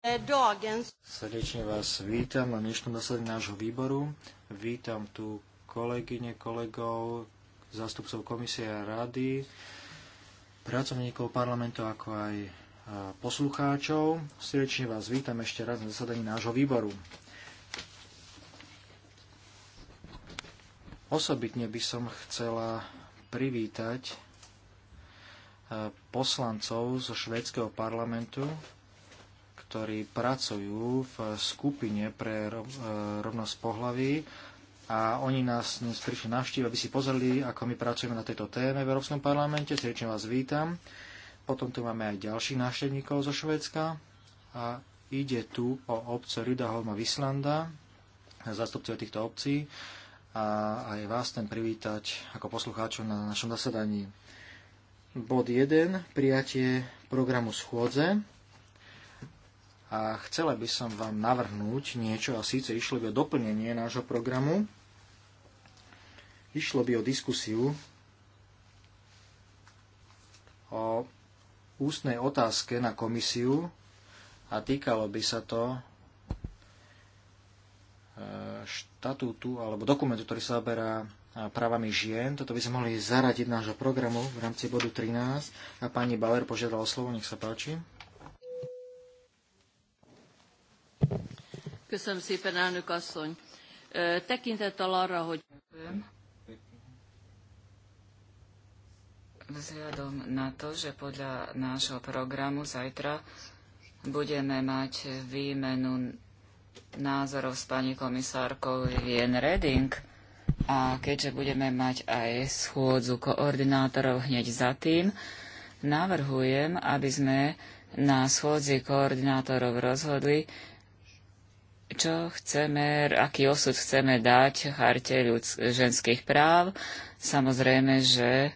Eh, Srdečne vás vítam na dnešnom zasadení nášho výboru. Vítam tu kolegyne, kolegov, zástupcov komisie a rady, pracovníkov parlamentu, ako aj eh, poslucháčov. Srdečne vás vítam ešte raz na zasadení nášho výboru. Osobitne by som chcela privítať eh, poslancov zo švédskeho parlamentu, ktorí pracujú v skupine pre e, rovnosť pohlaví a oni nás dnes prišli navštíviť, aby si pozreli, ako my pracujeme na tejto téme v Európskom parlamente. Srdečne vás vítam. Potom tu máme aj ďalších návštevníkov zo Švedska a ide tu o obce Rydaholm a Vislanda, zástupcov týchto obcí a aj vás ten privítať ako poslucháčov na našom zasadaní. Bod 1. Prijatie programu schôdze a chcela by som vám navrhnúť niečo a síce išlo by o doplnenie nášho programu. Išlo by o diskusiu o ústnej otázke na komisiu a týkalo by sa to e, štatútu alebo dokumentu, ktorý sa zaberá e, právami žien. Toto by sme mohli zaradiť nášho programu v rámci bodu 13 a pani Bauer požiadala o slovo, nech sa páči. Köszönöm szépen, elnök asszony. Tekintettel arra, hogy... Vzhľadom na to, že podľa nášho programu zajtra budeme mať výmenu názorov s pani komisárkou Vien Reding a keďže budeme mať aj schôdzu koordinátorov hneď za tým, navrhujem, aby sme na schôdzi koordinátorov rozhodli, čo chceme, aký osud chceme dať charte ľudsk- ženských práv. Samozrejme, že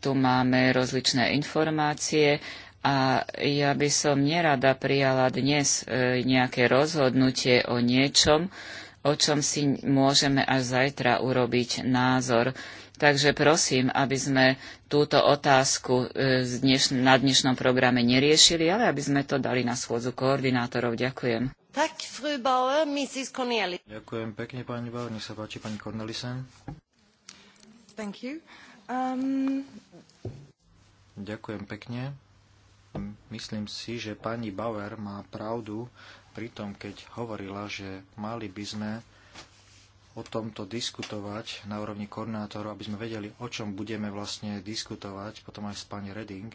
tu máme rozličné informácie a ja by som nerada prijala dnes e, nejaké rozhodnutie o niečom, o čom si môžeme až zajtra urobiť názor. Takže prosím, aby sme túto otázku e, na dnešnom programe neriešili, ale aby sme to dali na schôdzu koordinátorov. Ďakujem. Tak, Bauer, Mrs. Ďakujem pekne, pani Bauer. Nech sa páči, pani Cornelisen. Thank you. Um... Ďakujem pekne. Myslím si, že pani Bauer má pravdu pri tom, keď hovorila, že mali by sme o tomto diskutovať na úrovni koordinátorov, aby sme vedeli, o čom budeme vlastne diskutovať, potom aj s pani Reding.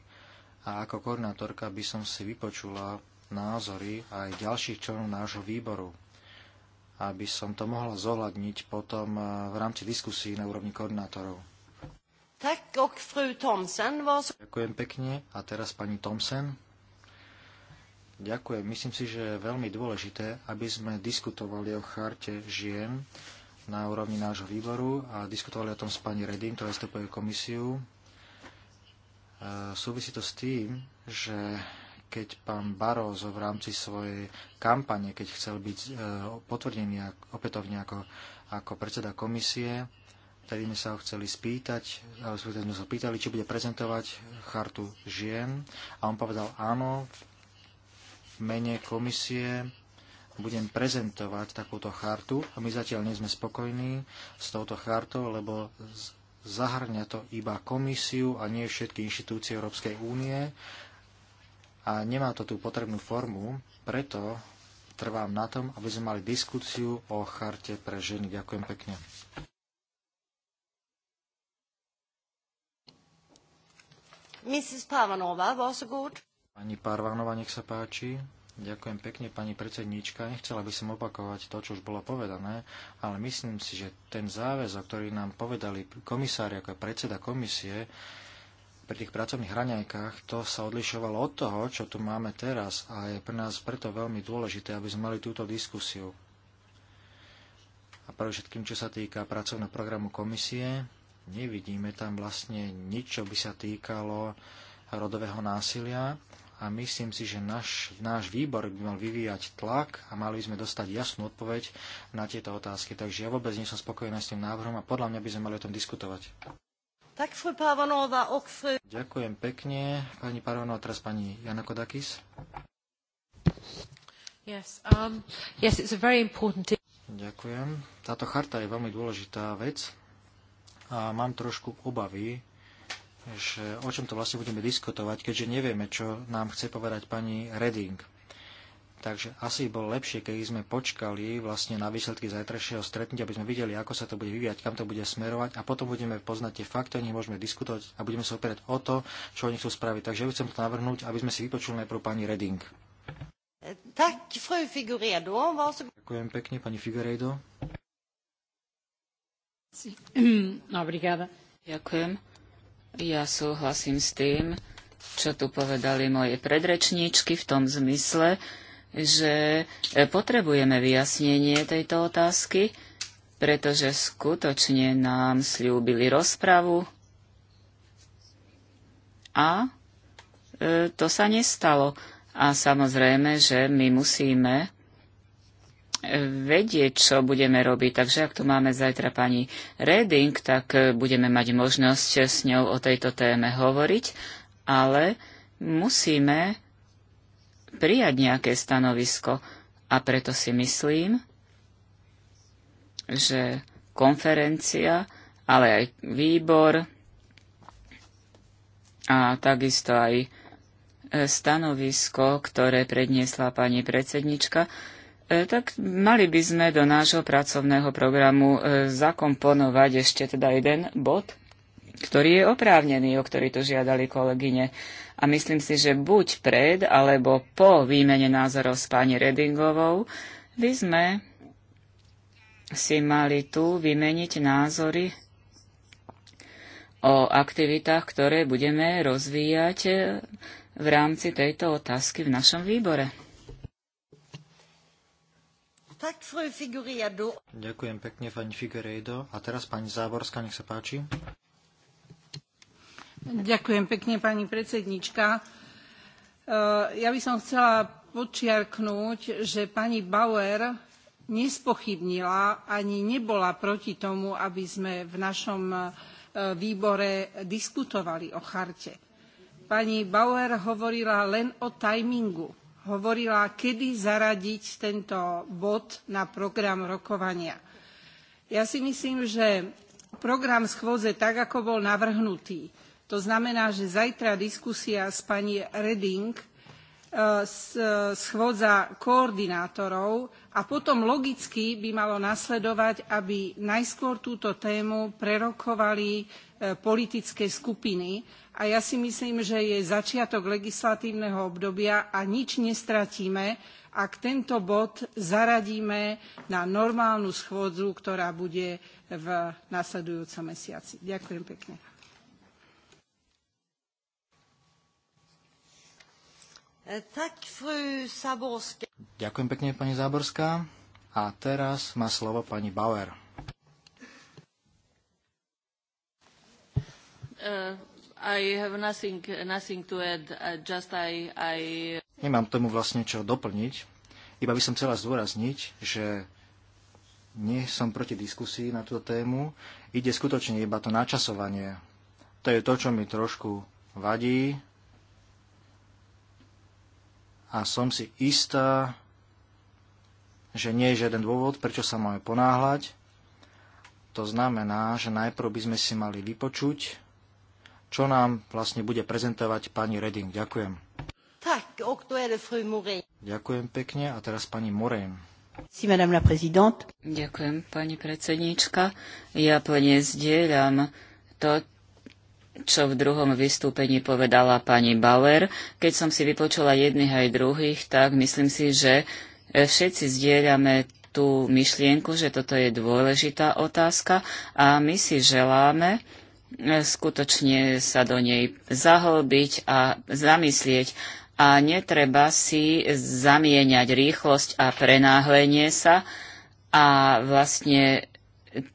A ako koordinátorka by som si vypočula názory aj ďalších členov nášho výboru, aby som to mohla zohľadniť potom eh, v rámci diskusí na úrovni koordinátorov. Tak, ok, fru Thomsen, vás... Ďakujem pekne. A teraz pani Thomsen. Ďakujem. Myslím si, že je veľmi dôležité, aby sme diskutovali o charte žien na úrovni nášho výboru a diskutovali o tom s pani Redin, ktorá vstupuje komisiu. E, súvisí to s tým, že keď pán Barozo v rámci svojej kampane, keď chcel byť e, potvrdený opätovne ako, ako predseda komisie, vtedy sme sa ho chceli spýtať, ale sme sa pýtali, či bude prezentovať chartu žien a on povedal áno, v mene komisie budem prezentovať takúto chartu a my zatiaľ nie sme spokojní s touto chartou, lebo zahrňa to iba komisiu a nie všetky inštitúcie Európskej únie a nemá to tú potrebnú formu, preto trvám na tom, aby sme mali diskusiu o charte pre ženy. Ďakujem pekne. Mrs. Parvanova, good. Pani Parvanova, nech sa páči. Ďakujem pekne, pani predsedníčka. Nechcela by som opakovať to, čo už bolo povedané, ale myslím si, že ten záväzok, ktorý nám povedali komisári ako predseda komisie, pri tých pracovných hraňajkách, to sa odlišovalo od toho, čo tu máme teraz a je pre nás preto veľmi dôležité, aby sme mali túto diskusiu. A pre všetkým, čo sa týka pracovného programu komisie, nevidíme tam vlastne nič, čo by sa týkalo rodového násilia a myslím si, že náš, náš výbor by mal vyvíjať tlak a mali by sme dostať jasnú odpoveď na tieto otázky. Takže ja vôbec nie som spokojený s tým návrhom a podľa mňa by sme mali o tom diskutovať. Ďakujem pekne. Pani Parvanova, teraz pani Jana Kodakis. Yes, um, yes, it's a very important... Ďakujem. Táto charta je veľmi dôležitá vec a mám trošku obavy, že o čom to vlastne budeme diskutovať, keďže nevieme, čo nám chce povedať pani Reding. Takže asi bolo lepšie, keď sme počkali vlastne na výsledky zajtrajšieho stretnutia, aby sme videli, ako sa to bude vyvíjať, kam to bude smerovať a potom budeme poznať tie fakty, o nich môžeme diskutovať a budeme sa opierať o to, čo oni chcú spraviť. Takže ja chcem to navrhnúť, aby sme si vypočuli najprv pani Reding. Tak, fru Ďakujem pekne, pani Figueredo. No, Ďakujem. Ja súhlasím s tým, čo tu povedali moje predrečníčky v tom zmysle, že e, potrebujeme vyjasnenie tejto otázky, pretože skutočne nám slúbili rozpravu a e, to sa nestalo. A samozrejme, že my musíme vedieť, čo budeme robiť. Takže ak tu máme zajtra pani Reding, tak e, budeme mať možnosť s ňou o tejto téme hovoriť, ale musíme prijať nejaké stanovisko a preto si myslím, že konferencia, ale aj výbor a takisto aj e, stanovisko, ktoré predniesla pani predsednička, e, tak mali by sme do nášho pracovného programu e, zakomponovať ešte teda jeden bod, ktorý je oprávnený, o ktorý tu žiadali kolegyne. A myslím si, že buď pred alebo po výmene názorov s pani Redingovou by sme si mali tu vymeniť názory o aktivitách, ktoré budeme rozvíjať v rámci tejto otázky v našom výbore. Ďakujem pekne, pani Figueiredo. A teraz pani Záborská, nech sa páči. Ďakujem pekne, pani eh, Ja by som chcela podčiarknuť že pani Bauer nespochybnila ani nebola proti tomu, aby sme v našom eh, výbore diskutovali o charte. Pani Bauer hovorila len o timingu. Hovorila, kedy zaradiť tento bod na program rokovania. Ja si myslím, že program schôdze, tak ako bol navrhnutý, to znamená, že zajtra diskusia s pani Reding e, e, schôdza koordinátorov a potom logicky by malo nasledovať, aby najskôr túto tému prerokovali e, politické skupiny. A ja si myslím, že je začiatok legislatívneho obdobia a nič nestratíme, ak tento bod zaradíme na normálnu schôdzu, ktorá bude v nasledujúcom mesiaci. Ďakujem pekne. Eh, Ďakujem pekne, pani Záborská. A teraz má slovo pani Bauer. Uh, I have nothing, nothing to add, just I, I... Nemám tomu vlastne čo doplniť. Iba by som chcela zdôrazniť, že nie som proti diskusii na túto tému. Ide skutočne iba to načasovanie. To je to, čo mi trošku vadí, a som si istá, že nie je žiaden dôvod, prečo sa máme ponáhľať. To znamená, že najprv by sme si mali vypočuť, čo nám vlastne bude prezentovať pani Reding. Ďakujem. Tak, Ďakujem pekne a teraz pani Morein. Si, madame la Ďakujem, pani predsednička. Ja plne zdieľam to, čo v druhom vystúpení povedala pani Bauer. Keď som si vypočula jedných aj druhých, tak myslím si, že e, všetci zdieľame tú myšlienku, že toto je dôležitá otázka a my si želáme e, skutočne sa do nej zahlbiť a zamyslieť. A netreba si zamieňať rýchlosť a prenáhlenie sa a vlastne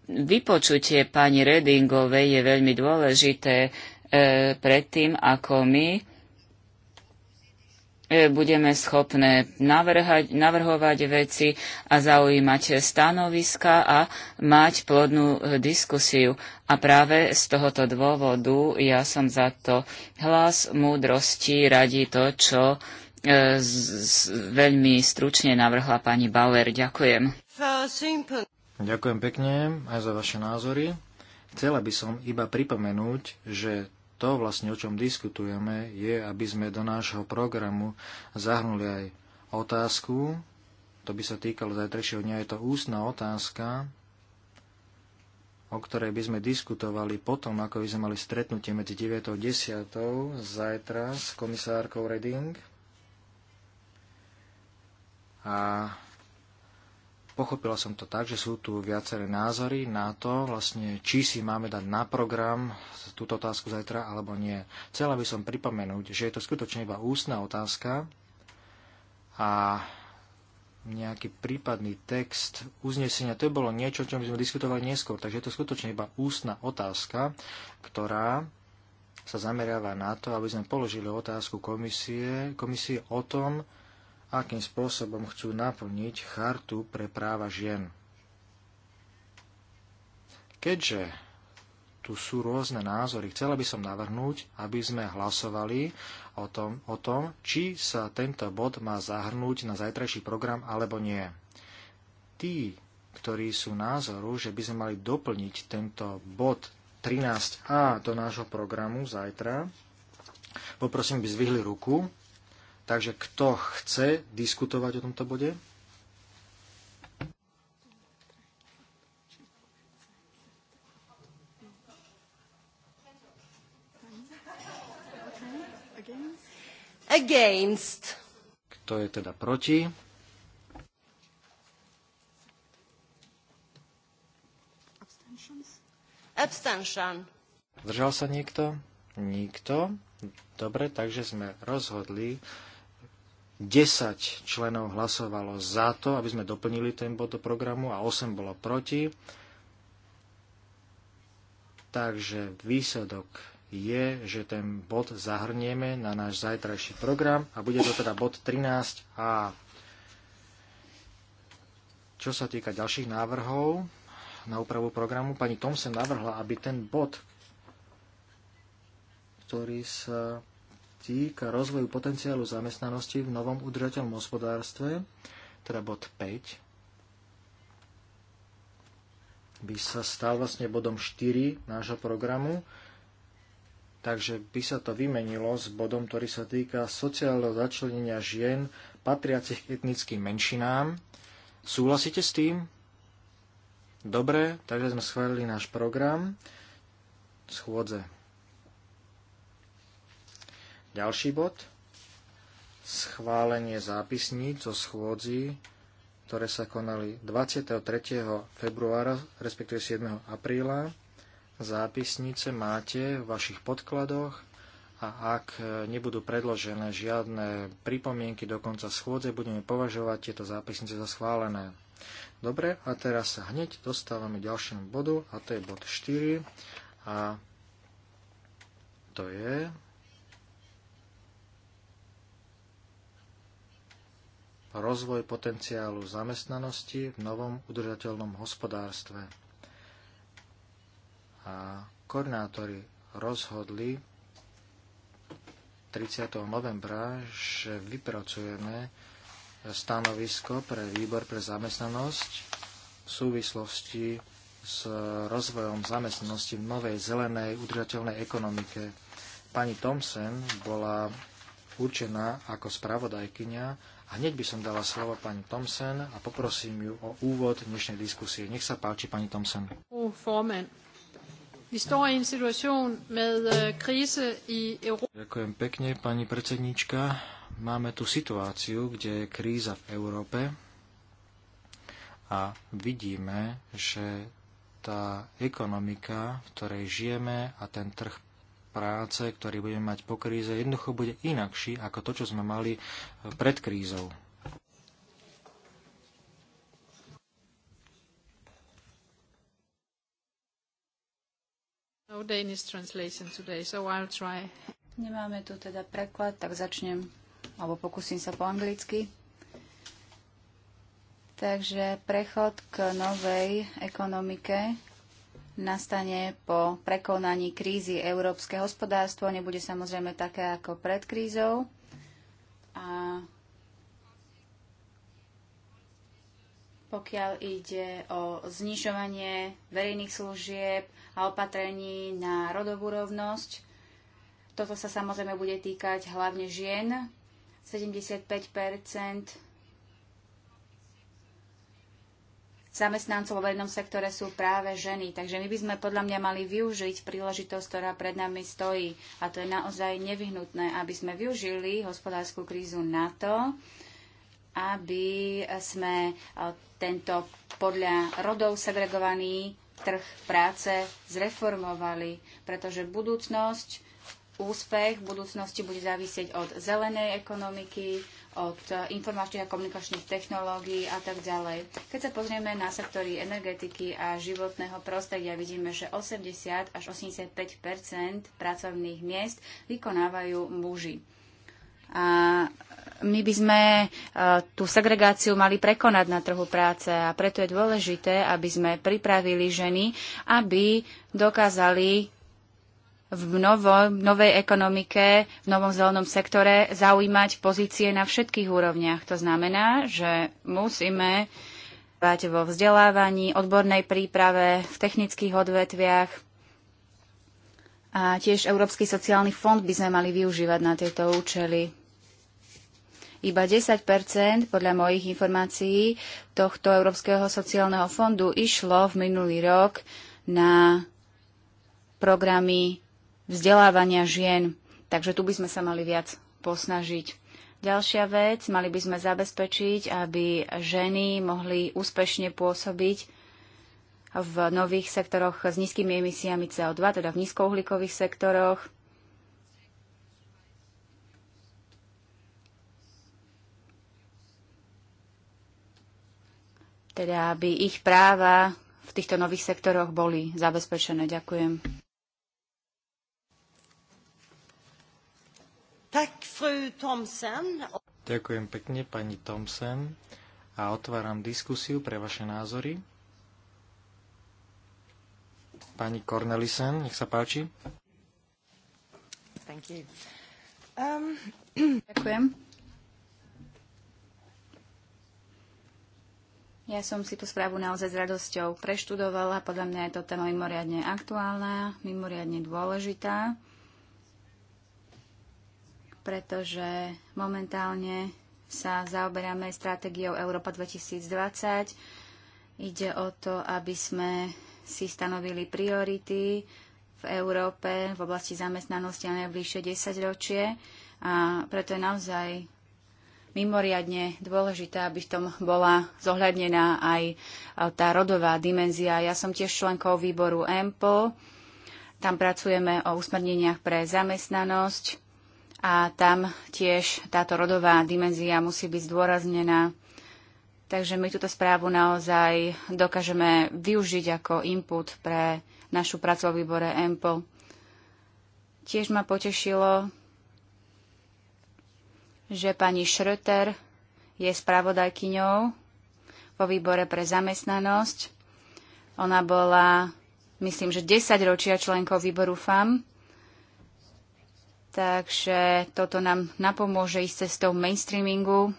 vypočutie pani Redingovej je veľmi dôležité e, predtým, ako my e, budeme schopné navrhať, navrhovať veci a zaujímať stanoviska a mať plodnú e, diskusiu. A práve z tohoto dôvodu ja som za to hlas múdrosti radí to, čo e, z, z, veľmi stručne navrhla pani Bauer. Ďakujem. Ďakujem pekne aj za vaše názory. Chcela by som iba pripomenúť, že to vlastne, o čom diskutujeme, je, aby sme do nášho programu zahrnuli aj otázku, to by sa týkalo zajtrajšieho dňa, je to ústna otázka, o ktorej by sme diskutovali potom, ako by sme mali stretnutie medzi 9. a 10. zajtra s komisárkou Reding. A Pochopila som to tak, že sú tu viaceré názory na to, vlastne, či si máme dať na program túto otázku zajtra alebo nie. Chcela by som pripomenúť, že je to skutočne iba ústna otázka a nejaký prípadný text uznesenia, to bolo niečo, o čom by sme diskutovali neskôr. Takže je to skutočne iba ústna otázka, ktorá sa zameriava na to, aby sme položili otázku komisie, komisie o tom, akým spôsobom chcú naplniť chartu pre práva žien. Keďže tu sú rôzne názory, chcela by som navrhnúť, aby sme hlasovali o tom, o tom či sa tento bod má zahrnúť na zajtrajší program alebo nie. Tí, ktorí sú názoru, že by sme mali doplniť tento bod 13a do nášho programu zajtra, poprosím, by zvihli ruku. Takže kto chce diskutovať o tomto bode? Against. Kto je teda proti? Abstention. Zdržal sa niekto? Nikto. Dobre, takže sme rozhodli, 10 členov hlasovalo za to, aby sme doplnili ten bod do programu a 8 bolo proti. Takže výsledok je, že ten bod zahrnieme na náš zajtrajší program a bude to teda bod 13a. Čo sa týka ďalších návrhov na úpravu programu, pani Tom sa navrhla, aby ten bod, ktorý sa týka rozvoju potenciálu zamestnanosti v novom udržateľnom hospodárstve, teda bod 5, by sa stal vlastne bodom 4 nášho programu, takže by sa to vymenilo s bodom, ktorý sa týka sociálneho začlenenia žien patriacich etnickým menšinám. Súhlasíte s tým? Dobre, takže sme schválili náš program schôdze. Ďalší bod. Schválenie zápisníc zo schôdzi, ktoré sa konali 23. februára, respektíve 7. apríla. Zápisnice máte v vašich podkladoch a ak nebudú predložené žiadne pripomienky do konca schôdze, budeme považovať tieto zápisnice za schválené. Dobre, a teraz sa hneď dostávame k ďalšiemu bodu, a to je bod 4. A to je rozvoj potenciálu zamestnanosti v novom udržateľnom hospodárstve. A koordinátori rozhodli 30. novembra, že vypracujeme stanovisko pre výbor pre zamestnanosť v súvislosti s rozvojom zamestnanosti v novej zelenej udržateľnej ekonomike. Pani Thompson bola určená ako spravodajkyňa a Hneď by som dala slovo pani Thomsen a poprosím ju o úvod dnešnej diskusie. Nech sa páči, pani Thomsen. Øh, Ďakujem pekne, pani predsednička. Máme tu situáciu, kde je kríza v Európe a vidíme, že tá ekonomika, v ktorej žijeme a ten trh práce, ktorý budeme mať po kríze, jednoducho bude inakší ako to, čo sme mali eh, pred krízou. No Danish translation today, so I'll try. Nemáme tu teda preklad, tak začnem, alebo pokúsim sa po anglicky. Takže prechod k novej ekonomike nastane po prekonaní krízy európske hospodárstvo. Nebude samozrejme také ako pred krízou. A pokiaľ ide o znižovanie verejných služieb a opatrení na rodovú rovnosť. Toto sa samozrejme bude týkať hlavne žien. 75 zamestnancov vo verejnom sektore sú práve ženy. Takže my by sme podľa mňa mali využiť príležitosť, ktorá pred nami stojí. A to je naozaj nevyhnutné, aby sme využili hospodárskú krízu na to, aby sme e, tento podľa rodov segregovaný trh práce zreformovali, pretože budúcnosť, úspech v budúcnosti bude závisieť od zelenej ekonomiky, od informačných a komunikačných technológií a tak ďalej. Keď sa pozrieme na sektory energetiky a životného prostredia, vidíme, že 80 až 85 pracovných miest vykonávajú muži. A my by sme e, tú segregáciu mali prekonať na trhu práce a preto je dôležité, aby sme pripravili ženy, aby dokázali v novo, novej ekonomike, v novom zelenom sektore zaujímať pozície na všetkých úrovniach. To znamená, že musíme pracovať vo vzdelávaní, odbornej príprave, v technických odvetviach. A tiež Európsky sociálny fond by sme mali využívať na tieto účely. Iba 10 podľa mojich informácií tohto Európskeho sociálneho fondu išlo v minulý rok na programy vzdelávania žien. Takže tu by sme sa mali viac posnažiť. Ďalšia vec, mali by sme zabezpečiť, aby ženy mohli úspešne pôsobiť v nových sektoroch s nízkymi emisiami CO2, teda v nízkouhlíkových sektoroch. Teda, aby ich práva v týchto nových sektoroch boli zabezpečené. Ďakujem. Ďakujem pekne, pani Thompson. A otváram diskusiu pre vaše názory. Pani Cornelisen, nech sa páči. Um, ďakujem. Ja som si tú správu naozaj s radosťou preštudovala. Podľa mňa je to téma mimoriadne aktuálna, mimoriadne dôležitá pretože momentálne sa zaoberáme stratégiou Európa 2020. Ide o to, aby sme si stanovili priority v Európe v oblasti zamestnanosti na najbližšie 10 ročie a preto je naozaj mimoriadne dôležité, aby v tom bola zohľadnená aj tá rodová dimenzia. Ja som tiež členkou výboru EMPO. Tam pracujeme o usmerneniach pre zamestnanosť a tam tiež táto rodová dimenzia musí byť zdôraznená. Takže my túto správu naozaj dokážeme využiť ako input pre našu prácu vo výbore EMPO. Tiež ma potešilo, že pani Schröter je spravodajkyňou vo výbore pre zamestnanosť. Ona bola, myslím, že 10 ročia členkou výboru FAM Takže toto nám napomôže ísť cestou mainstreamingu.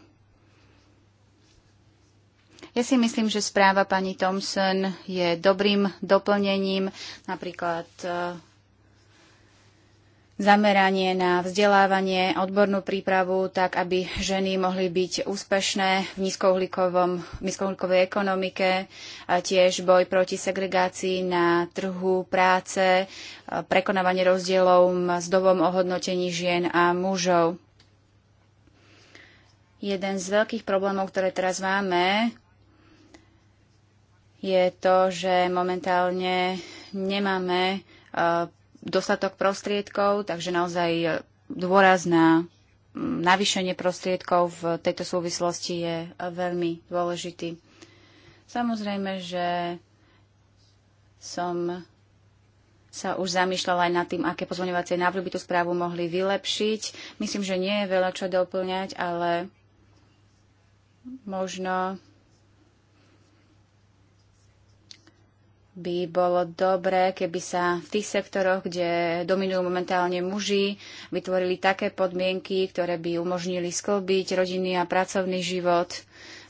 Ja si myslím, že správa pani Thompson je dobrým doplnením napríklad eh, zameranie na vzdelávanie, odbornú prípravu, tak aby ženy mohli byť úspešné v nízkouhlíkovej ekonomike, tiež boj proti segregácii na trhu práce, prekonávanie rozdielov s dovom ohodnotení žien a mužov. Jeden z veľkých problémov, ktoré teraz máme, je to, že momentálne nemáme dostatok prostriedkov, takže naozaj dôraz na mm, navýšenie prostriedkov v tejto súvislosti je veľmi dôležitý. Samozrejme, že som sa už zamýšľala aj nad tým, aké pozvoňovacie návrhy by tú správu mohli vylepšiť. Myslím, že nie je veľa čo doplňať, ale možno by bolo dobré, keby sa v tých sektoroch, kde dominujú momentálne muži, vytvorili také podmienky, ktoré by umožnili sklbiť rodinný a pracovný život,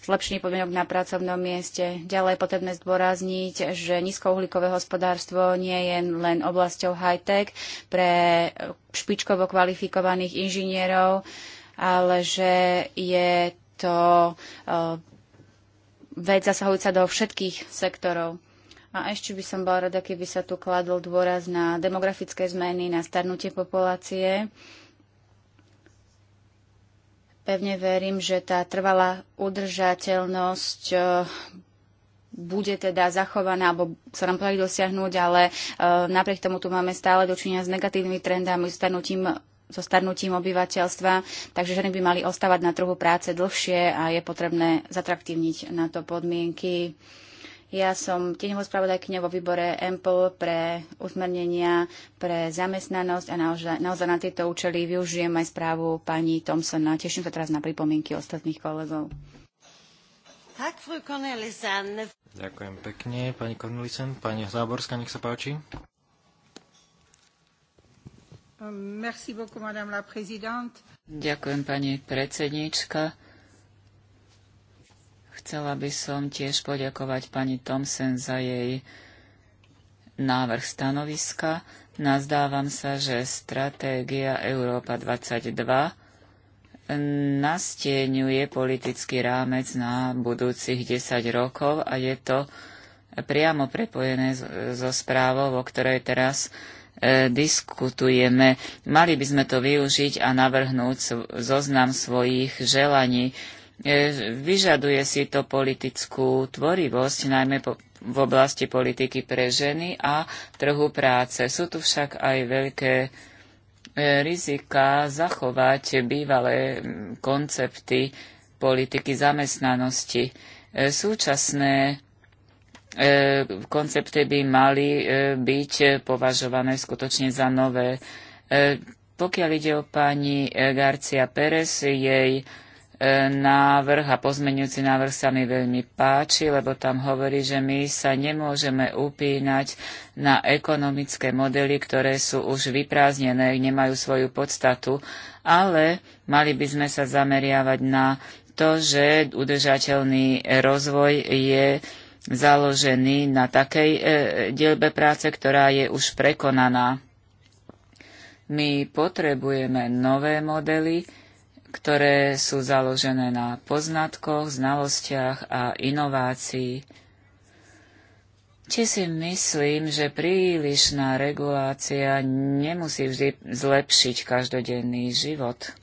zlepšenie podmienok na pracovnom mieste. Ďalej je potrebné zdôrazniť, že nízkouhlíkové hospodárstvo nie je len oblasťou high-tech pre špičkovo kvalifikovaných inžinierov, ale že je to eh, vec zasahujúca do všetkých sektorov. A ešte by som bola rada, keby sa tu kladol dôraz na demografické zmeny, na starnutie populácie. Pevne verím, že tá trvalá udržateľnosť eh, bude teda zachovaná, alebo sa nám podarí dosiahnuť, ale eh, napriek tomu tu máme stále dočinenia s negatívnymi trendami, starnutím so starnutím obyvateľstva, takže ženy by mali ostávať na trhu práce dlhšie a je potrebné zatraktívniť na to podmienky. Ja som tieňovou spravodajkyňou vo výbore EMPL pre usmernenia, pre zamestnanosť a naozaj, naozaj na tieto účely využijem aj správu pani Thompsona. Teším sa teraz na pripomienky ostatných kolegov. Tak, Ďakujem pekne, pani Cornelisen. Pani Záborská, nech sa páči. Merci beaucoup, madame la présidente. Ďakujem, pani predsedníčka. Chcela by som tiež poďakovať pani Tomsen za jej návrh stanoviska. Nazdávam sa, že stratégia Európa 22 nastieňuje politický rámec na budúcich 10 rokov a je to priamo prepojené so správou, o ktorej teraz e, diskutujeme. Mali by sme to využiť a navrhnúť zoznam svojich želaní. E, vyžaduje si to politickú tvorivosť, najmä v oblasti politiky pre ženy a trhu práce. Sú tu však aj veľké e, rizika zachovať bývalé koncepty politiky zamestnanosti. E, súčasné koncepty by mali byť považované skutočne za nové. Pokiaľ ide o pani Garcia Pérez, jej návrh a pozmenujúci návrh sa mi veľmi páči, lebo tam hovorí, že my sa nemôžeme upínať na ekonomické modely, ktoré sú už vyprázdnené, nemajú svoju podstatu, ale mali by sme sa zameriavať na to, že udržateľný rozvoj je založený na takej e, dielbe práce, ktorá je už prekonaná. My potrebujeme nové modely, ktoré sú založené na poznatkoch, znalostiach a inovácii. Či si myslím, že prílišná regulácia nemusí vždy zlepšiť každodenný život.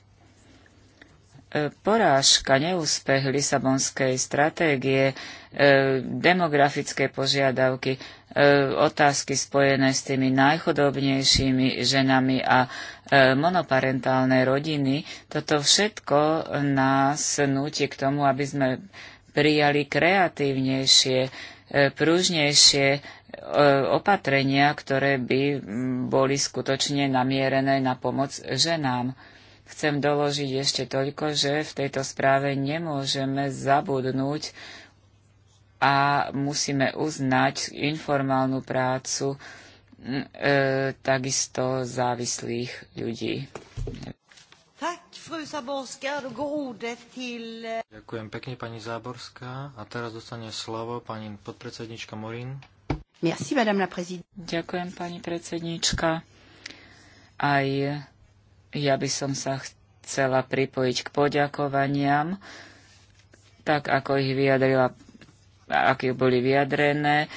E, porážka, neúspech Lisabonskej stratégie, e, demografické požiadavky, E, otázky spojené s tými najchodobnejšími ženami a e, monoparentálne rodiny. Toto všetko nás núti k tomu, aby sme prijali kreatívnejšie, e, pružnejšie opatrenia, ktoré by boli skutočne namierené na pomoc ženám. Chcem doložiť ešte toľko, že v tejto správe nemôžeme zabudnúť a musíme uznať informálnu prácu e, takisto závislých ľudí. E. Ďakujem pekne, pani Záborská. A teraz dostane slovo pani podpredsednička Morin. Merci, madame la Ďakujem, pani predsednička. Aj ja by som sa chcela pripojiť k poďakovaniam, tak ako ich vyjadrila aké boli vyjadrené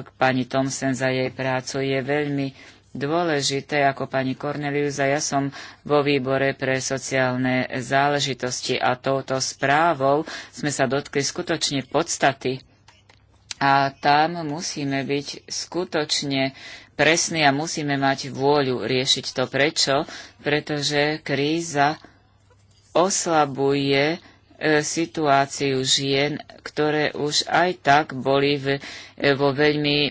k e, pani Tomsen za jej prácu, je veľmi dôležité, ako pani Cornelius a ja som vo výbore pre sociálne záležitosti a touto správou sme sa dotkli skutočne podstaty a tam musíme byť skutočne presní a musíme mať vôľu riešiť to. Prečo? Pretože kríza oslabuje E, situáciu žien, ktoré už aj tak boli v, e, vo veľmi e,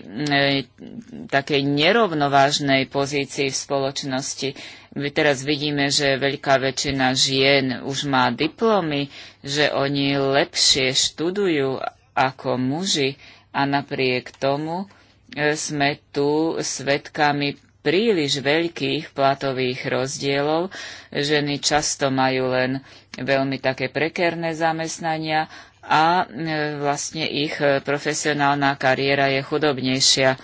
takej nerovnovážnej pozícii v spoločnosti. My teraz vidíme, že veľká väčšina žien už má diplomy, že oni lepšie študujú ako muži a napriek tomu e, sme tu svedkami príliš veľkých platových rozdielov. Ženy často majú len veľmi také prekerné zamestnania a e, vlastne ich e, profesionálna kariéra je chudobnejšia.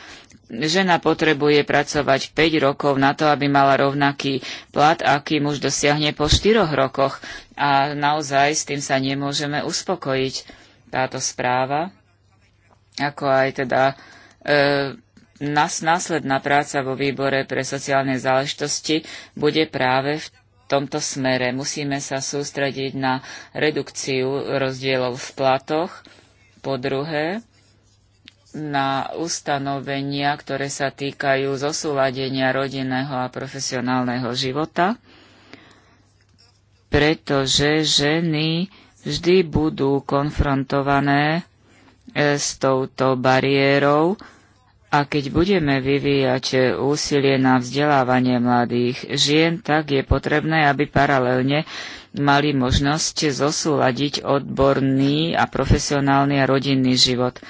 Žena potrebuje pracovať 5 rokov na to, aby mala rovnaký plat, aký muž dosiahne po 4 rokoch. A naozaj s tým sa nemôžeme uspokojiť. Táto správa, ako aj teda e, následná práca vo výbore pre sociálne záležitosti bude práve v tomto smere. Musíme sa sústrediť na redukciu rozdielov v platoch. Po druhé, na ustanovenia, ktoré sa týkajú zosúladenia rodinného a profesionálneho života, pretože ženy vždy budú konfrontované e, s touto bariérou, a keď budeme vyvíjať úsilie na vzdelávanie mladých žien, tak je potrebné, aby paralelne mali možnosť zosúladiť odborný a profesionálny a rodinný život.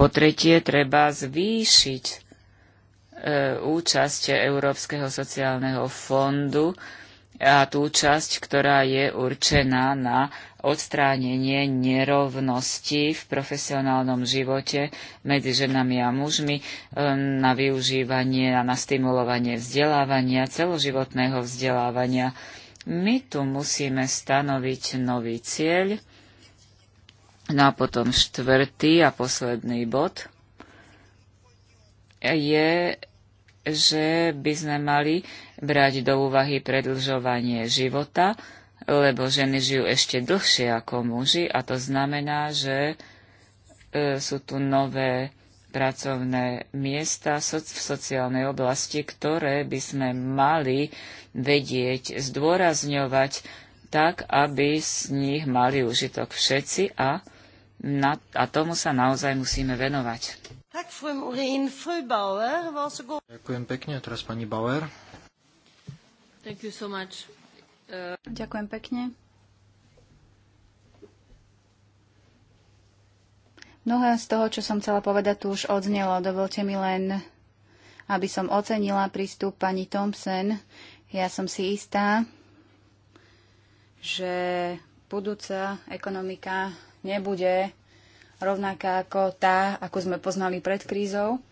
Po tretie, treba zvýšiť e, účasť Európskeho sociálneho fondu a tú časť, ktorá je určená na odstránenie nerovnosti v profesionálnom živote medzi ženami a mužmi, na využívanie a na stimulovanie vzdelávania, celoživotného vzdelávania. My tu musíme stanoviť nový cieľ. No a potom štvrtý a posledný bod je, že by sme mali brať do úvahy predlžovanie života, lebo ženy žijú ešte dlhšie ako muži a to znamená, že e, sú tu nové pracovné miesta v sociálnej oblasti, ktoré by sme mali vedieť, zdôrazňovať tak, aby z nich mali užitok všetci a, na, a tomu sa naozaj musíme venovať. Ďakujem pekne, teraz pani Bauer. Thank you so much. Uh... Ďakujem pekne. Mnohé z toho, čo som chcela povedať, tu už odznelo. Dovolte mi len, aby som ocenila prístup pani Thompson. Ja som si istá, že budúca ekonomika nebude rovnaká ako tá, ako sme poznali pred krízou.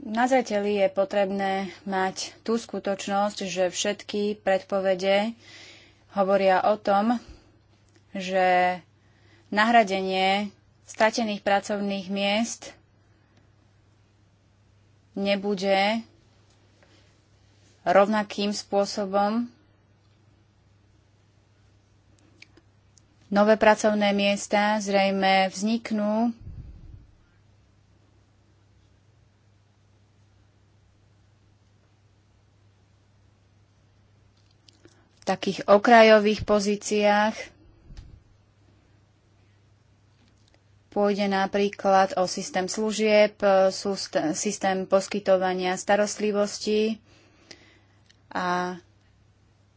Na zreteli je potrebné mať tú skutočnosť, že všetky predpovede hovoria o tom, že nahradenie stratených pracovných miest nebude rovnakým spôsobom Nové pracovné miesta zrejme vzniknú takých okrajových pozíciách. Pôjde napríklad o systém služieb, e, systém poskytovania starostlivosti a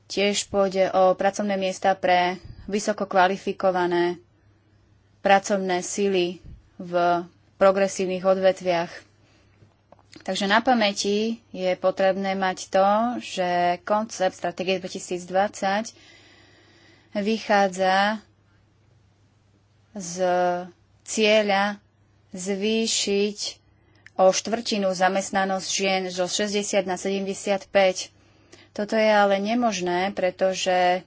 tiež pôjde o pracovné miesta pre vysoko kvalifikované pracovné sily v progresívnych odvetviach. Takže na pamäti je potrebné mať to, že koncept stratégie 2020 vychádza z cieľa zvýšiť o štvrtinu zamestnanosť žien zo 60 na 75. Toto je ale nemožné, pretože,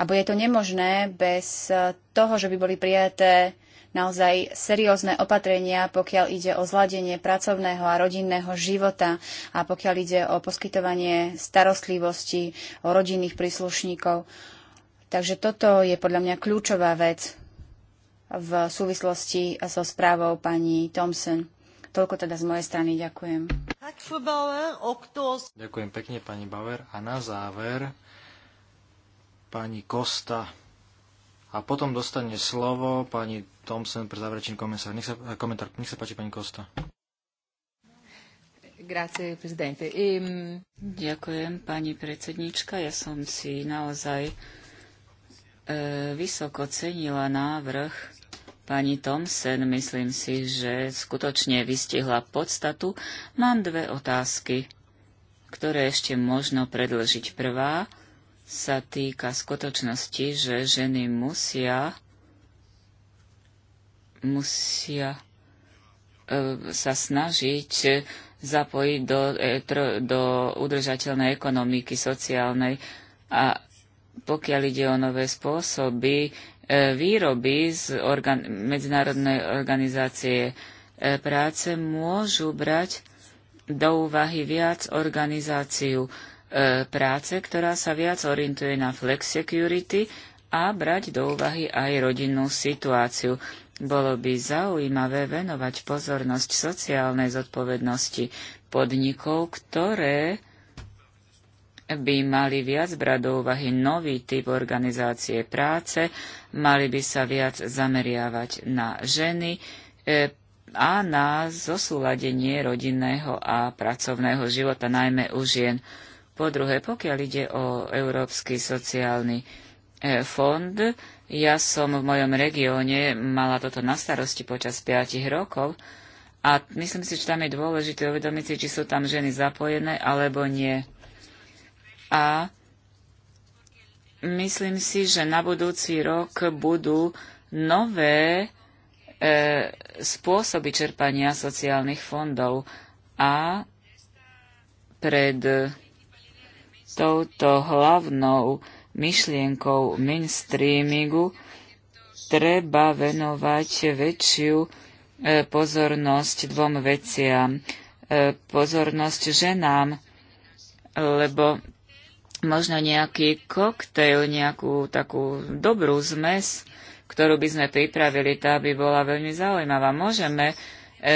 alebo je to nemožné bez toho, že by boli prijaté naozaj seriózne opatrenia, pokiaľ ide o zladenie pracovného a rodinného života a pokiaľ ide o poskytovanie starostlivosti o rodinných príslušníkov. Takže toto je podľa mňa kľúčová vec v súvislosti so správou pani Thompson. Toľko teda z mojej strany. Ďakujem. Ďakujem pekne, pani Bauer. A na záver, pani Kosta a potom dostane slovo pani Thompson pre záverečný komisár. Nech sa, eh, komentár. Nech sa páči, pani Kosta. Grazie, prezidente. Um... Ehm, Ďakujem, pani predsednička. Ja som si naozaj e, vysoko cenila návrh pani Thompson. Myslím si, že skutočne vystihla podstatu. Mám dve otázky, ktoré ešte možno predlžiť. Prvá, sa týka skutočnosti, že ženy musia musia e, sa snažiť zapojiť do, e, do udržateľnej ekonomiky sociálnej a pokiaľ ide o nové spôsoby e, výroby z organ- Medzinárodnej organizácie práce, môžu brať do úvahy viac organizáciu E, práce, ktorá sa viac orientuje na flex security a brať do úvahy aj rodinnú situáciu. Bolo by zaujímavé venovať pozornosť sociálnej zodpovednosti podnikov, ktoré by mali viac brať do úvahy nový typ organizácie práce, mali by sa viac zameriavať na ženy e, a na zosúladenie rodinného a pracovného života, najmä u žien. Po druhé, pokiaľ ide o Európsky sociálny e, fond, ja som v mojom regióne mala toto na starosti počas 5 rokov a myslím si, že tam je dôležité uvedomiť si, či sú tam ženy zapojené alebo nie. A myslím si, že na budúci rok budú nové e, spôsoby čerpania sociálnych fondov a pred touto hlavnou myšlienkou mainstreamingu treba venovať väčšiu e, pozornosť dvom veciam. E, pozornosť ženám, lebo možno nejaký koktejl, nejakú takú dobrú zmes, ktorú by sme pripravili, tá by bola veľmi zaujímavá. Môžeme e, e,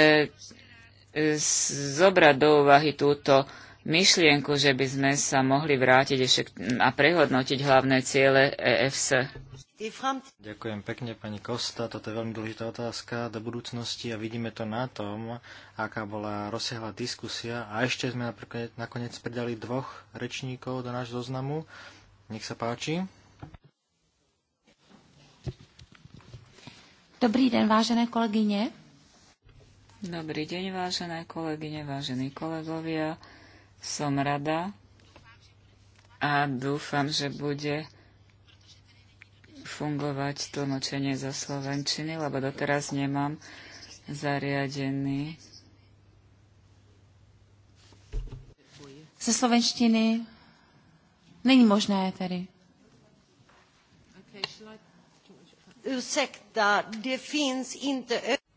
zobrať do úvahy túto myšlienku, že by sme sa mohli vrátiť ešte a prehodnotiť hlavné ciele EFS. Ďakujem pekne, pani Kosta. Toto je veľmi dôležitá otázka do budúcnosti a vidíme to na tom, aká bola rozsiahla diskusia. A ešte sme napríklad nakoniec pridali dvoch rečníkov do nášho zoznamu. Nech sa páči. Dobrý deň, vážené kolegyne. Dobrý deň, vážené kolegyne, vážení kolegovia. Som rada a dúfam, že bude fungovať tlmočenie zo Slovenčiny, lebo doteraz nemám zariadený. Ze slovenštiny není možné tedy.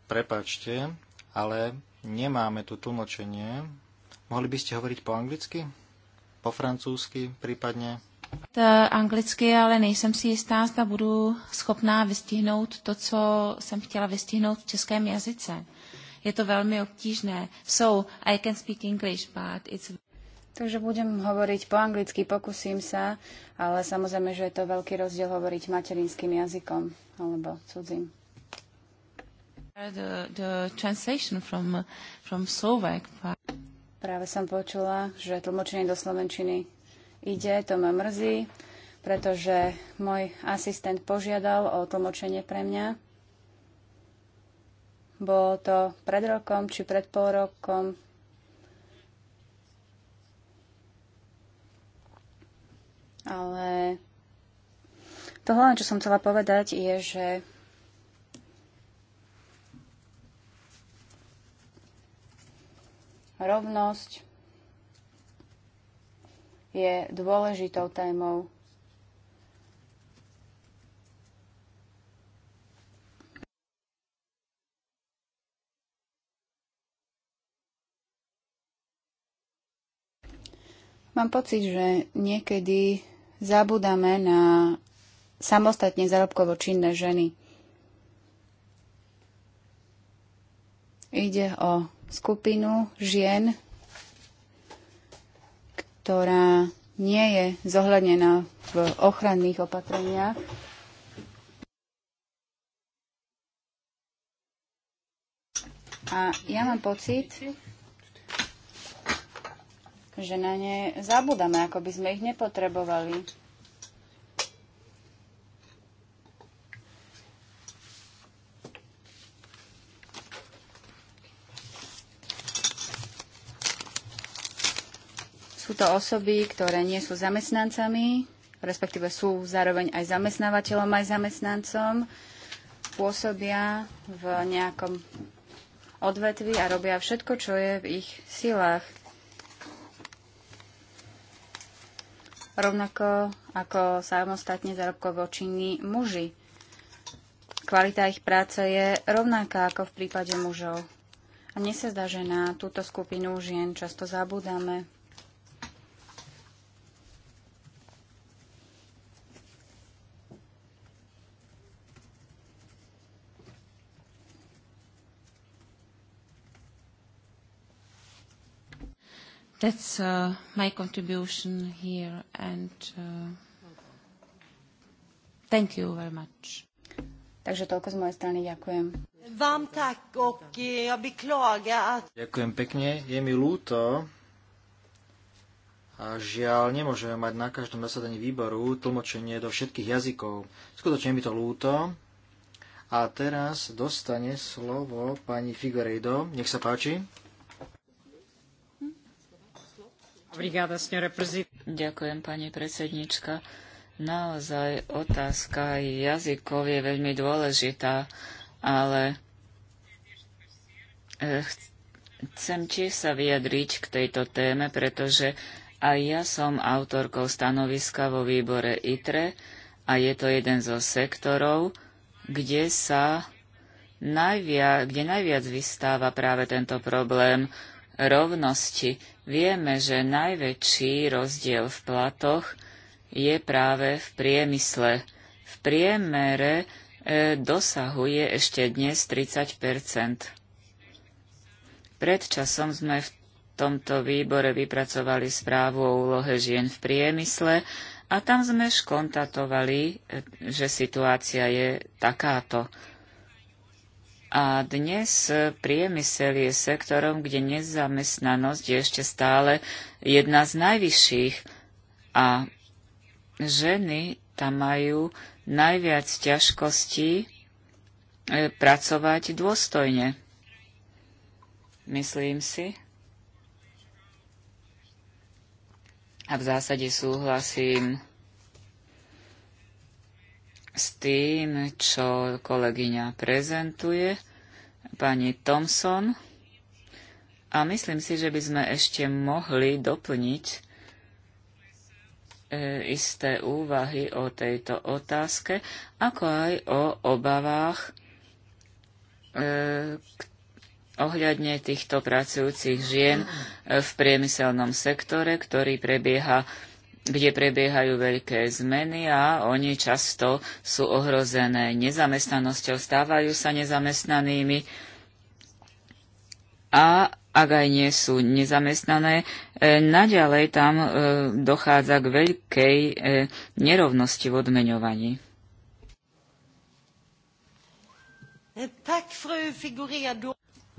Prepačte, ale nemáme tu tlmočenie Mohli by ste hovoriť po anglicky? Po francúzsky prípadne? Anglicky, ale nejsem si jistá, zda budu schopná vystihnout to, co jsem chtěla vystihnout v českém jazyce. Je to velmi obtížné. So, I can speak English, but it's... Takže budem hovoriť po anglicky, pokusím sa, ale samozrejme, že je to veľký rozdiel hovoriť materinským jazykom alebo cudzím. The, the translation from, from Slovak. But... Práve som počula, že tlmočenie do Slovenčiny ide, to ma mrzí, pretože môj asistent požiadal o tlmočenie pre mňa. Bolo to pred rokom či pred pol rokom. Ale to hlavne, čo som chcela povedať, je, že Rovnosť je dôležitou témou. Mám pocit, že niekedy zabudáme na samostatne zárobkovo činné ženy. Ide o skupinu žien, ktorá nie je zohľadnená v ochranných opatreniach. A ja mám pocit, že na ne zabudáme, ako by sme ich nepotrebovali. to osoby, ktoré nie sú zamestnancami, respektíve sú zároveň aj zamestnávateľom, aj zamestnancom, pôsobia v nejakom odvetvi a robia všetko, čo je v ich silách. Rovnako ako samostatne zárobkovo činní muži. Kvalita ich práce je rovnaká ako v prípade mužov. A mne sa zdá, že na túto skupinu žien často zabúdame. that's uh, my contribution here and uh, thank you very much. Takže toľko z mojej strany, ďakujem. Vám tak, ok, ja beklaga. Ďakujem pekne, je mi ľúto. A žiaľ, nemôžeme mať na každom zasadaní výboru tlmočenie do všetkých jazykov. Skutočne mi to ľúto. A teraz dostane slovo pani Figueiredo. Nech sa páči. Ďakujem, pani predsednička. Naozaj otázka jazykov je veľmi dôležitá, ale eh, chcem tiež sa vyjadriť k tejto téme, pretože aj ja som autorkou stanoviska vo výbore ITRE a je to jeden zo sektorov, kde sa najviac, kde najviac vystáva práve tento problém rovnosti. Vieme, že najväčší rozdiel v platoch je práve v priemysle. V priemere e, dosahuje ešte dnes 30 Pred časom sme v tomto výbore vypracovali správu o úlohe žien v priemysle a tam sme škontatovali, e, že situácia je takáto. A dnes priemysel je sektorom, kde nezamestnanosť je ešte stále jedna z najvyšších a ženy tam majú najviac ťažkostí e, pracovať dôstojne. Myslím si. A v zásade súhlasím s tým, čo kolegyňa prezentuje, pani Thompson. A myslím si, že by sme ešte mohli doplniť e, isté úvahy o tejto otázke, ako aj o obavách e, ohľadne týchto pracujúcich žien v priemyselnom sektore, ktorý prebieha kde prebiehajú veľké zmeny a oni často sú ohrozené nezamestnanosťou, stávajú sa nezamestnanými a ak aj nie sú nezamestnané, e, naďalej tam e, dochádza k veľkej e, nerovnosti v odmeňovaní.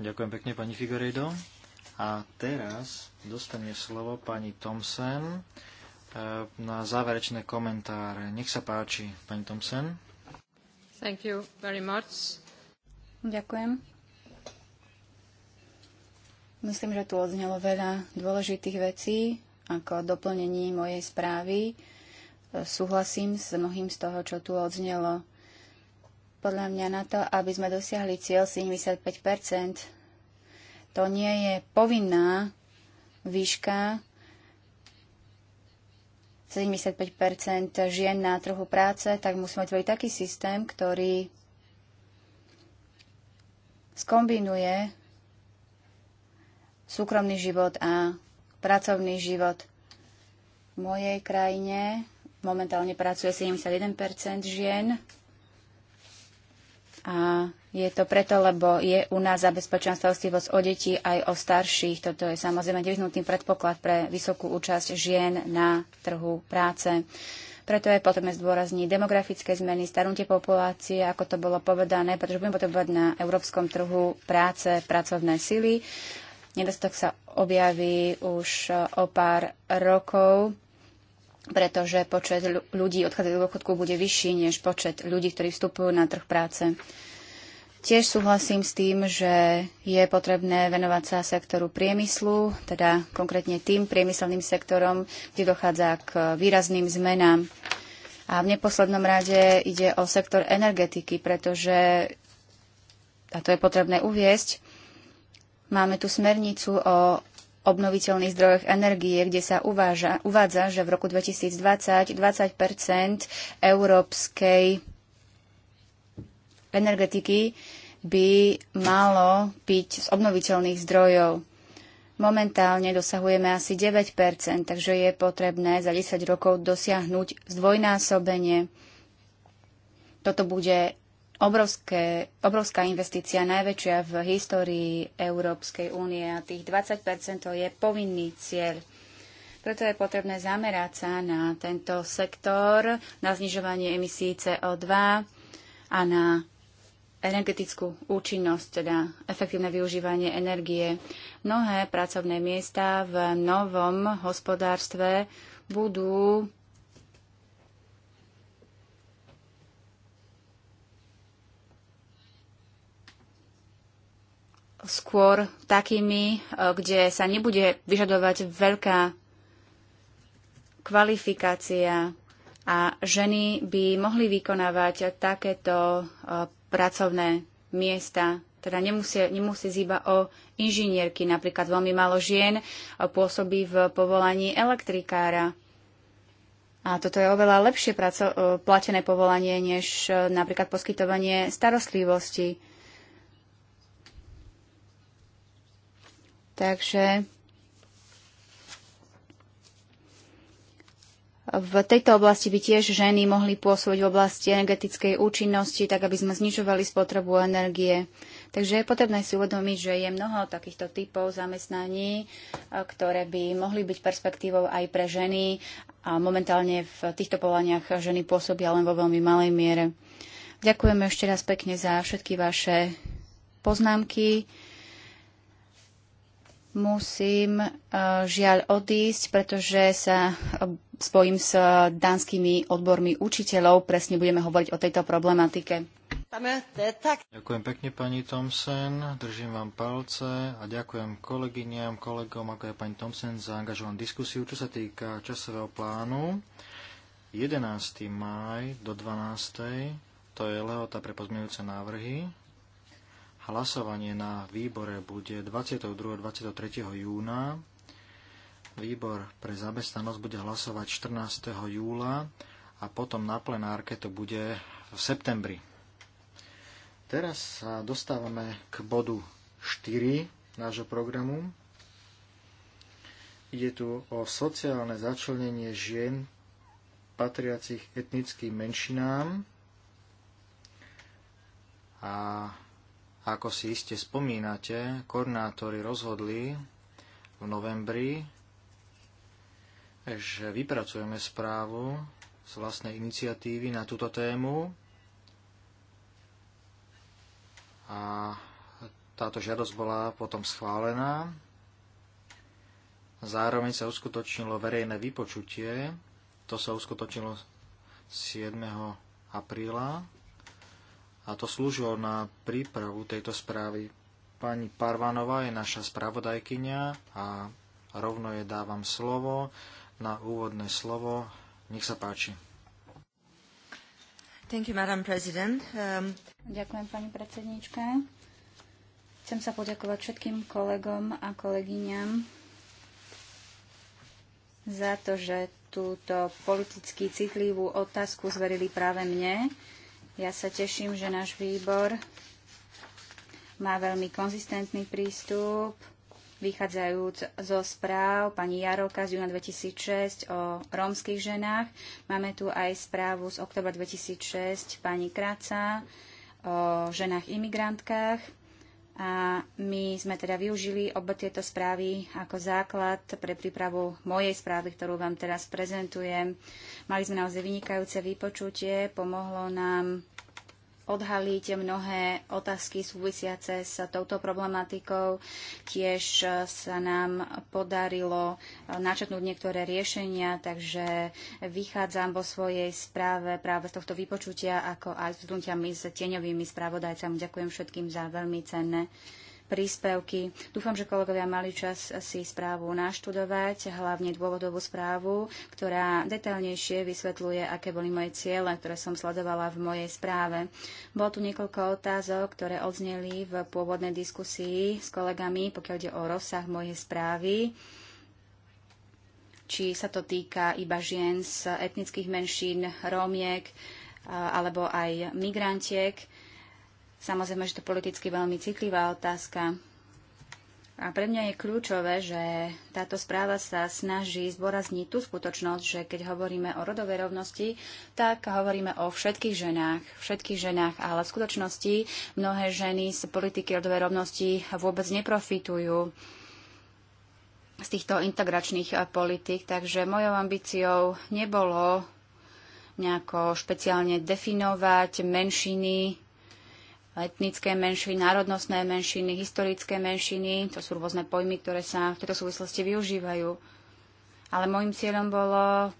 Ďakujem pekne, pani Figueredo. A teraz dostane slovo pani Thompson Eh, na záverečné komentáre. Nech sa páči, pani Thompson. Thank you very much. Ďakujem. Myslím, že tu odznelo veľa dôležitých vecí ako doplnení mojej správy. Eh, súhlasím s mnohým z toho, čo tu odznelo. Podľa mňa na to, aby sme dosiahli cieľ 75 to nie je povinná výška 75 žien na trhu práce, tak musíme tvoriť taký systém, ktorý skombinuje súkromný život a pracovný život. V mojej krajine momentálne pracuje 71 žien a je to preto, lebo je u nás zabezpečená starostlivosť o deti aj o starších. Toto je samozrejme nevyhnutný predpoklad pre vysokú účasť žien na trhu práce. Preto je potrebné zdôrazniť demografické zmeny, starnutie populácie, ako to bolo povedané, pretože budeme potrebovať na európskom trhu práce pracovné sily. Nedostok sa objaví už e, o pár rokov pretože počet ľudí odchádzajú do dôchodku bude vyšší než počet ľudí, ktorí vstupujú na trh práce. Tiež súhlasím s tým, že je potrebné venovať sa sektoru priemyslu, teda konkrétne tým priemyselným sektorom, kde dochádza k výrazným zmenám. A v neposlednom rade ide o sektor energetiky, pretože, a to je potrebné uviesť, máme tu smernicu o obnoviteľných zdrojoch energie, kde sa uváža, uvádza, že v roku 2020 20 európskej energetiky by malo byť z obnoviteľných zdrojov. Momentálne dosahujeme asi 9 takže je potrebné za 10 rokov dosiahnuť zdvojnásobenie. Toto bude obrovské, obrovská investícia, najväčšia v histórii Európskej únie a tých 20 je povinný cieľ. Preto je potrebné zamerať sa na tento sektor, na znižovanie emisí CO2 a na energetickú účinnosť, teda efektívne využívanie energie. Mnohé pracovné miesta v novom hospodárstve budú skôr takými, e, kde sa nebude vyžadovať veľká kvalifikácia a ženy by mohli vykonávať takéto e, pracovné miesta. Teda nemusí, nemusí iba o inžinierky. Napríklad veľmi málo žien pôsobí v povolaní elektrikára. A toto je oveľa lepšie praco- e, platené povolanie, než e, napríklad poskytovanie starostlivosti. Takže v tejto oblasti by tiež ženy mohli pôsobiť v oblasti energetickej účinnosti, tak aby sme znižovali spotrebu energie. Takže je potrebné si uvedomiť, že je mnoho takýchto typov zamestnaní, e, ktoré by mohli byť perspektívou aj pre ženy. A momentálne v týchto povolaniach ženy pôsobia len vo veľmi malej miere. Ďakujeme ešte raz pekne za všetky vaše poznámky. Musím e, žiaľ odísť, pretože sa e, spojím s e, danskými odbormi učiteľov. Presne budeme hovoriť o tejto problematike. Ďakujem pekne, pani Thompson. Držím vám palce a ďakujem kolegyňam, kolegom, ako je pani Thompson, za angažovanú diskusiu. Čo sa týka časového plánu, 11. máj do 12. to je lehota pre pozmeňujúce návrhy. Hlasovanie na výbore bude 22. a 23. júna. Výbor pre zamestnanosť bude hlasovať 14. júla a potom na plenárke to bude v septembri. Teraz sa dostávame k bodu 4 nášho programu. Ide tu o sociálne začlenenie žien patriacich etnickým menšinám. A ako si iste spomínate, koordinátori rozhodli v novembri, že vypracujeme správu z vlastnej iniciatívy na túto tému. A táto žiadosť bola potom schválená. Zároveň sa uskutočnilo verejné vypočutie. To sa uskutočnilo 7. apríla a to slúžilo na prípravu tejto správy. Pani Parvanová je naša spravodajkyňa a rovno je dávam slovo na úvodné slovo. Nech sa páči. Thank you, Madam President. Um... Ďakujem, pani predsedníčka. Chcem sa poďakovať všetkým kolegom a kolegyňam za to, že túto politicky citlivú otázku zverili práve mne ja sa teším, že náš výbor má veľmi konzistentný prístup, vychádzajúc zo správ pani Jaroka z júna 2006 o rómskych ženách. Máme tu aj správu z oktobra 2006 pani Kráca o ženách imigrantkách. A my sme teda využili oba tieto správy ako základ pre prípravu mojej správy, ktorú vám teraz prezentujem. Mali sme naozaj vynikajúce výpočutie, pomohlo nám odhaliť mnohé otázky súvisiace s touto problematikou. Tiež eh, sa nám podarilo eh, načetnúť niektoré riešenia, takže vychádzam vo svojej správe práve z tohto vypočutia, ako aj s z tieňovými spravodajcami. Ďakujem všetkým za veľmi cenné príspevky. Dúfam, že kolegovia mali čas si správu naštudovať, hlavne dôvodovú správu, ktorá detailnejšie vysvetľuje, aké boli moje ciele, ktoré som sledovala v mojej správe. Bolo tu niekoľko otázok, ktoré odzneli v pôvodnej diskusii s kolegami, pokiaľ ide o rozsah mojej správy či sa to týka iba žien z etnických menšín, rómiek alebo aj migrantiek. Samozrejme, že to politicky veľmi citlivá otázka. A pre mňa je kľúčové, že táto správa sa snaží zborazniť tú skutočnosť, že keď hovoríme o rodovej rovnosti, tak hovoríme o všetkých ženách, všetkých ženách, ale v skutočnosti mnohé ženy z politiky rodovej rovnosti vôbec neprofitujú z týchto integračných politik, takže mojou ambíciou nebolo nejako špeciálne definovať menšiny etnické menšiny, národnostné menšiny, historické menšiny. To sú rôzne pojmy, ktoré sa v tejto súvislosti využívajú. Ale môjim cieľom bolo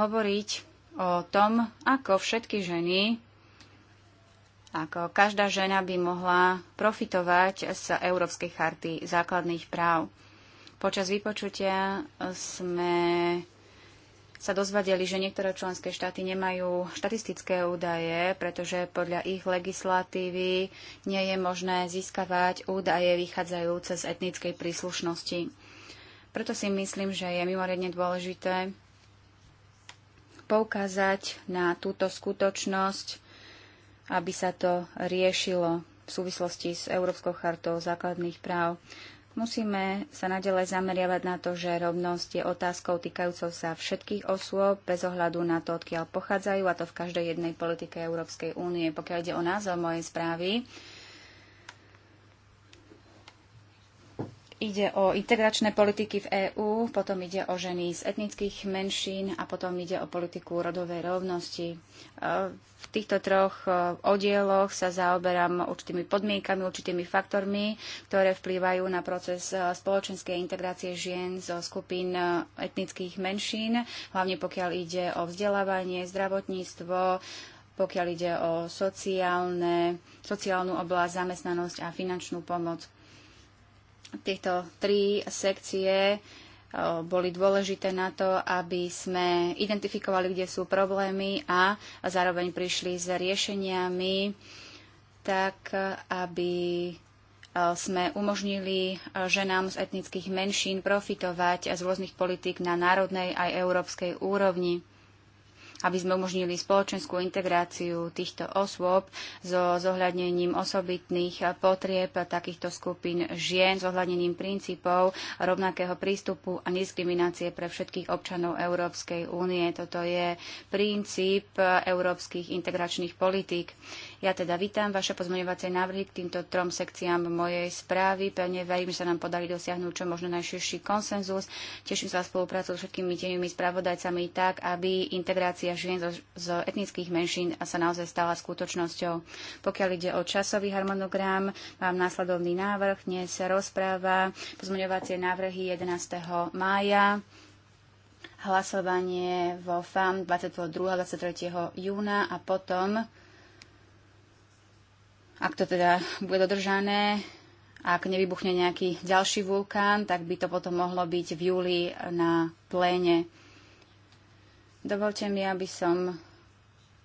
hovoriť o tom, ako všetky ženy, ako každá žena by mohla profitovať z Európskej charty základných práv. Počas vypočutia sme sa dozvedeli, že niektoré členské štáty nemajú štatistické údaje, pretože podľa ich legislatívy nie je možné získavať údaje vychádzajúce z etnickej príslušnosti. Preto si myslím, že je mimoriadne dôležité poukázať na túto skutočnosť, aby sa to riešilo v súvislosti s Európskou chartou základných práv. Musíme sa nadalej zameriavať na to, že rovnosť je otázkou týkajúcou sa všetkých osôb, bez ohľadu na to, odkiaľ pochádzajú, a to v každej jednej politike Európskej únie. Pokiaľ ide o názov mojej správy, Ide o integračné politiky v EÚ, potom ide o ženy z etnických menšín a potom ide o politiku rodovej rovnosti. E, v týchto troch e, oddieloch sa zaoberám určitými podmienkami, určitými faktormi, ktoré vplývajú na proces e, spoločenskej integrácie žien zo skupín etnických menšín, hlavne pokiaľ ide o vzdelávanie, zdravotníctvo, pokiaľ ide o sociálne, sociálnu oblasť, zamestnanosť a finančnú pomoc. Tieto tri sekcie boli dôležité na to, aby sme identifikovali, kde sú problémy a zároveň prišli s riešeniami tak, aby sme umožnili ženám z etnických menšín profitovať z rôznych politík na národnej aj európskej úrovni aby sme umožnili spoločenskú integráciu týchto osôb so zohľadnením osobitných potrieb takýchto skupín žien, zohľadnením princípov rovnakého prístupu a diskriminácie pre všetkých občanov Európskej únie. Toto je princíp európskych integračných politík. Ja teda vítam vaše pozmeňovacie návrhy k týmto trom sekciám mojej správy. Pevne verím, že sa nám podarí dosiahnuť čo možno najširší konsenzus. Teším sa spoluprácu s všetkými tenými spravodajcami tak, aby integrácia žien zo, z etnických menšín sa naozaj stala skutočnosťou. Pokiaľ ide o časový harmonogram, mám následovný návrh. Dnes sa rozpráva pozmeňovacie návrhy 11. mája hlasovanie vo FAM 22. 23. júna a potom ak to teda bude dodržané, ak nevybuchne nejaký ďalší vulkán, tak by to potom mohlo byť v júli na pléne. Dovolte mi, aby som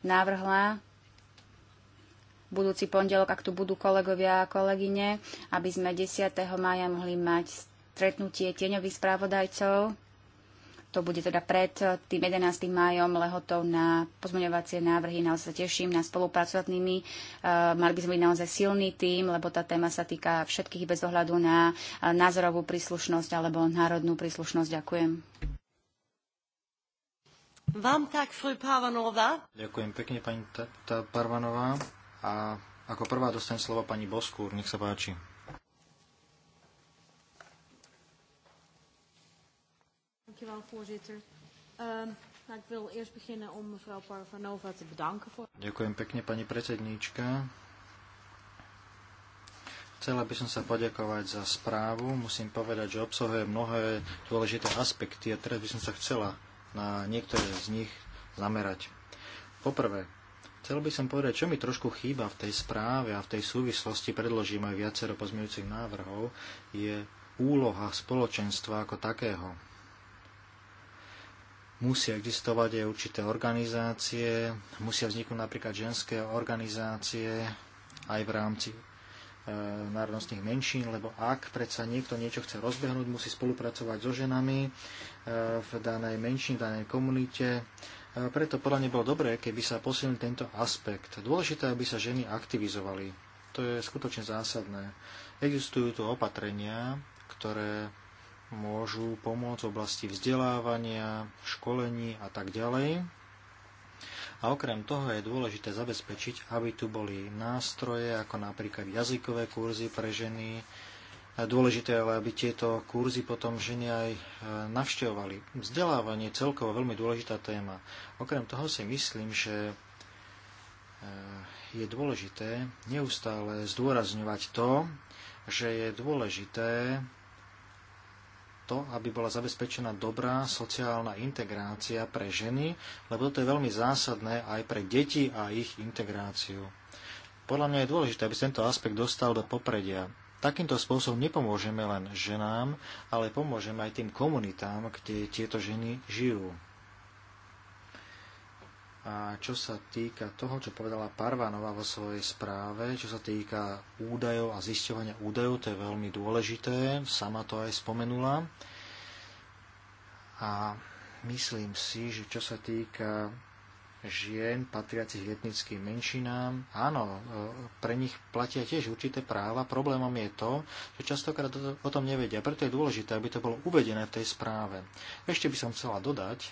navrhla budúci pondelok, ak tu budú kolegovia a kolegyne, aby sme 10. maja mohli mať stretnutie tieňových správodajcov to bude teda pred tým 11. májom lehotou na pozmeňovacie návrhy. Naozaj sa teším na spoluprácu s eh, Mali by sme byť naozaj silný tým, lebo tá téma sa týka všetkých bez ohľadu na eh, názorovú príslušnosť alebo národnú príslušnosť. Ďakujem. Vám tak, fru Parvanova. Ďakujem pekne, pani Parvanová. A ako prvá dostane slovo pani Boskúr, nech sa páči. Dankjewel, voorzitter. Uh, nou, ik wil eerst beginnen om mevrouw Parvanova te bedanken voor... Ďakujem pekne, pani predsedníčka. Chcela by som sa poďakovať za správu. Musím povedať, že obsahuje mnohé dôležité aspekty a teraz by som sa chcela na niektoré z nich zamerať. Poprvé, chcel by som povedať, čo mi trošku chýba v tej správe a v tej súvislosti predložím aj viacero pozmeňujúcich návrhov, je úloha spoločenstva ako takého. Musia existovať aj určité organizácie, musia vzniknúť napríklad ženské organizácie aj v rámci e, národnostných menšín, lebo ak predsa niekto niečo chce rozbehnúť, musí spolupracovať so ženami e, v danej menšine, v danej komunite. E, preto podľa mňa bolo dobré, keby sa posilnil tento aspekt. Dôležité, aby sa ženy aktivizovali. To je skutočne zásadné. Existujú tu opatrenia, ktoré môžu pomôcť v oblasti vzdelávania, školení a tak ďalej. A okrem toho je dôležité zabezpečiť, aby tu boli nástroje, ako napríklad jazykové kurzy pre ženy. Dôležité je, aby tieto kurzy potom ženy aj e, navštevovali. Vzdelávanie je celkovo veľmi dôležitá téma. Okrem toho si myslím, že e, je dôležité neustále zdôrazňovať to, že je dôležité to, aby bola zabezpečená dobrá sociálna integrácia pre ženy, lebo to je veľmi zásadné aj pre deti a ich integráciu. Podľa mňa je dôležité, aby tento aspekt dostal do popredia. Takýmto spôsobom nepomôžeme len ženám, ale pomôžeme aj tým komunitám, kde tieto ženy žijú. A čo sa týka toho, čo povedala Parvanova vo svojej správe, čo sa týka údajov a zisťovania údajov, to je veľmi dôležité, sama to aj spomenula. A myslím si, že čo sa týka žien patriacich etnickým menšinám. Áno, e, pre nich platia tiež určité práva. Problémom je to, že častokrát o tom nevedia. Preto je dôležité, aby to bolo uvedené v tej správe. Ešte by som chcela dodať,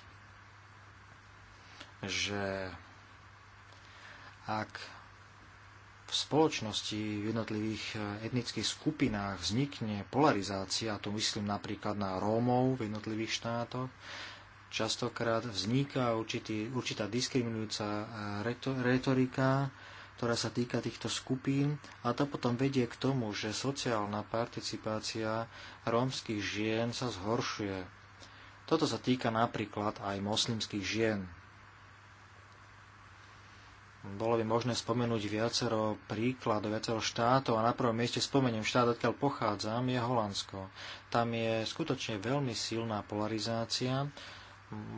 že ak v spoločnosti, v jednotlivých e, etnických skupinách vznikne polarizácia, a to myslím napríklad na Rómov v jednotlivých štátoch, častokrát vzniká určitý, určitá diskriminujúca e, retorika, ktorá sa týka týchto skupín a to potom vedie k tomu, že sociálna participácia rómskych žien sa zhoršuje. Toto sa týka napríklad aj moslimských žien bolo by možné spomenúť viacero príkladov, viacero štátov a na prvom mieste spomeniem štát, odkiaľ pochádzam, je Holandsko. Tam je skutočne veľmi silná polarizácia.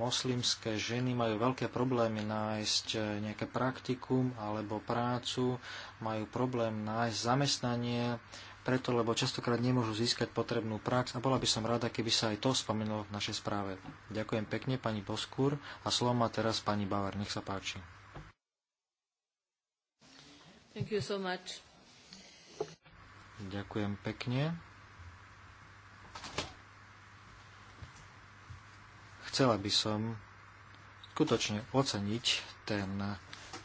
Moslimské ženy majú veľké problémy nájsť nejaké praktikum alebo prácu, majú problém nájsť zamestnanie, preto lebo častokrát nemôžu získať potrebnú prax a bola by som rada, keby sa aj to spomenulo v našej správe. Ďakujem pekne pani Boskúr a slovo má teraz pani Bauer. Nech sa páči. Thank you so much. Ďakujem pekne. Chcela by som skutočne oceniť ten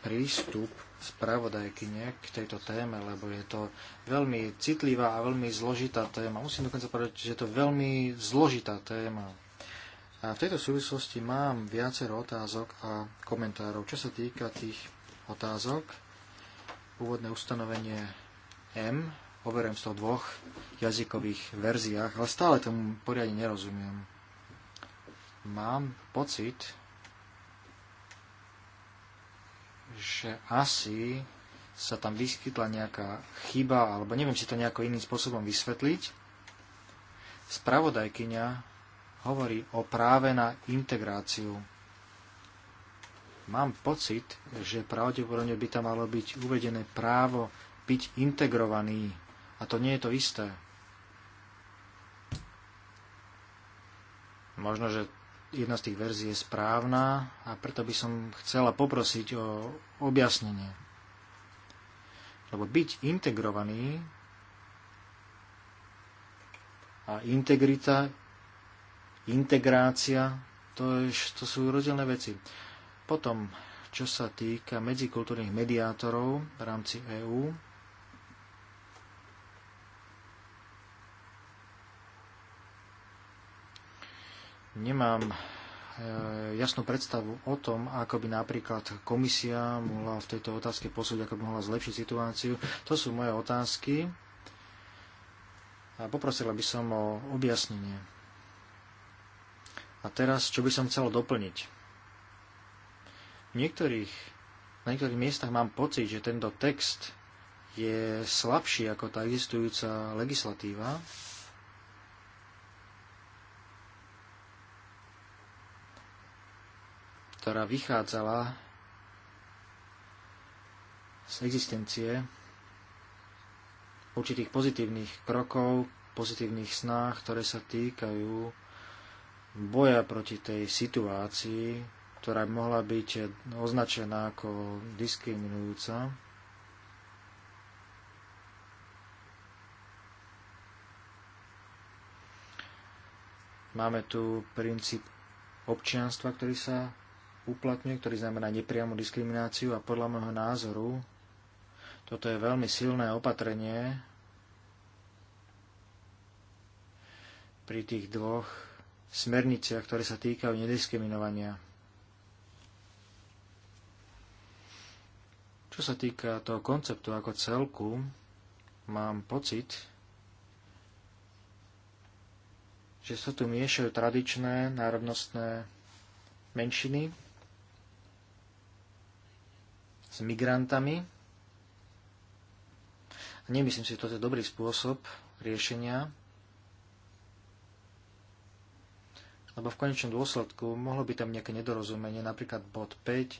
prístup spravodajkyne k tejto téme, lebo je to veľmi citlivá a veľmi zložitá téma. Musím dokonca povedať, že je to veľmi zložitá téma. A v tejto súvislosti mám viacero otázok a komentárov. Čo sa týka tých otázok, úvodné ustanovenie M, overujem v dvoch jazykových verziách, ale stále tomu poriadne nerozumiem. Mám pocit, že asi sa tam vyskytla nejaká chyba, alebo neviem si to nejako iným spôsobom vysvetliť. Spravodajkyňa hovorí o práve na integráciu mám pocit, že pravdepodobne by tam malo byť uvedené právo byť integrovaný. A to nie je to isté. Možno, že jedna z tých verzií je správna a preto by som chcela poprosiť o objasnenie. Lebo byť integrovaný a integrita, integrácia, to, je, to sú rozdielne veci. Potom, čo sa týka medzikultúrnych mediátorov v rámci EÚ, nemám e, jasnú predstavu o tom, ako by napríklad komisia mohla v tejto otázke posúť, ako by mohla zlepšiť situáciu. To sú moje otázky a poprosila by som o objasnenie. A teraz, čo by som chcel doplniť niektorých, na niektorých miestach mám pocit, že tento text je slabší ako tá existujúca legislatíva. ktorá vychádzala z existencie určitých pozitívnych krokov, pozitívnych snách, ktoré sa týkajú boja proti tej situácii, ktorá mohla byť označená ako diskriminujúca. Máme tu princíp občianstva, ktorý sa uplatňuje, ktorý znamená nepriamu diskrimináciu a podľa môjho názoru toto je veľmi silné opatrenie pri tých dvoch smerniciach, ktoré sa týkajú nediskriminovania. Čo sa týka toho konceptu ako celku, mám pocit, že sa tu miešajú tradičné národnostné menšiny s migrantami. A nemyslím si, že toto je dobrý spôsob riešenia, lebo v konečnom dôsledku mohlo by tam nejaké nedorozumenie, napríklad bod 5,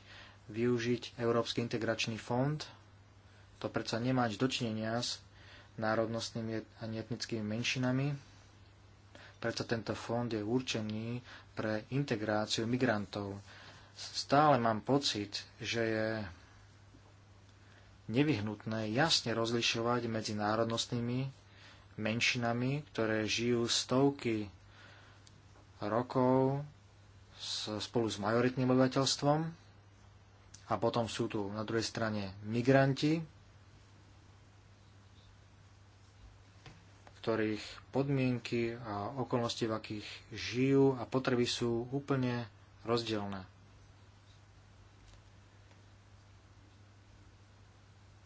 využiť Európsky integračný fond. To predsa nemá nič dočinenia s národnostnými a etnickými menšinami. predsa tento fond je určený pre integráciu migrantov. Stále mám pocit, že je nevyhnutné jasne rozlišovať medzi národnostnými menšinami, ktoré žijú stovky rokov spolu s majoritným obyvateľstvom a potom sú tu na druhej strane migranti, ktorých podmienky a okolnosti, v akých žijú a potreby sú úplne rozdielne.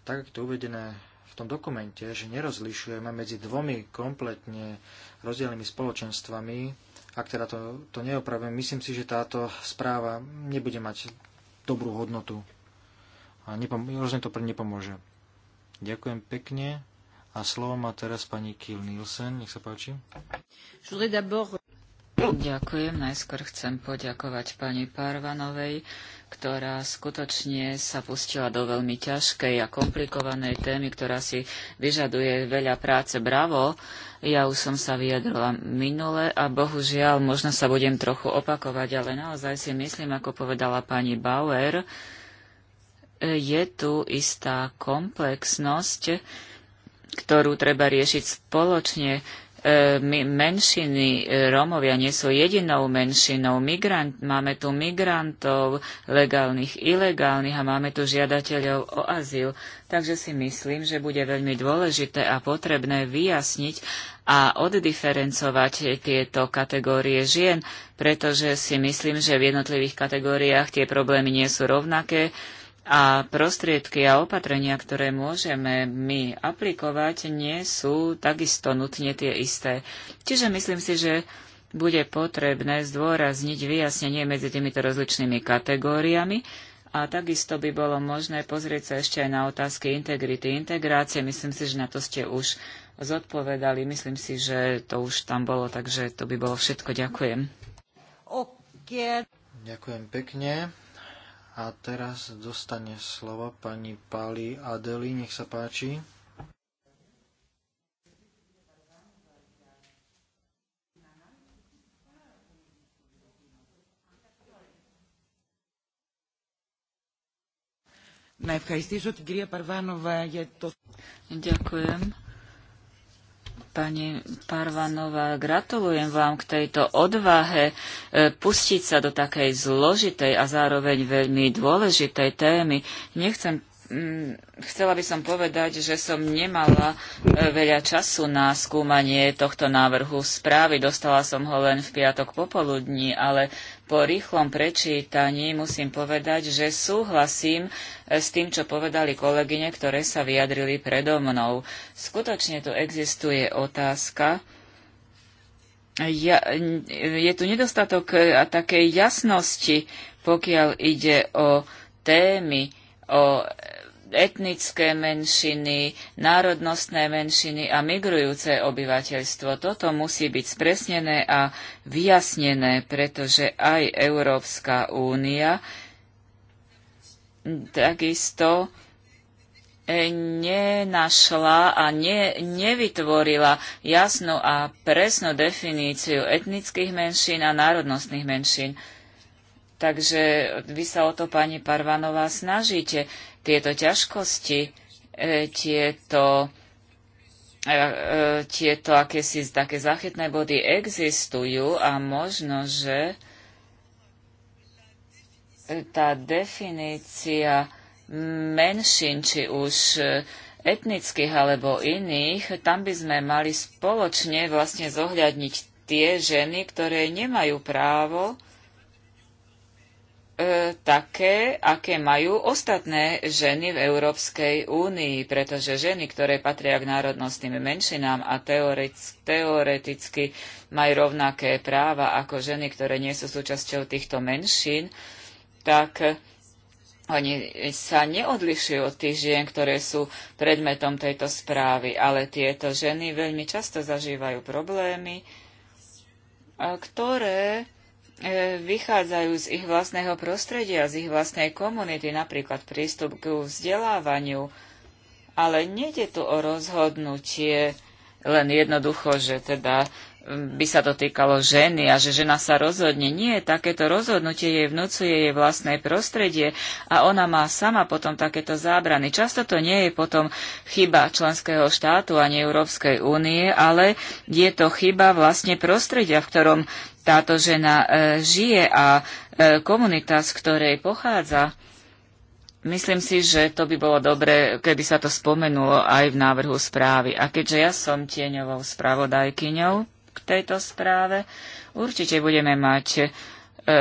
Tak, ako to uvedené v tom dokumente, že nerozlišujeme medzi dvomi kompletne rozdielnymi spoločenstvami, ak teda to, to neopravujem, myslím si, že táto správa nebude mať dobrú hodnotu. A nepom- to pre nepomôže. Ďakujem pekne. A slovo má teraz pani Kiel Nielsen. Nech sa páči. Ďakujem. Najskôr chcem poďakovať pani Parvanovej ktorá skutočne sa pustila do veľmi ťažkej a komplikovanej témy, ktorá si vyžaduje veľa práce. Bravo, ja už som sa vyjadrila minule a bohužiaľ, možno sa budem trochu opakovať, ale naozaj si myslím, ako povedala pani Bauer, je tu istá komplexnosť, ktorú treba riešiť spoločne E, menšiny e, Rómovia nie sú jedinou menšinou. Migrant, máme tu migrantov, legálnych, ilegálnych a máme tu žiadateľov o azyl. Takže si myslím, že bude veľmi dôležité a potrebné vyjasniť a oddiferencovať tieto kategórie žien, pretože si myslím, že v jednotlivých kategóriách tie problémy nie sú rovnaké a prostriedky a opatrenia, ktoré môžeme my aplikovať, nie sú takisto nutne tie isté. Čiže myslím si, že bude potrebné zdôrazniť vyjasnenie medzi týmito rozličnými kategóriami a takisto by bolo možné pozrieť sa ešte aj na otázky integrity, integrácie. Myslím si, že na to ste už zodpovedali. Myslím si, že to už tam bolo, takže to by bolo všetko. Ďakujem. Okay. Ďakujem pekne. A teraz dostane slovo pani Pali Adeli, nech sa páči. Ďakujem Pani Parvanová, gratulujem vám k tejto odvahe e, pustiť sa do takej zložitej a zároveň veľmi dôležitej témy. Nechcem Mm, chcela by som povedať, že som nemala e, veľa času na skúmanie tohto návrhu správy. Dostala som ho len v piatok popoludní, ale po rýchlom prečítaní musím povedať, že súhlasím e, s tým, čo povedali kolegyne, ktoré sa vyjadrili predo mnou. Skutočne tu existuje otázka, ja, je tu nedostatok e, takej jasnosti, pokiaľ ide o témy, o etnické menšiny, národnostné menšiny a migrujúce obyvateľstvo. Toto musí byť spresnené a vyjasnené, pretože aj Európska únia takisto e, nenašla a ne, nevytvorila jasnú a presnú definíciu etnických menšín a národnostných menšín. Takže vy sa o to, pani Parvanová, snažíte tieto ťažkosti, e, tieto, e, e, tieto akési také zachytné body existujú a možno, že tá definícia menšin, či už etnických alebo iných, tam by sme mali spoločne vlastne zohľadniť tie ženy, ktoré nemajú právo E, také, aké majú ostatné ženy v Európskej únii, pretože ženy, ktoré patria k národnostným menšinám a teoreticky majú rovnaké práva ako ženy, ktoré nie sú súčasťou týchto menšín, tak oni sa neodlišujú od tých žien, ktoré sú predmetom tejto správy, ale tieto ženy veľmi často zažívajú problémy, ktoré E, vychádzajú z ich vlastného prostredia, z ich vlastnej komunity, napríklad prístup k vzdelávaniu. Ale nejde tu o rozhodnutie len jednoducho, že teda by sa to týkalo ženy a že žena sa rozhodne. Nie, takéto rozhodnutie jej vnúcuje jej vlastné prostredie a ona má sama potom takéto zábrany. Často to nie je potom chyba členského štátu ani Európskej únie, ale je to chyba vlastne prostredia, v ktorom táto žena e, žije a e, komunita, z ktorej pochádza. Myslím si, že to by bolo dobre, keby sa to spomenulo aj v návrhu správy. A keďže ja som tieňovou spravodajkyňou k tejto správe, určite budeme mať e,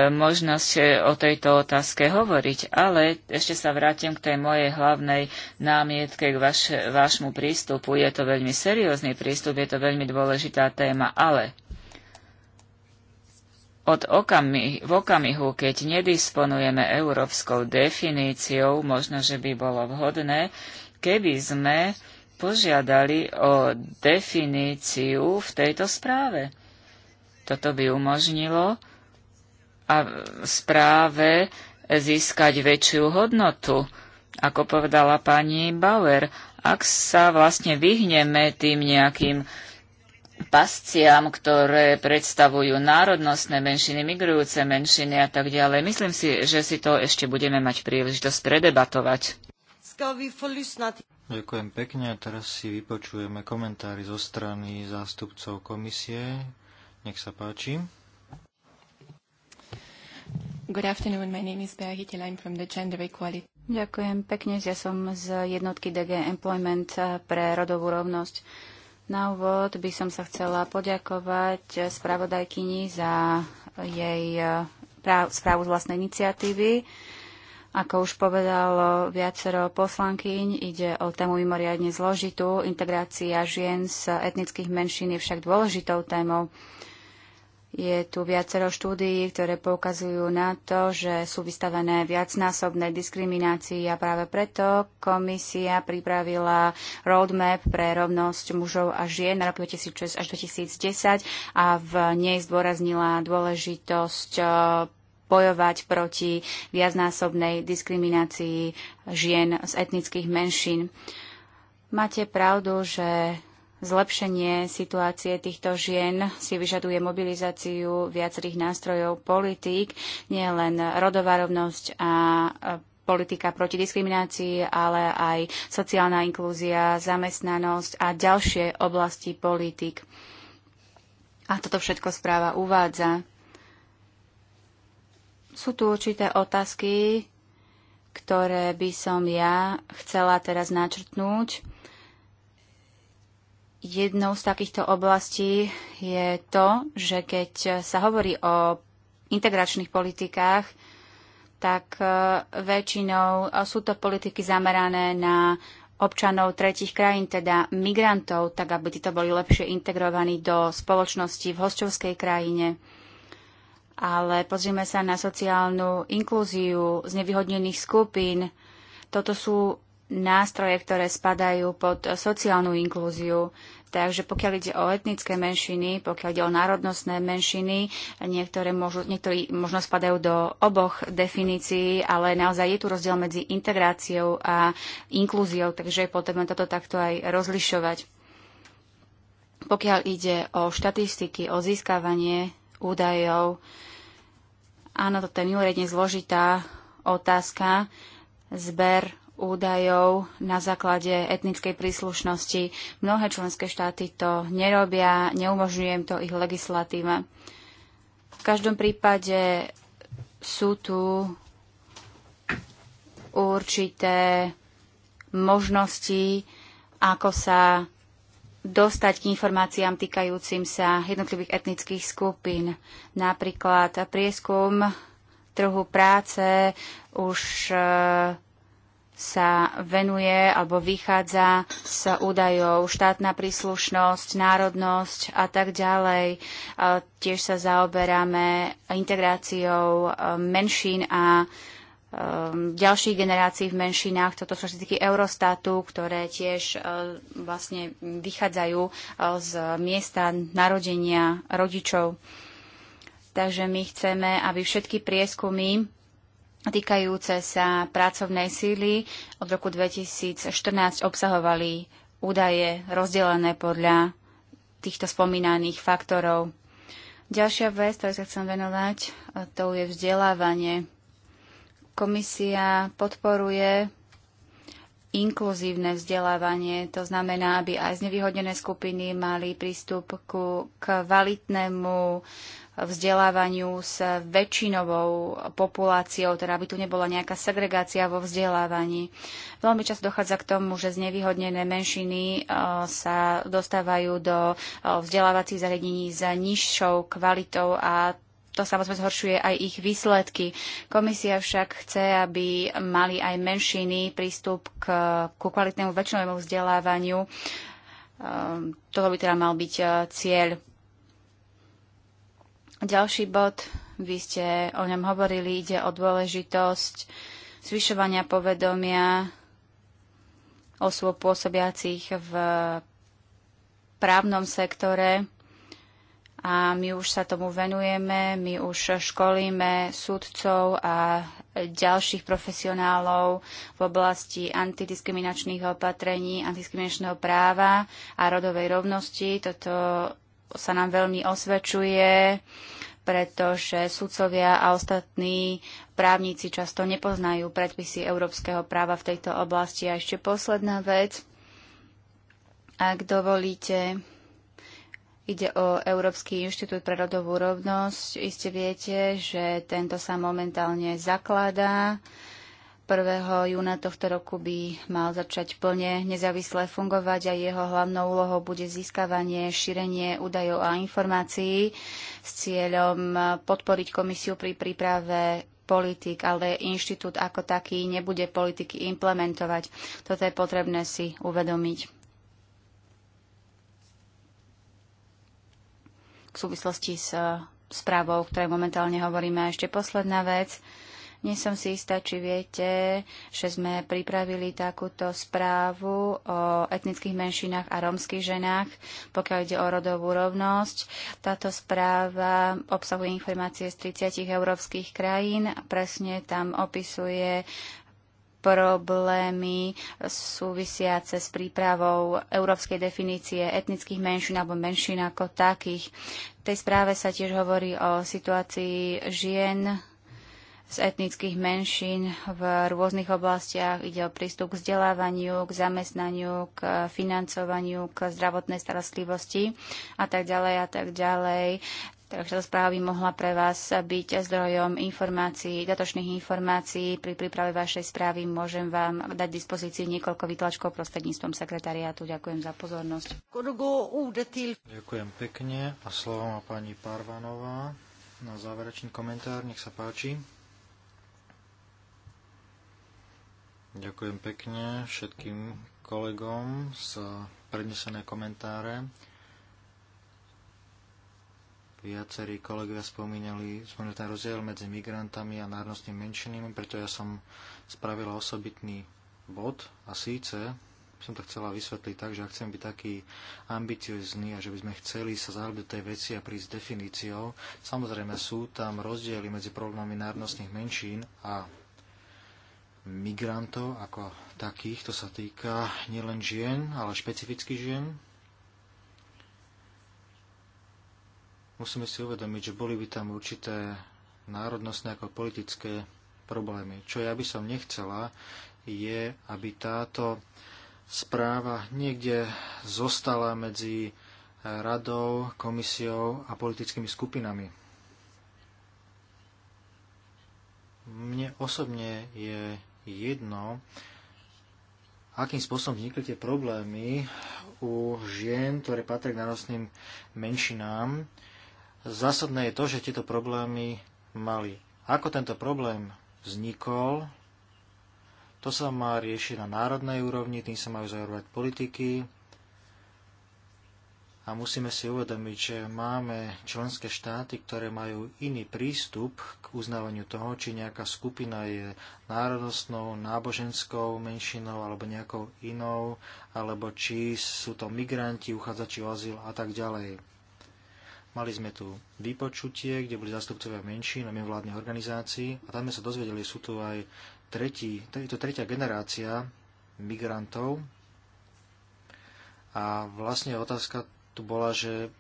možnosť o tejto otázke hovoriť, ale ešte sa vrátim k tej mojej hlavnej námietke k vaš, prístupu. Je to veľmi seriózny prístup, je to veľmi dôležitá téma, ale od okamih- v okamihu, keď nedisponujeme európskou definíciou, možno, že by bolo vhodné, keby sme požiadali o definíciu v tejto správe. Toto by umožnilo a správe získať väčšiu hodnotu. Ako povedala pani Bauer, ak sa vlastne vyhneme tým nejakým pasciam, ktoré predstavujú národnostné menšiny, migrujúce menšiny a tak ďalej. Myslím si, že si to ešte budeme mať príležitosť predebatovať. Ďakujem pekne. a Teraz si vypočujeme komentári zo strany zástupcov komisie. Nech sa páči. Good afternoon, my name is I'm from the Gender Equality. Ďakujem pekne, ja som z jednotky DG Employment pre rodovú rovnosť. Na úvod by som sa chcela poďakovať spravodajkyni za jej eh, správu z vlastnej iniciatívy. Ako už povedalo viacero poslankyň, ide o tému mimoriadne zložitú. Integrácia žien z etnických menšín je však dôležitou témou. Je tu viacero štúdií, ktoré poukazujú na to, že sú vystavené viacnásobné diskriminácii a práve preto komisia pripravila roadmap pre rovnosť mužov a žien na rok 2006 až 2010 a v nej zdôraznila dôležitosť e, bojovať proti viacnásobnej diskriminácii žien z etnických menšín. Máte pravdu, že Zlepšenie situácie týchto žien si vyžaduje mobilizáciu viacerých nástrojov politík, nielen rodová rovnosť a politika proti diskriminácii, ale aj sociálna inklúzia, zamestnanosť a ďalšie oblasti politík. A toto všetko správa uvádza. Sú tu určité otázky, ktoré by som ja chcela teraz načrtnúť Jednou z takýchto oblastí je to, že keď sa hovorí o integračných politikách, tak e, väčšinou sú to politiky zamerané na občanov tretich krajín, teda migrantov, tak aby títo boli lepšie integrovaní do spoločnosti v hostovskej krajine. Ale pozrime sa na sociálnu inklúziu znevýhodnených skupín. Toto sú nástroje, ktoré spadajú pod sociálnu inklúziu. Takže pokiaľ ide o etnické menšiny, pokiaľ ide o národnostné menšiny, niektoré môžu, niektorí možno spadajú do oboch definícií, ale naozaj je tu rozdiel medzi integráciou a inklúziou, takže je potrebné toto takto aj rozlišovať. Pokiaľ ide o štatistiky, o získavanie údajov, áno, toto je mimoriadne zložitá otázka, zber údajov na základe etnickej príslušnosti. Mnohé členské štáty to nerobia, neumožňuje to ich legislatíva. V každom prípade sú tu určité možnosti, ako sa dostať k informáciám týkajúcim sa jednotlivých etnických skupín. Napríklad prieskum trhu práce už eh, sa venuje alebo vychádza z údajov štátna príslušnosť, národnosť a tak ďalej. E, tiež sa zaoberáme integráciou e, menšín a e, ďalších generácií v menšinách. Toto sú všetky Eurostatu, ktoré tiež vlastne vychádzajú z miesta narodenia rodičov. Takže my chceme, aby všetky prieskumy týkajúce sa pracovnej síly od roku 2014 obsahovali údaje rozdelené podľa týchto spomínaných faktorov. Ďalšia vec, ktorú sa chcem venovať, to je vzdelávanie. Komisia podporuje inkluzívne vzdelávanie. To znamená, aby aj znevýhodnené skupiny mali prístup ku kvalitnému vzdelávaniu s väčšinovou populáciou, teda aby tu nebola nejaká segregácia vo vzdelávaní. Veľmi často dochádza k tomu, že znevýhodnené menšiny e, sa dostávajú do e, vzdelávacích zariadení s nižšou kvalitou a to samozrejme zhoršuje aj ich výsledky. Komisia však chce, aby mali aj menšiny prístup k, ku kvalitnému väčšinovému vzdelávaniu. E, Toto by teda mal byť cieľ ďalší bod, vy ste o ňom hovorili, ide o dôležitosť zvyšovania povedomia osôb pôsobiacich v právnom sektore a my už sa tomu venujeme, my už školíme sudcov a ďalších profesionálov v oblasti antidiskriminačných opatrení, antidiskriminačného práva a rodovej rovnosti. Toto sa nám veľmi osvedčuje, pretože sudcovia a ostatní právnici často nepoznajú predpisy európskeho práva v tejto oblasti. A ešte posledná vec, ak dovolíte, Ide o Európsky inštitút pre rodovú rovnosť. Iste viete, že tento sa momentálne zakladá. 1. júna tohto roku by mal začať plne nezávisle fungovať a jeho hlavnou úlohou bude získavanie, šírenie údajov a informácií s cieľom podporiť komisiu pri príprave politik, ale inštitút ako taký nebude politiky implementovať. Toto je potrebné si uvedomiť. V súvislosti s uh, správou, o ktorej momentálne hovoríme, a ešte posledná vec – nie som si istá, či viete, že sme pripravili takúto správu o etnických menšinách a rómskych ženách, pokiaľ ide o rodovú rovnosť. Táto správa obsahuje informácie z 30 európskych krajín. a Presne tam opisuje problémy súvisiace s prípravou európskej definície etnických menšín alebo menšín ako takých. V tej správe sa tiež hovorí o situácii žien z etnických menšín v rôznych oblastiach. Ide o prístup k vzdelávaniu, k zamestnaniu, k financovaniu, k zdravotnej starostlivosti a tak ďalej a tak ďalej. Takže tá správa by mohla pre vás byť zdrojom informácií, datočných informácií. Pri príprave vašej správy môžem vám dať dispozícii niekoľko vytlačkov prostredníctvom sekretariátu. Ďakujem za pozornosť. Ďakujem pekne a slovo má pani Parvanová na záverečný komentár. Nech sa páči. Ďakujem pekne všetkým kolegom za prednesené komentáre. Viacerí kolegovia spomínali sme ten rozdiel medzi migrantami a národnostnými menšinami, preto ja som spravila osobitný bod a síce som to chcela vysvetliť tak, že ak chcem byť taký ambiciozný a že by sme chceli sa zahľadiť tej veci a prísť s definíciou, samozrejme sú tam rozdiely medzi problémami národnostných menšín a migrantov ako takých. To sa týka nielen žien, ale špecificky žien. Musíme si uvedomiť, že boli by tam určité národnostné ako politické problémy. Čo ja by som nechcela, je, aby táto správa niekde zostala medzi radou, komisiou a politickými skupinami. Mne osobne je jedno, akým spôsobom vznikli tie problémy u žien, ktoré patria k narostným menšinám. Zásadné je to, že tieto problémy mali. Ako tento problém vznikol, to sa má riešiť na národnej úrovni, tým sa majú zahrávať politiky, a musíme si uvedomiť, že máme členské štáty, ktoré majú iný prístup k uznávaniu toho, či nejaká skupina je národnostnou, náboženskou menšinou alebo nejakou inou, alebo či sú to migranti, uchádzači o azyl a tak ďalej. Mali sme tu vypočutie, kde boli zastupcovia menšín a mimovládnych organizácií a tam sme sa dozvedeli, sú tu aj tretí, je to tretia generácia migrantov a vlastne je otázka tu bola, že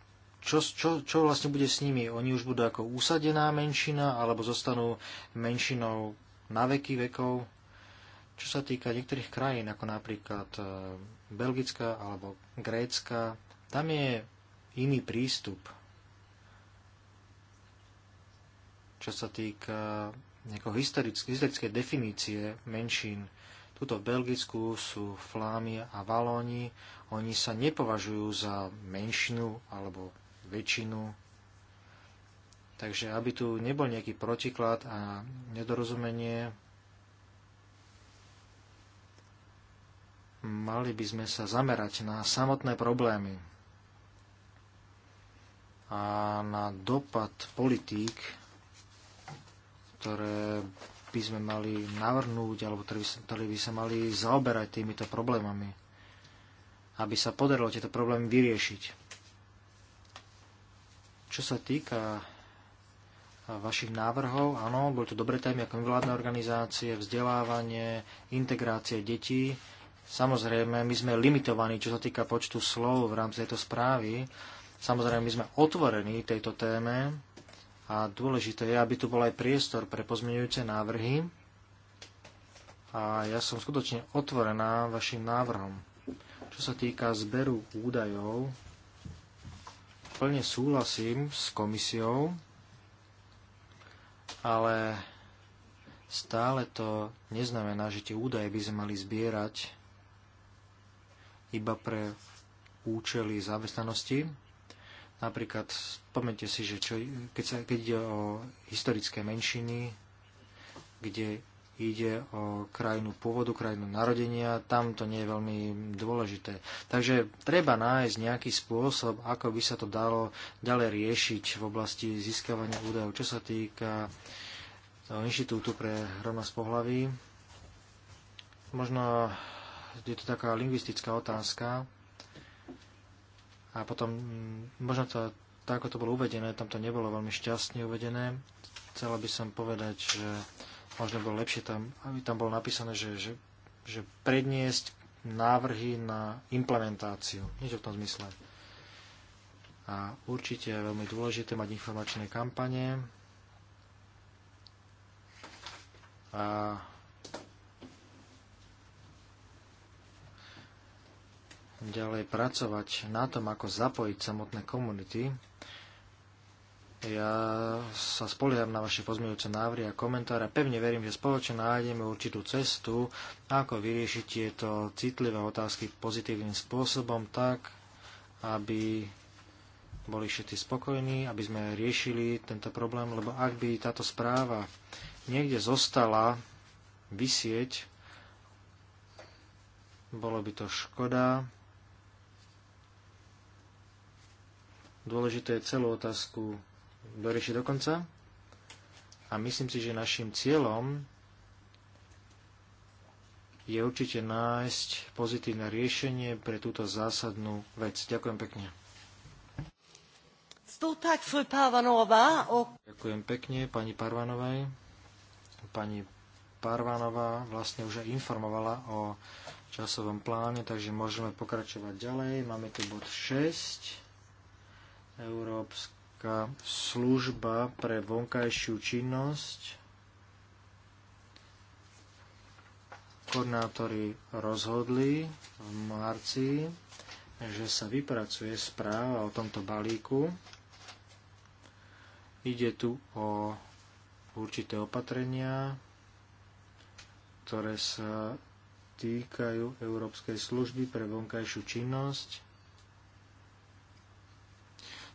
čo, čo, čo vlastne bude s nimi? Oni už budú ako úsadená menšina, alebo zostanú menšinou na veky vekov? Čo sa týka niektorých krajín, ako napríklad e, Belgická alebo Grécka, tam je iný prístup, čo sa týka e, nejakého historické, historické definície menšín. Tuto v Belgicku sú Flámy a Valóni. Oni sa nepovažujú za menšinu alebo väčšinu. Takže aby tu nebol nejaký protiklad a nedorozumenie, mali by sme sa zamerať na samotné problémy a na dopad politík, ktoré by sme mali navrhnúť, alebo ktorí by sa mali zaoberať týmito problémami, aby sa podarilo tieto problémy vyriešiť. Čo sa týka vašich návrhov, áno, boli to dobré témy ako vládne organizácie, vzdelávanie, integrácie detí. Samozrejme, my sme limitovaní, čo sa týka počtu slov v rámci tejto správy. Samozrejme, my sme otvorení tejto téme, a dôležité je, aby tu bol aj priestor pre pozmeňujúce návrhy. A ja som skutočne otvorená vašim návrhom. Čo sa týka zberu údajov, plne súhlasím s komisiou, ale stále to neznamená, že tie údaje by sme mali zbierať iba pre účely zamestnanosti. Napríklad Pamätajte si, že čo, keď, sa, keď ide o historické menšiny, kde ide o krajinu pôvodu, krajinu narodenia, tam to nie je veľmi dôležité. Takže treba nájsť nejaký spôsob, ako by sa to dalo ďalej riešiť v oblasti získavania údajov, čo sa týka toho inštitútu pre rovnosť pohlaví. Možno je to taká lingvistická otázka a potom mm, možno to tak, ako to bolo uvedené, tam to nebolo veľmi šťastne uvedené. Chcela by som povedať, že možno bolo lepšie tam, aby tam bolo napísané, že, že, že predniesť návrhy na implementáciu. Niečo v tom zmysle. A určite je veľmi dôležité mať informačné kampane. A ďalej pracovať na tom, ako zapojiť samotné komunity ja sa spolieham na vaše pozmeňujúce návrhy a komentáre a pevne verím, že spoločne nájdeme určitú cestu, ako vyriešiť tieto citlivé otázky pozitívnym spôsobom tak, aby boli všetci spokojní, aby sme riešili tento problém, lebo ak by táto správa niekde zostala vysieť, bolo by to škoda, Dôležité je celú otázku doriešiť do konca. A myslím si, že našim cieľom je určite nájsť pozitívne riešenie pre túto zásadnú vec. Ďakujem pekne. Ďakujem pekne pani Parvanovej. Pani Parvanová vlastne už aj informovala o časovom pláne, takže môžeme pokračovať ďalej. Máme tu bod 6. Európska taká služba pre vonkajšiu činnosť. Koordinátori rozhodli v marci, že sa vypracuje správa o tomto balíku. Ide tu o určité opatrenia, ktoré sa týkajú Európskej služby pre vonkajšiu činnosť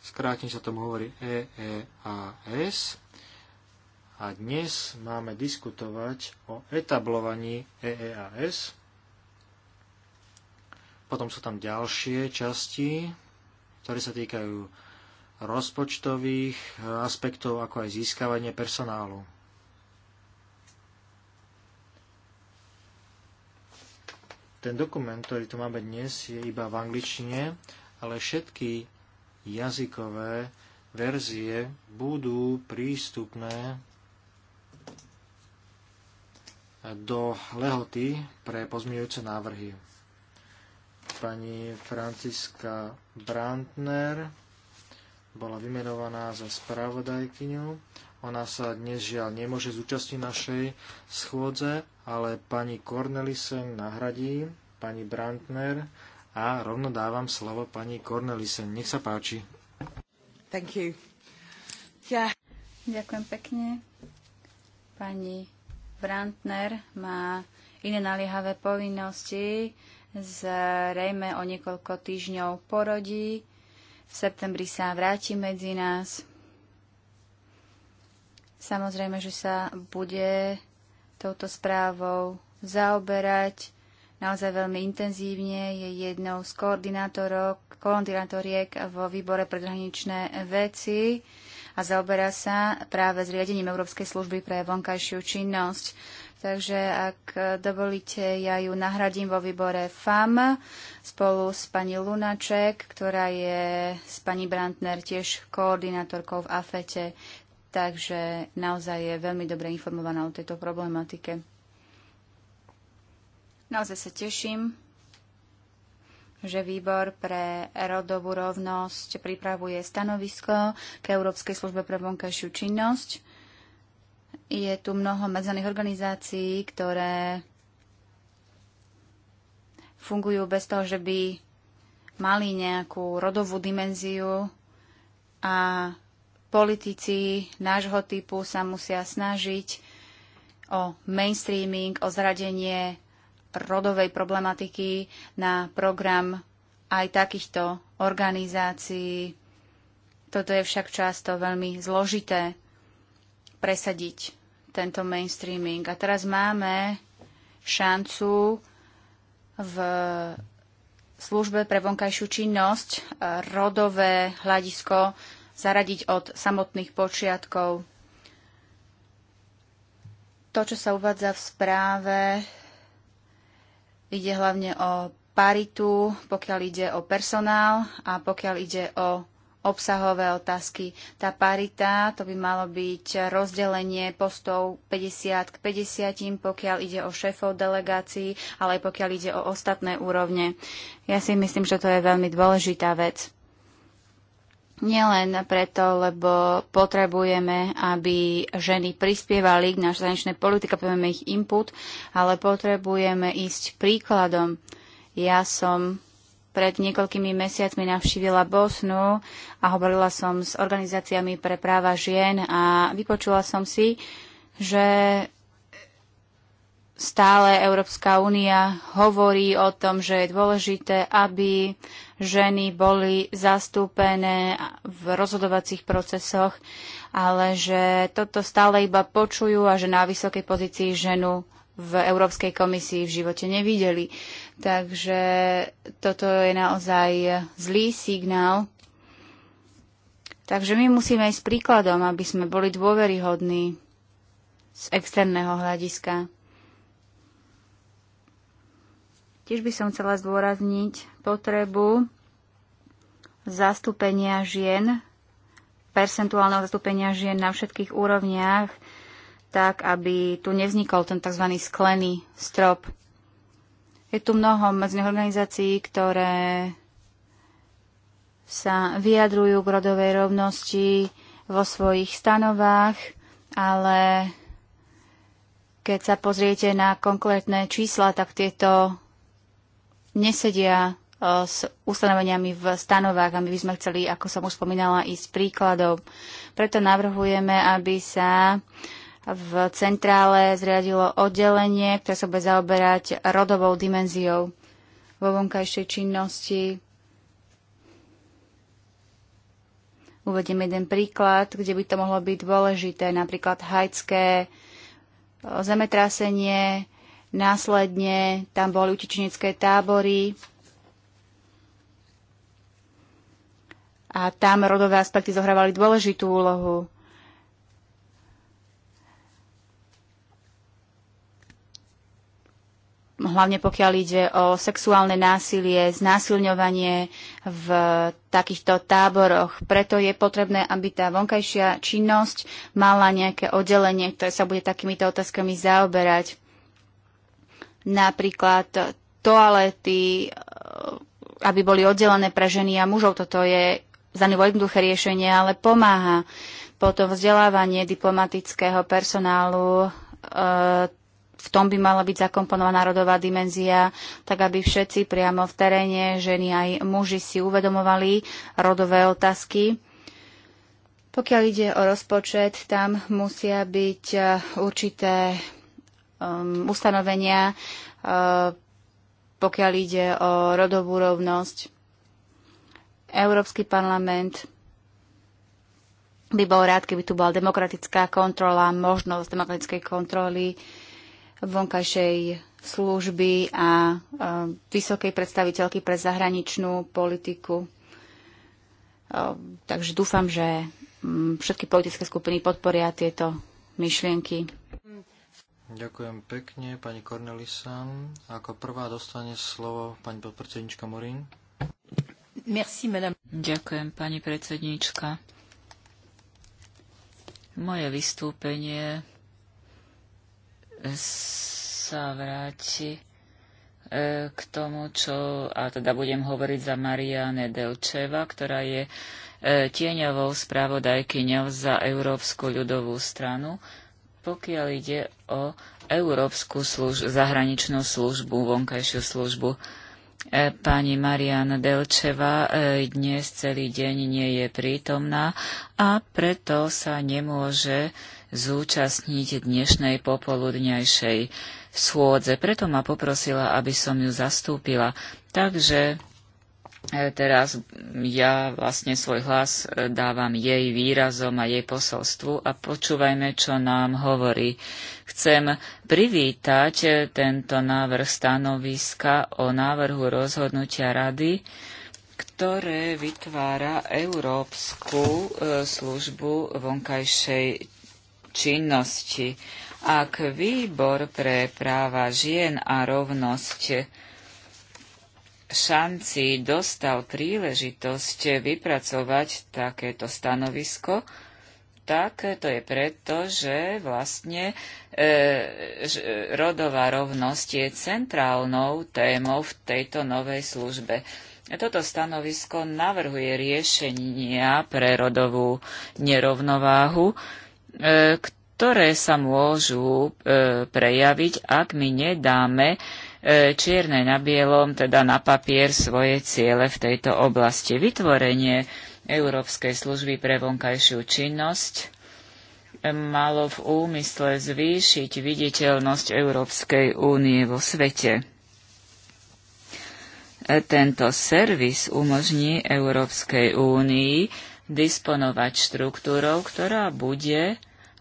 Skrátne sa tomu hovorí EEAS. A dnes máme diskutovať o etablovaní EEAS. Potom sú tam ďalšie časti, ktoré sa týkajú rozpočtových aspektov, ako aj získavanie personálu. Ten dokument, ktorý tu máme dnes, je iba v angličtine, ale všetky jazykové verzie budú prístupné do lehoty pre pozmeňujúce návrhy. Pani Franciska Brandner bola vymenovaná za spravodajkyňu. Ona sa dnes žiaľ nemôže zúčastniť našej schôdze, ale pani Cornelisen nahradí pani Brandner a rovno dávam slovo pani Cornelise. Nech sa páči. Thank you. Yeah. Ďakujem pekne. Pani Brandner má iné naliehavé povinnosti. Zrejme o niekoľko týždňov porodí. V septembri sa vráti medzi nás. Samozrejme, že sa bude touto správou zaoberať naozaj veľmi intenzívne. Je jednou z koordinátorok, koordinátoriek vo výbore pre zahraničné veci a zaoberá sa práve s riadením Európskej služby pre vonkajšiu činnosť. Takže ak dovolíte, ja ju nahradím vo výbore FAM spolu s pani Lunaček, ktorá je s pani Brantner tiež koordinátorkou v AFETE. E. Takže naozaj je veľmi dobre informovaná o tejto problematike. Naozaj sa teším, že výbor pre rodovú rovnosť pripravuje stanovisko k Európskej službe pre vonkajšiu činnosť. Je tu mnoho medzaných organizácií, ktoré fungujú bez toho, že by mali nejakú rodovú dimenziu a politici nášho typu sa musia snažiť o mainstreaming, o zradenie rodovej problematiky na program aj takýchto organizácií. Toto je však často veľmi zložité presadiť tento mainstreaming. A teraz máme šancu v službe pre vonkajšiu činnosť rodové hľadisko zaradiť od samotných počiatkov. To, čo sa uvádza v správe, Ide hlavne o paritu, pokiaľ ide o personál a pokiaľ ide o obsahové otázky. Tá parita, to by malo byť rozdelenie postov 50 k 50, pokiaľ ide o šéfov delegácií, ale aj pokiaľ ide o ostatné úrovne. Ja si myslím, že to je veľmi dôležitá vec. Nielen preto, lebo potrebujeme, aby ženy prispievali k našej zahraničnej politike, potrebujeme ich input, ale potrebujeme ísť príkladom. Ja som pred niekoľkými mesiacmi navštívila Bosnu a hovorila som s organizáciami pre práva žien a vypočula som si, že stále Európska únia hovorí o tom, že je dôležité, aby ženy boli zastúpené v rozhodovacích procesoch, ale že toto stále iba počujú a že na vysokej pozícii ženu v Európskej komisii v živote nevideli. Takže toto je naozaj zlý signál. Takže my musíme ísť príkladom, aby sme boli dôveryhodní z externého hľadiska. Tiež by som chcela zdôrazniť potrebu zastúpenia žien, percentuálneho zastúpenia žien na všetkých úrovniach, tak aby tu nevznikol ten tzv. sklený strop. Je tu mnoho medzných organizácií, ktoré sa vyjadrujú k rodovej rovnosti vo svojich stanovách, ale keď sa pozriete na konkrétne čísla, tak tieto nesedia e, s ustanoveniami v stanovách a my by sme chceli, ako som už spomínala, ísť príkladov. Preto navrhujeme, aby sa v centrále zriadilo oddelenie, ktoré sa bude zaoberať rodovou dimenziou vo vonkajšej činnosti. Uvediem jeden príklad, kde by to mohlo byť dôležité, napríklad hajcké e, zemetrasenie, Následne tam boli utečenecké tábory a tam rodové aspekty zohrávali dôležitú úlohu. hlavne pokiaľ ide o sexuálne násilie, znásilňovanie v takýchto táboroch. Preto je potrebné, aby tá vonkajšia činnosť mala nejaké oddelenie, ktoré sa bude takýmito otázkami zaoberať napríklad toalety, eh, aby boli oddelené pre ženy a mužov. Toto je za nebo jednoduché riešenie, ale pomáha. Potom vzdelávanie diplomatického personálu, eh, v tom by mala byť zakomponovaná rodová dimenzia, tak aby všetci priamo v teréne, ženy aj muži si uvedomovali rodové otázky. Pokiaľ ide o rozpočet, tam musia byť eh, určité um, ustanovenia, uh, pokiaľ ide o rodovú rovnosť. Európsky parlament by bol rád, keby tu bola demokratická kontrola, možnosť demokratickej kontroly vonkajšej služby a uh, vysokej predstaviteľky pre zahraničnú politiku. Uh, takže dúfam, že mm, všetky politické skupiny podporia tieto myšlienky. Ďakujem pekne, pani Cornelisan. Ako prvá dostane slovo pani podpredsednička Morín. Merci, madame. Ďakujem, pani predsednička. Moje vystúpenie sa vráti e, k tomu, čo, a teda budem hovoriť za Mariane Delčeva, ktorá je e, tieňovou spravodajkyňou za Európsku ľudovú stranu, pokiaľ ide o Európsku služ- zahraničnú službu, vonkajšiu službu. E, pani Marian Delčeva e, dnes celý deň nie je prítomná a preto sa nemôže zúčastniť dnešnej popoludňajšej schôdze. Preto ma poprosila, aby som ju zastúpila. Takže E, teraz ja vlastne svoj hlas e, dávam jej výrazom a jej posolstvu a počúvajme, čo nám hovorí. Chcem privítať e, tento návrh stanoviska o návrhu rozhodnutia rady, ktoré vytvára Európsku službu vonkajšej činnosti. Ak výbor pre práva žien a rovnosť šanci dostal príležitosť vypracovať takéto stanovisko, tak to je preto, že vlastne e, že rodová rovnosť je centrálnou témou v tejto novej službe. Toto stanovisko navrhuje riešenia pre rodovú nerovnováhu, e, ktoré sa môžu e, prejaviť, ak my nedáme e, E, čierne na bielom, teda na papier, svoje ciele v tejto oblasti. Vytvorenie Európskej služby pre vonkajšiu činnosť malo v úmysle zvýšiť viditeľnosť Európskej únie vo svete. E, tento servis umožní Európskej únii disponovať štruktúrou, ktorá bude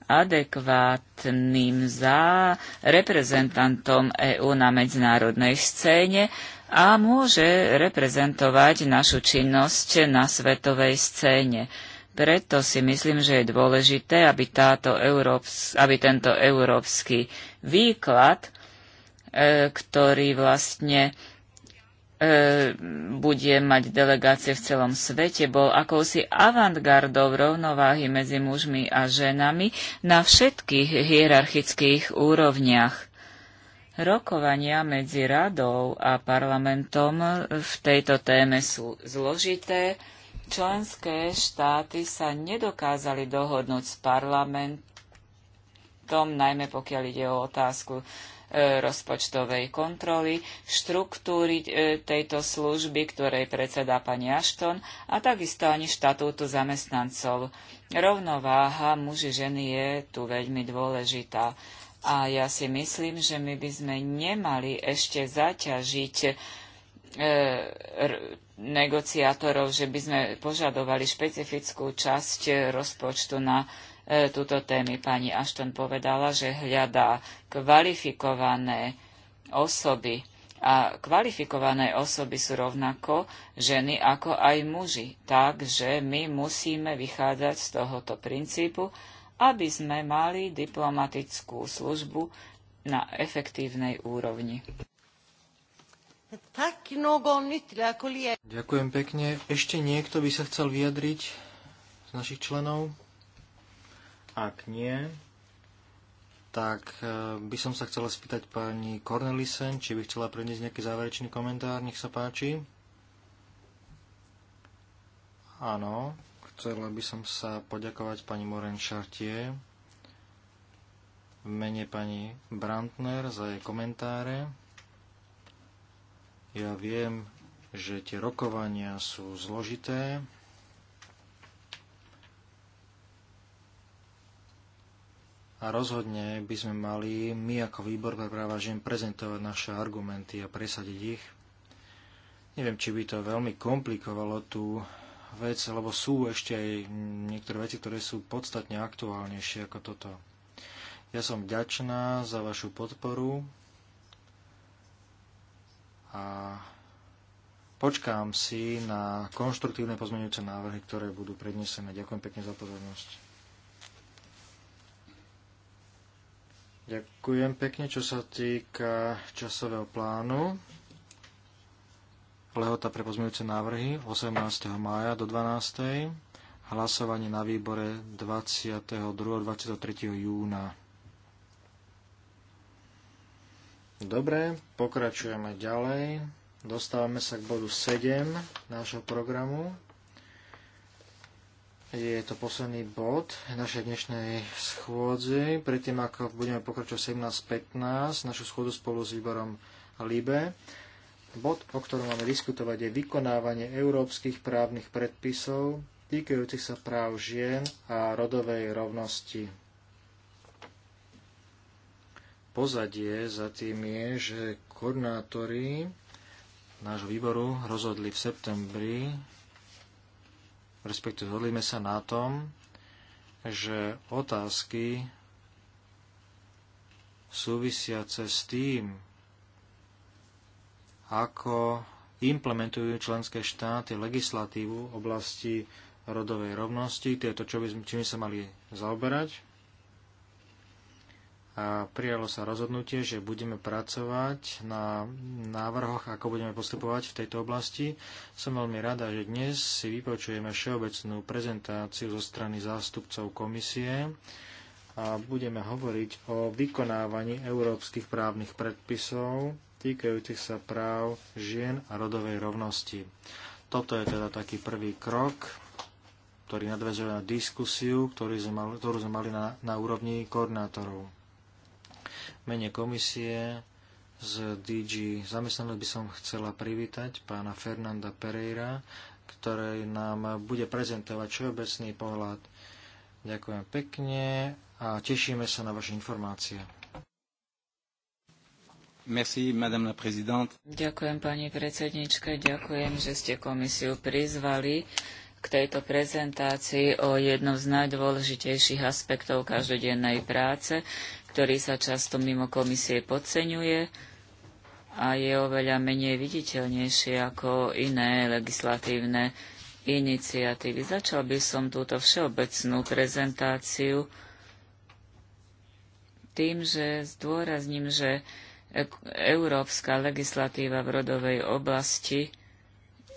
adekvátnym za reprezentantom EÚ na medzinárodnej scéne a môže reprezentovať našu činnosť na svetovej scéne. Preto si myslím, že je dôležité, aby, táto Európs- aby tento európsky výklad, e, ktorý vlastne e, E, bude mať delegácie v celom svete, bol akousi avantgardou rovnováhy medzi mužmi a ženami na všetkých hierarchických úrovniach. Rokovania medzi radou a parlamentom v tejto téme sú zložité. Členské štáty sa nedokázali dohodnúť s parlamentom, najmä pokiaľ ide o otázku E, rozpočtovej kontroly, štruktúry e, tejto služby, ktorej predsedá pani Ashton, a takisto ani štatútu zamestnancov. Rovnováha muži ženy je tu veľmi dôležitá. A ja si myslím, že my by sme nemali ešte zaťažiť e, negociátorov, že by sme požadovali špecifickú časť rozpočtu na E, túto témy. Pani Ashton povedala, že hľadá kvalifikované osoby. A kvalifikované osoby sú rovnako ženy ako aj muži. Takže my musíme vychádzať z tohoto princípu, aby sme mali diplomatickú službu na efektívnej úrovni. Ďakujem pekne. Ešte niekto by sa chcel vyjadriť z našich členov? Ak nie, tak e, by som sa chcela spýtať pani Cornelisen, či by chcela preniesť nejaký záverečný komentár, nech sa páči. Áno, chcela by som sa poďakovať pani Moren Chartier v mene pani Brantner za jej komentáre. Ja viem, že tie rokovania sú zložité, a rozhodne by sme mali my ako výbor pre práva žien prezentovať naše argumenty a presadiť ich. Neviem, či by to veľmi komplikovalo tú vec, lebo sú ešte aj niektoré veci, ktoré sú podstatne aktuálnejšie ako toto. Ja som vďačná za vašu podporu a počkám si na konštruktívne pozmeňujúce návrhy, ktoré budú prednesené. Ďakujem pekne za pozornosť. Ďakujem pekne, čo sa týka časového plánu. Lehota pre pozmeňujúce návrhy 18. mája do 12. Hlasovanie na výbore 22. 23. júna. Dobre, pokračujeme ďalej. Dostávame sa k bodu 7 nášho programu je to posledný bod našej dnešnej schôdze. Predtým, ako budeme pokračovať 17.15, našu schôdzu spolu s výborom LIBE. Bod, o ktorom máme diskutovať, je vykonávanie európskych právnych predpisov týkajúcich sa práv žien a rodovej rovnosti. Pozadie za tým je, že koordinátori nášho výboru rozhodli v septembri respektíve zhodlíme sa na tom, že otázky súvisiace s tým, ako implementujú členské štáty legislatívu v oblasti rodovej rovnosti, to je to, čo by, čím sa mali zaoberať a prijalo sa rozhodnutie, že budeme pracovať na návrhoch, ako budeme postupovať v tejto oblasti. Som veľmi rada, že dnes si vypočujeme všeobecnú prezentáciu zo strany zástupcov komisie a budeme hovoriť o vykonávaní európskych právnych predpisov týkajúcich sa práv žien a rodovej rovnosti. Toto je teda taký prvý krok ktorý nadvezuje na diskusiu, ktorú sme mali, ktorú sme mali na, na úrovni koordinátorov mene komisie z DG zamestnanosť by som chcela privítať pána Fernanda Pereira, ktorý nám bude prezentovať všeobecný pohľad. Ďakujem pekne a tešíme sa na vaše informácie. Merci, madame la présidente. Ďakujem, pani predsednička, ďakujem, že ste komisiu prizvali k tejto prezentácii o jednom z najdôležitejších aspektov každodennej práce, ktorý sa často mimo komisie podceňuje a je oveľa menej viditeľnejší ako iné legislatívne iniciatívy. Začal by som túto všeobecnú prezentáciu tým, že zdôrazním, že e- európska legislatíva v rodovej oblasti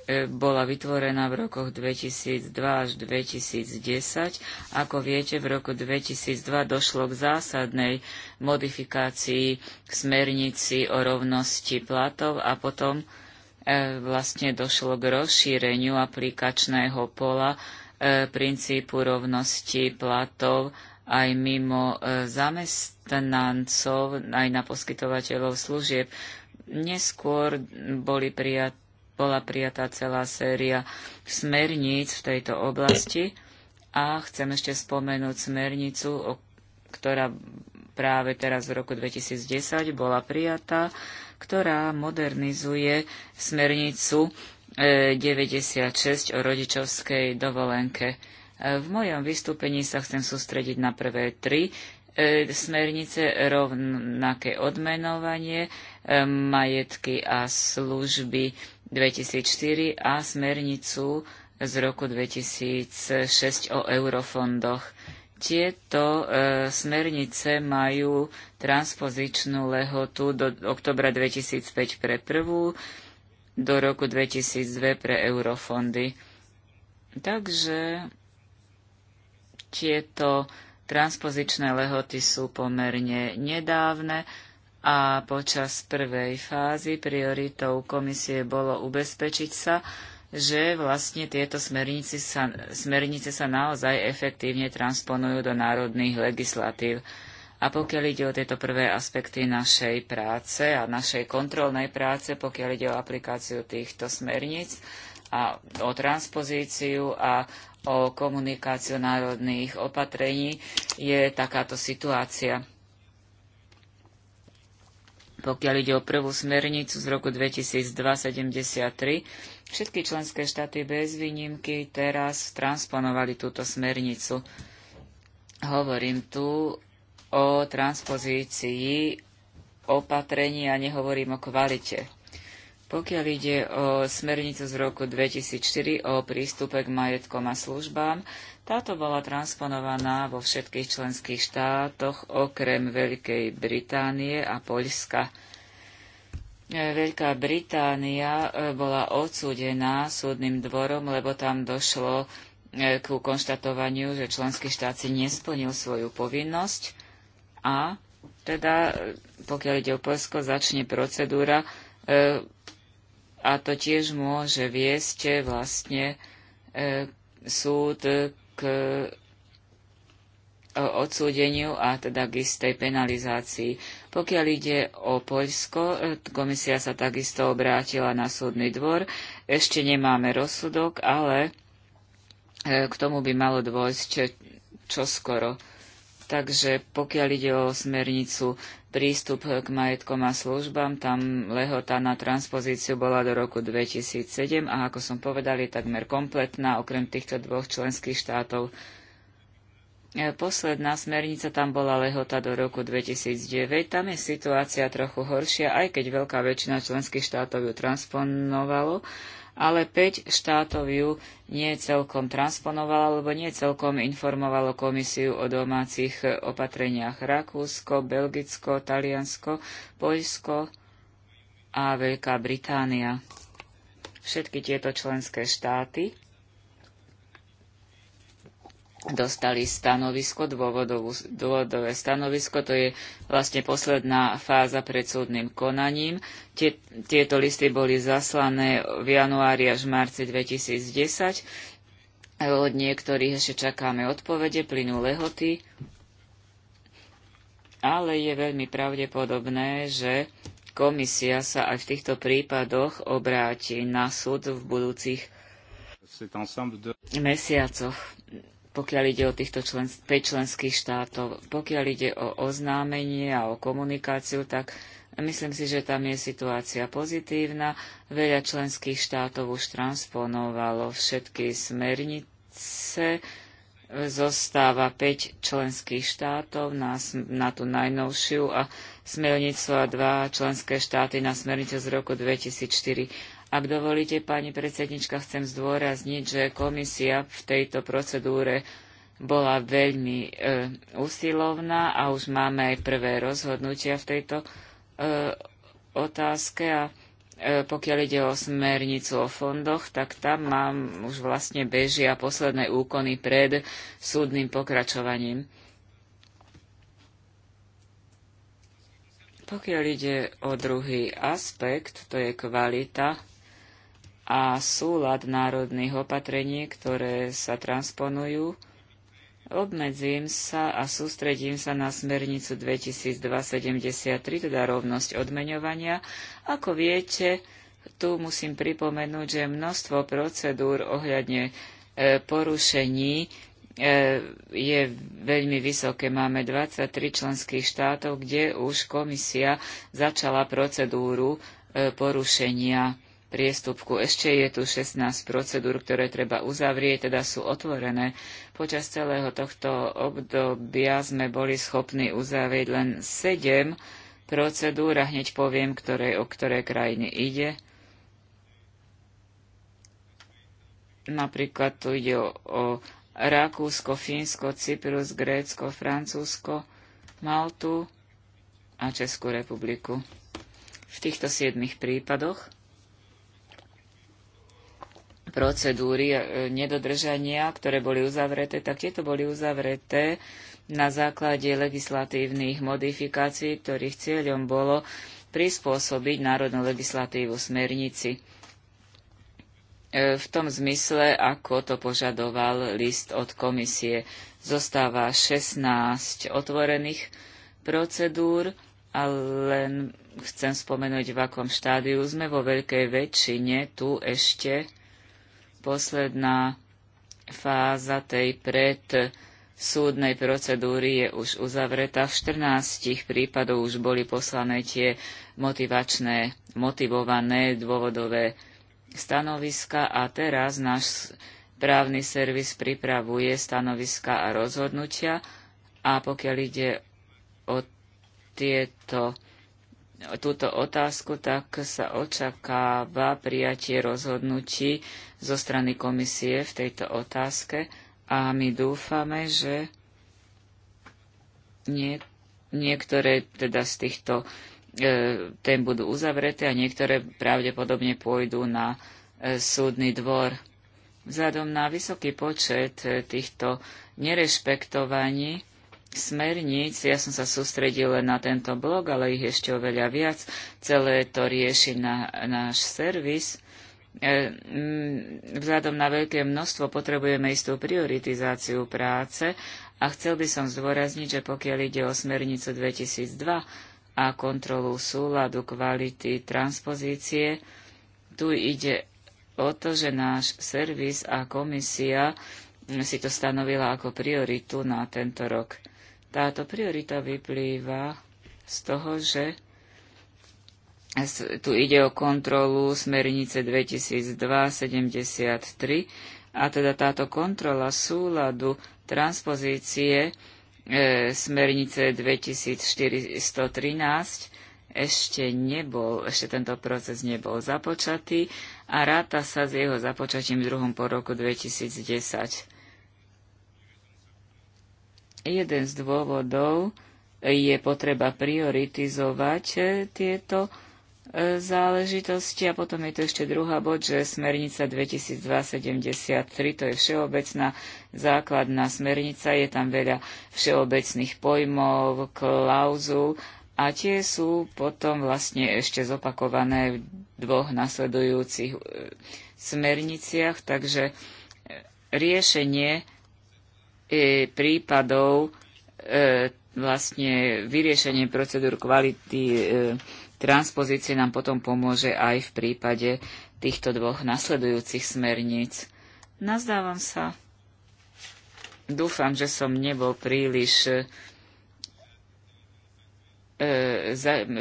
E, bola vytvorená v rokoch 2002 až 2010. Ako viete, v roku 2002 došlo k zásadnej modifikácii k smernici o rovnosti platov a potom e, vlastne došlo k rozšíreniu aplikačného pola e, princípu rovnosti platov aj mimo zamestnancov, aj na poskytovateľov služieb. Neskôr boli prijaté bola prijatá celá séria smerníc v tejto oblasti a chcem ešte spomenúť smernicu, ktorá práve teraz v roku 2010 bola prijatá, ktorá modernizuje smernicu 96 e, o rodičovskej dovolenke. E, v mojom vystúpení sa chcem sústrediť na prvé tri e, smernice rovnaké odmenovanie, majetky a služby 2004 a smernicu z roku 2006 o eurofondoch. Tieto e, smernice majú transpozičnú lehotu do oktobra 2005 pre prvú, do roku 2002 pre eurofondy. Takže tieto transpozičné lehoty sú pomerne nedávne a počas prvej fázy prioritou komisie bolo ubezpečiť sa, že vlastne tieto smernice sa, smernice sa naozaj efektívne transponujú do národných legislatív. A pokiaľ ide o tieto prvé aspekty našej práce a našej kontrolnej práce, pokiaľ ide o aplikáciu týchto smerníc a o transpozíciu a o komunikáciu národných opatrení, je takáto situácia. Pokiaľ ide o prvú smernicu z roku 2002-73, všetky členské štáty bez výnimky teraz transponovali túto smernicu. Hovorím tu o transpozícii opatrení a nehovorím o kvalite. Pokiaľ ide o smernicu z roku 2004 o prístupe k majetkom a službám, táto bola transponovaná vo všetkých členských štátoch okrem Veľkej Británie a Poľska. E, Veľká Británia e, bola odsúdená súdnym dvorom, lebo tam došlo e, ku konštatovaniu, že členský štát si nesplnil svoju povinnosť a teda, pokiaľ ide o Polsko, začne procedúra a to tiež môže viesť vlastne súd k e, odsúdeniu a teda k istej penalizácii. Pokiaľ ide o Poľsko, e, komisia sa takisto obrátila na súdny dvor. Ešte nemáme rozsudok, ale e, k tomu by malo dôjsť čoskoro. Čo Takže pokiaľ ide o smernicu prístup k majetkom a službám, tam lehota na transpozíciu bola do roku 2007 a ako som povedal, je takmer kompletná okrem týchto dvoch členských štátov. E, posledná smernica tam bola lehota do roku 2009. Tam je situácia trochu horšia, aj keď veľká väčšina členských štátov ju transponovalo ale 5 štátov ju nie celkom transponovalo, alebo nie celkom informovalo komisiu o domácich opatreniach. Rakúsko, Belgicko, Taliansko, Poľsko a Veľká Británia. Všetky tieto členské štáty dostali stanovisko, dôvodovú, dôvodové stanovisko, to je vlastne posledná fáza pred súdnym konaním. Tie, tieto listy boli zaslané v januári až marci 2010. Od niektorých ešte čakáme odpovede, plynú lehoty, ale je veľmi pravdepodobné, že komisia sa aj v týchto prípadoch obráti na súd v budúcich mesiacoch pokiaľ ide o týchto člen, 5 členských štátov. Pokiaľ ide o oznámenie a o komunikáciu, tak myslím si, že tam je situácia pozitívna. Veľa členských štátov už transponovalo všetky smernice. Zostáva 5 členských štátov na, na tú najnovšiu a smernicu a dva členské štáty na smernicu z roku 2004 ak dovolíte, pani predsednička, chcem zdôrazniť, že komisia v tejto procedúre bola veľmi e, usilovná a už máme aj prvé rozhodnutia v tejto e, otázke. A e, pokiaľ ide o smernicu o fondoch, tak tam mám už vlastne bežia posledné úkony pred súdnym pokračovaním. Pokiaľ ide o druhý aspekt, to je kvalita a súlad národných opatrení, ktoré sa transponujú, obmedzím sa a sústredím sa na smernicu 2273, teda rovnosť odmeňovania. Ako viete, tu musím pripomenúť, že množstvo procedúr ohľadne e, porušení e, je veľmi vysoké. Máme 23 členských štátov, kde už komisia začala procedúru e, porušenia priestupku. Ešte je tu 16 procedúr, ktoré treba uzavrieť, teda sú otvorené. Počas celého tohto obdobia sme boli schopní uzavrieť len 7 procedúr a hneď poviem, ktoré, o ktoré krajiny ide. Napríklad tu ide o, o Rakúsko, Fínsko, Cyprus, Grécko, Francúzsko, Maltu a Českú republiku. V týchto siedmých prípadoch procedúry e, nedodržania, ktoré boli uzavreté, tak tieto boli uzavreté na základe legislatívnych modifikácií, ktorých cieľom bolo prispôsobiť národnú legislatívu smernici e, v tom zmysle, ako to požadoval list od komisie. Zostáva 16 otvorených procedúr, ale len chcem spomenúť, v akom štádiu sme vo veľkej väčšine tu ešte posledná fáza tej pred súdnej procedúry je už uzavretá. V 14 prípadoch už boli poslané tie motivačné, motivované dôvodové stanoviska a teraz náš právny servis pripravuje stanoviska a rozhodnutia a pokiaľ ide o tieto túto otázku, tak sa očakáva prijatie rozhodnutí zo strany komisie v tejto otázke a my dúfame, že nie, niektoré teda z týchto e, tém budú uzavreté a niektoré pravdepodobne pôjdu na e, súdny dvor. Vzhľadom na vysoký počet e, týchto nerešpektovaní smerníc, ja som sa sústredil len na tento blog, ale ich ešte oveľa viac, celé to rieši na, náš servis E, mm, vzhľadom na veľké množstvo potrebujeme istú prioritizáciu práce a chcel by som zdôrazniť, že pokiaľ ide o smernicu 2002 a kontrolu súladu kvality transpozície, tu ide o to, že náš servis a komisia si to stanovila ako prioritu na tento rok. Táto priorita vyplýva z toho, že tu ide o kontrolu smernice 2002-73 a teda táto kontrola súladu transpozície e, smernice 2413 ešte nebol, ešte tento proces nebol započatý a ráta sa s jeho započatím v druhom po roku 2010. Jeden z dôvodov je potreba prioritizovať e, tieto E, záležitosti. A potom je to ešte druhá bod, že smernica 2273, to je všeobecná základná smernica, je tam veľa všeobecných pojmov, klauzul a tie sú potom vlastne ešte zopakované v dvoch nasledujúcich e, smerniciach, takže e, riešenie prípadov, vlastne vyriešenie procedúr kvality transpozície nám potom pomôže aj v prípade týchto dvoch nasledujúcich smerníc. Nazdávam sa. Dúfam, že som nebol príliš e,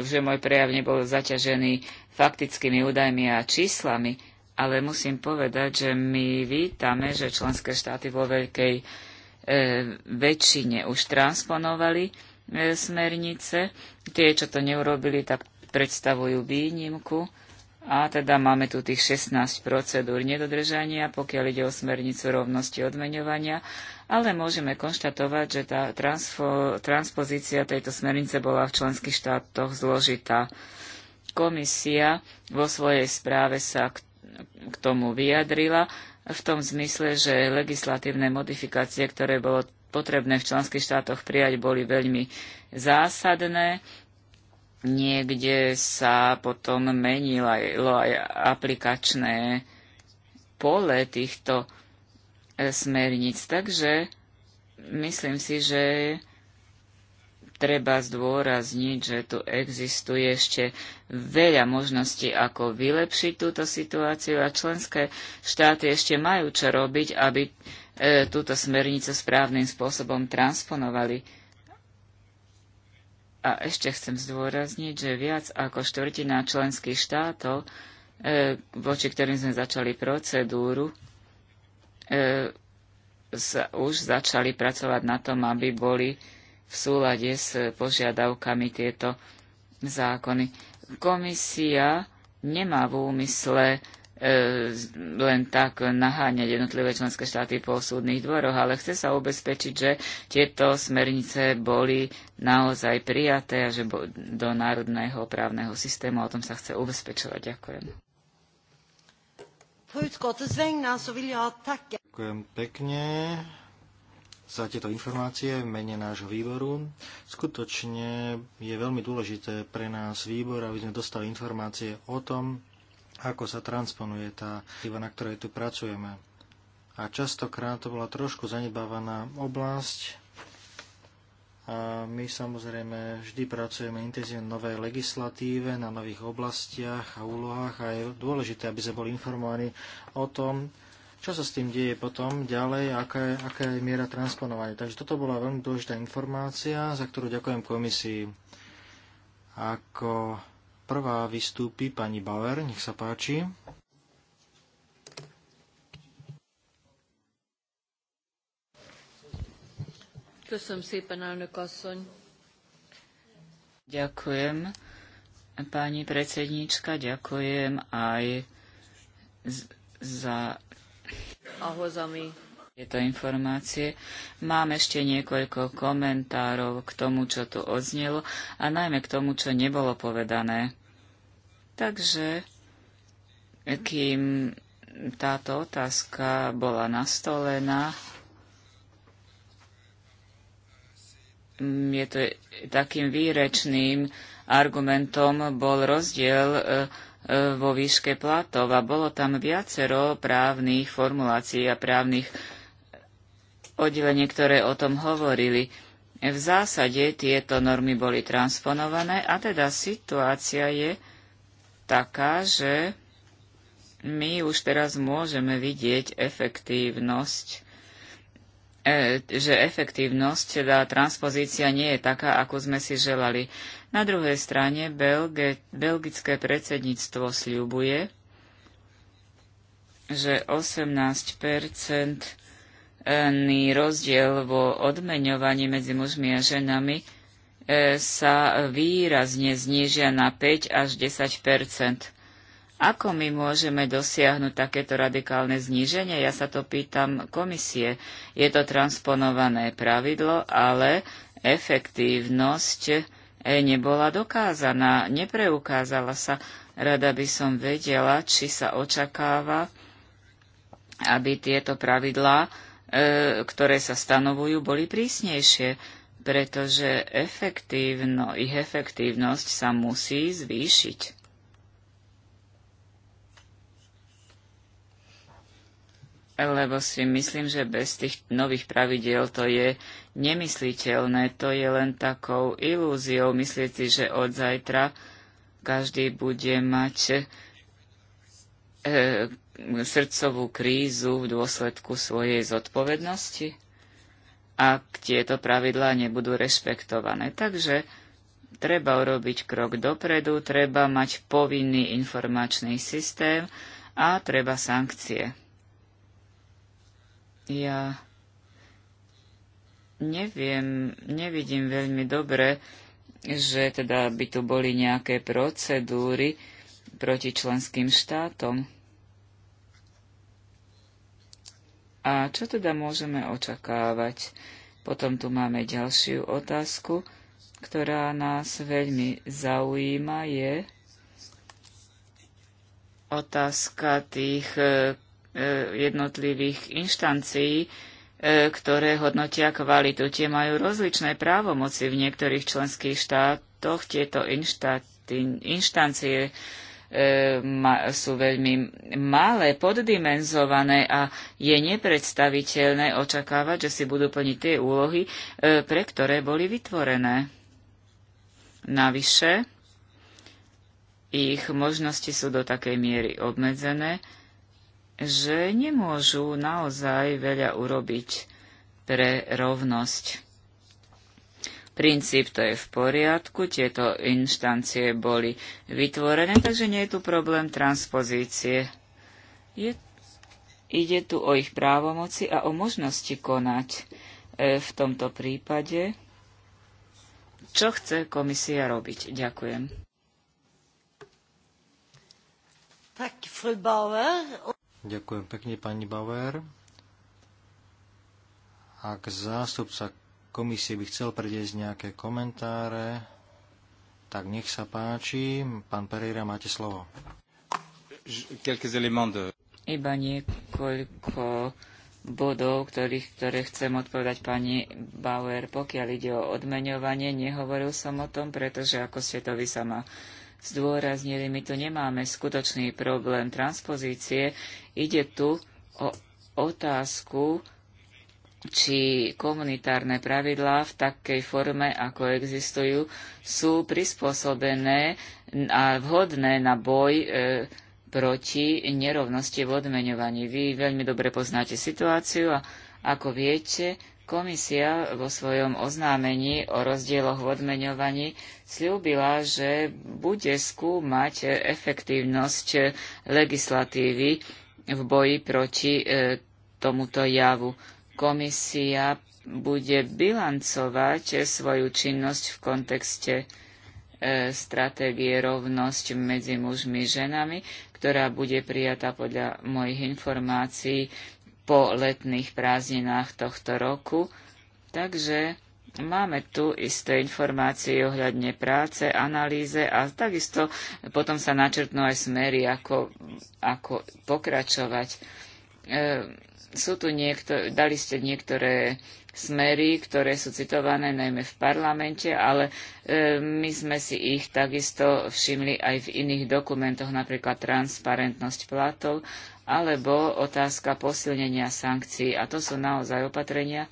že môj prejav nebol zaťažený faktickými údajmi a číslami, ale musím povedať, že my vítame, že členské štáty vo veľkej e, väčšine už transponovali e, smernice. Tie, čo to neurobili, tak predstavujú výnimku a teda máme tu tých 16 procedúr nedodržania, pokiaľ ide o smernicu rovnosti odmeňovania, ale môžeme konštatovať, že tá transfo, transpozícia tejto smernice bola v členských štátoch zložitá. Komisia vo svojej správe sa k, k tomu vyjadrila v tom zmysle, že legislatívne modifikácie, ktoré bolo potrebné v členských štátoch prijať, boli veľmi zásadné Niekde sa potom menilo aj aplikačné pole týchto e, smerníc. Takže myslím si, že treba zdôrazniť, že tu existuje ešte veľa možností, ako vylepšiť túto situáciu a členské štáty ešte majú čo robiť, aby e, túto smernicu správnym spôsobom transponovali. A ešte chcem zdôrazniť, že viac ako štvrtina členských štátov, e, voči ktorým sme začali procedúru, e, sa už začali pracovať na tom, aby boli v súlade s požiadavkami tieto zákony. Komisia nemá v úmysle E, len tak naháňať jednotlivé členské štáty po súdnych dvoroch, ale chce sa ubezpečiť, že tieto smernice boli naozaj prijaté a že do národného právneho systému o tom sa chce ubezpečovať. Ďakujem. Ďakujem pekne za tieto informácie v mene nášho výboru. Skutočne je veľmi dôležité pre nás výbor, aby sme dostali informácie o tom, ako sa transponuje tá iva, na ktorej tu pracujeme. A častokrát to bola trošku zanebávaná oblasť a my samozrejme vždy pracujeme intenzívne na novej legislatíve, na nových oblastiach a úlohách a je dôležité, aby sme boli informovaní o tom, čo sa s tým deje potom ďalej, aká je, aká je miera transponovania. Takže toto bola veľmi dôležitá informácia, za ktorú ďakujem komisii. Ako Prvá vystúpi pani Bauer, nech sa páči. Ďakujem, pani predsednička, ďakujem aj za... Ahhoz, tieto informácie. Mám ešte niekoľko komentárov k tomu, čo tu odznelo a najmä k tomu, čo nebolo povedané. Takže, kým táto otázka bola nastolená, je to takým výrečným argumentom bol rozdiel e, e, vo výške platov a bolo tam viacero právnych formulácií a právnych oddelenie, ktoré o tom hovorili. V zásade tieto normy boli transponované a teda situácia je taká, že my už teraz môžeme vidieť efektívnosť e, že efektívnosť, teda transpozícia nie je taká, ako sme si želali. Na druhej strane Belge, belgické predsedníctvo sľubuje, že 18 rozdiel vo odmeňovaní medzi mužmi a ženami e, sa výrazne znížia na 5 až 10 Ako my môžeme dosiahnuť takéto radikálne zníženie? Ja sa to pýtam komisie. Je to transponované pravidlo, ale efektívnosť e, nebola dokázaná, nepreukázala sa. Rada by som vedela, či sa očakáva, aby tieto pravidlá E, ktoré sa stanovujú, boli prísnejšie, pretože efektívno, ich efektívnosť sa musí zvýšiť. Lebo si myslím, že bez tých nových pravidiel to je nemysliteľné, to je len takou ilúziou myslieť si, že od zajtra každý bude mať e, srdcovú krízu v dôsledku svojej zodpovednosti, ak tieto pravidlá nebudú rešpektované. Takže treba urobiť krok dopredu, treba mať povinný informačný systém a treba sankcie. Ja neviem, nevidím veľmi dobre, že teda by tu boli nejaké procedúry proti členským štátom. A čo teda môžeme očakávať? Potom tu máme ďalšiu otázku, ktorá nás veľmi zaujíma, je otázka tých e, e, jednotlivých inštancií, e, ktoré hodnotia kvalitu. Tie majú rozličné právomoci v niektorých členských štátoch. Tieto inštancie E, sú veľmi malé, poddimenzované a je nepredstaviteľné očakávať, že si budú plniť tie úlohy, e, pre ktoré boli vytvorené. Navyše, ich možnosti sú do takej miery obmedzené, že nemôžu naozaj veľa urobiť pre rovnosť princíp to je v poriadku, tieto inštancie boli vytvorené, takže nie je tu problém transpozície. Je, ide tu o ich právomoci a o možnosti konať e, v tomto prípade. Čo chce komisia robiť? Ďakujem. Ďakujem pekne, pani Bauer. Ak zástupca komisie by chcel predniesť nejaké komentáre, tak nech sa páči. Pán Pereira, máte slovo. Iba niekoľko bodov, ktorých, ktoré chcem odpovedať pani Bauer. Pokiaľ ide o odmeňovanie, nehovoril som o tom, pretože ako ste to vy sama zdôraznili, my tu nemáme skutočný problém transpozície. Ide tu o otázku, či komunitárne pravidlá v takej forme, ako existujú, sú prispôsobené a vhodné na boj e, proti nerovnosti v odmeňovaní. Vy veľmi dobre poznáte situáciu a ako viete, komisia vo svojom oznámení o rozdieloch v odmeňovaní slúbila, že bude skúmať efektívnosť legislatívy v boji proti e, tomuto javu komisia bude bilancovať svoju činnosť v kontexte e, stratégie rovnosť medzi mužmi a ženami, ktorá bude prijatá podľa mojich informácií po letných prázdninách tohto roku. Takže máme tu isté informácie ohľadne práce, analýze a takisto potom sa načrtnú aj smery, ako, ako pokračovať. E, sú tu niektor- dali ste niektoré smery, ktoré sú citované najmä v parlamente, ale e, my sme si ich takisto všimli aj v iných dokumentoch, napríklad transparentnosť platov alebo otázka posilnenia sankcií. A to sú naozaj opatrenia,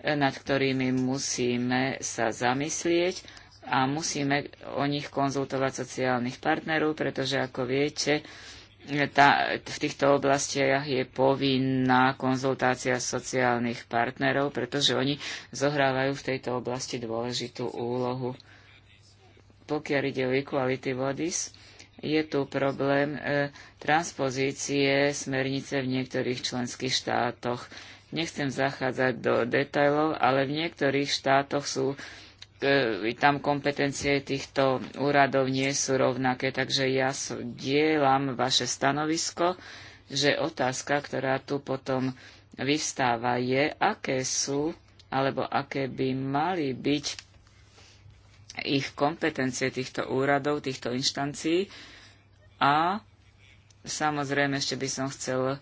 e, nad ktorými musíme sa zamyslieť a musíme o nich konzultovať sociálnych partnerov, pretože ako viete, tá, v týchto oblastiach je povinná konzultácia sociálnych partnerov, pretože oni zohrávajú v tejto oblasti dôležitú úlohu. Pokiaľ ide o Equality Bodies, je tu problém e, transpozície smernice v niektorých členských štátoch. Nechcem zachádzať do detajlov, ale v niektorých štátoch sú E, tam kompetencie týchto úradov nie sú rovnaké, takže ja dielam vaše stanovisko, že otázka, ktorá tu potom vyvstáva, je, aké sú alebo aké by mali byť ich kompetencie týchto úradov, týchto inštancií. A samozrejme ešte by som chcel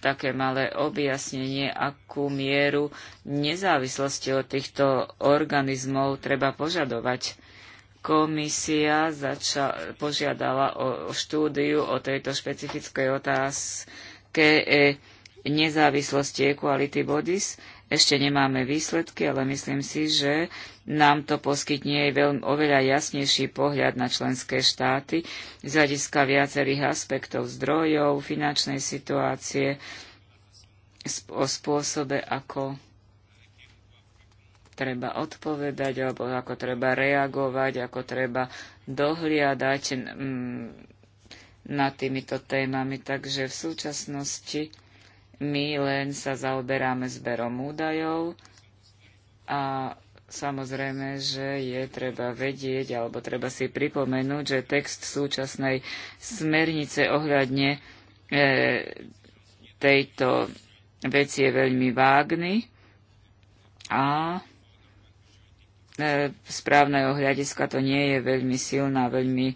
také malé objasnenie, akú mieru nezávislosti od týchto organizmov treba požadovať. Komisia zača- požiadala o, štúdiu o tejto špecifickej otázke e, nezávislosti Equality Bodies. Ešte nemáme výsledky, ale myslím si, že nám to poskytne aj veľmi, oveľa jasnejší pohľad na členské štáty z hľadiska viacerých aspektov zdrojov, finančnej situácie, o spôsobe, ako treba odpovedať, alebo ako treba reagovať, ako treba dohliadať mm, nad týmito témami. Takže v súčasnosti my len sa zaoberáme zberom údajov a Samozrejme, že je treba vedieť alebo treba si pripomenúť, že text súčasnej smernice ohľadne e, tejto veci je veľmi vágny a e, z ohľadiska hľadiska to nie je veľmi silná, veľmi,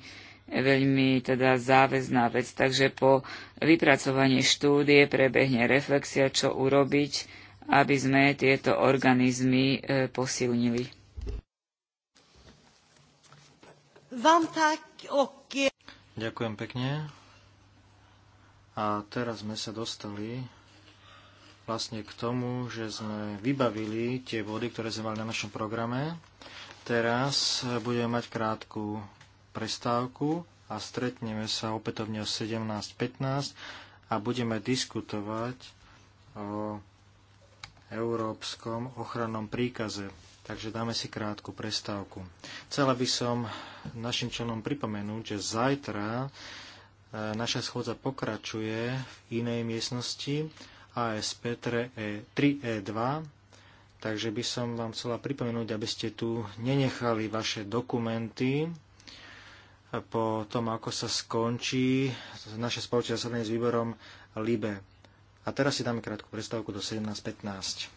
veľmi teda záväzná vec. Takže po vypracovaní štúdie prebehne reflexia, čo urobiť aby sme tieto organizmy e, posilnili. Ďakujem pekne. A teraz sme sa dostali vlastne k tomu, že sme vybavili tie vody, ktoré sme mali na našom programe. Teraz budeme mať krátku prestávku a stretneme sa opätovne o 17.15 a budeme diskutovať o európskom ochrannom príkaze. Takže dáme si krátku prestávku. Chcela by som našim členom pripomenúť, že zajtra e, naša schôdza pokračuje v inej miestnosti ASP 3E2, e takže by som vám chcela pripomenúť, aby ste tu nenechali vaše dokumenty po tom, ako sa skončí naše spoločné zasadanie s výborom LIBE. A teraz si dáme krátku prestávku do 17.15.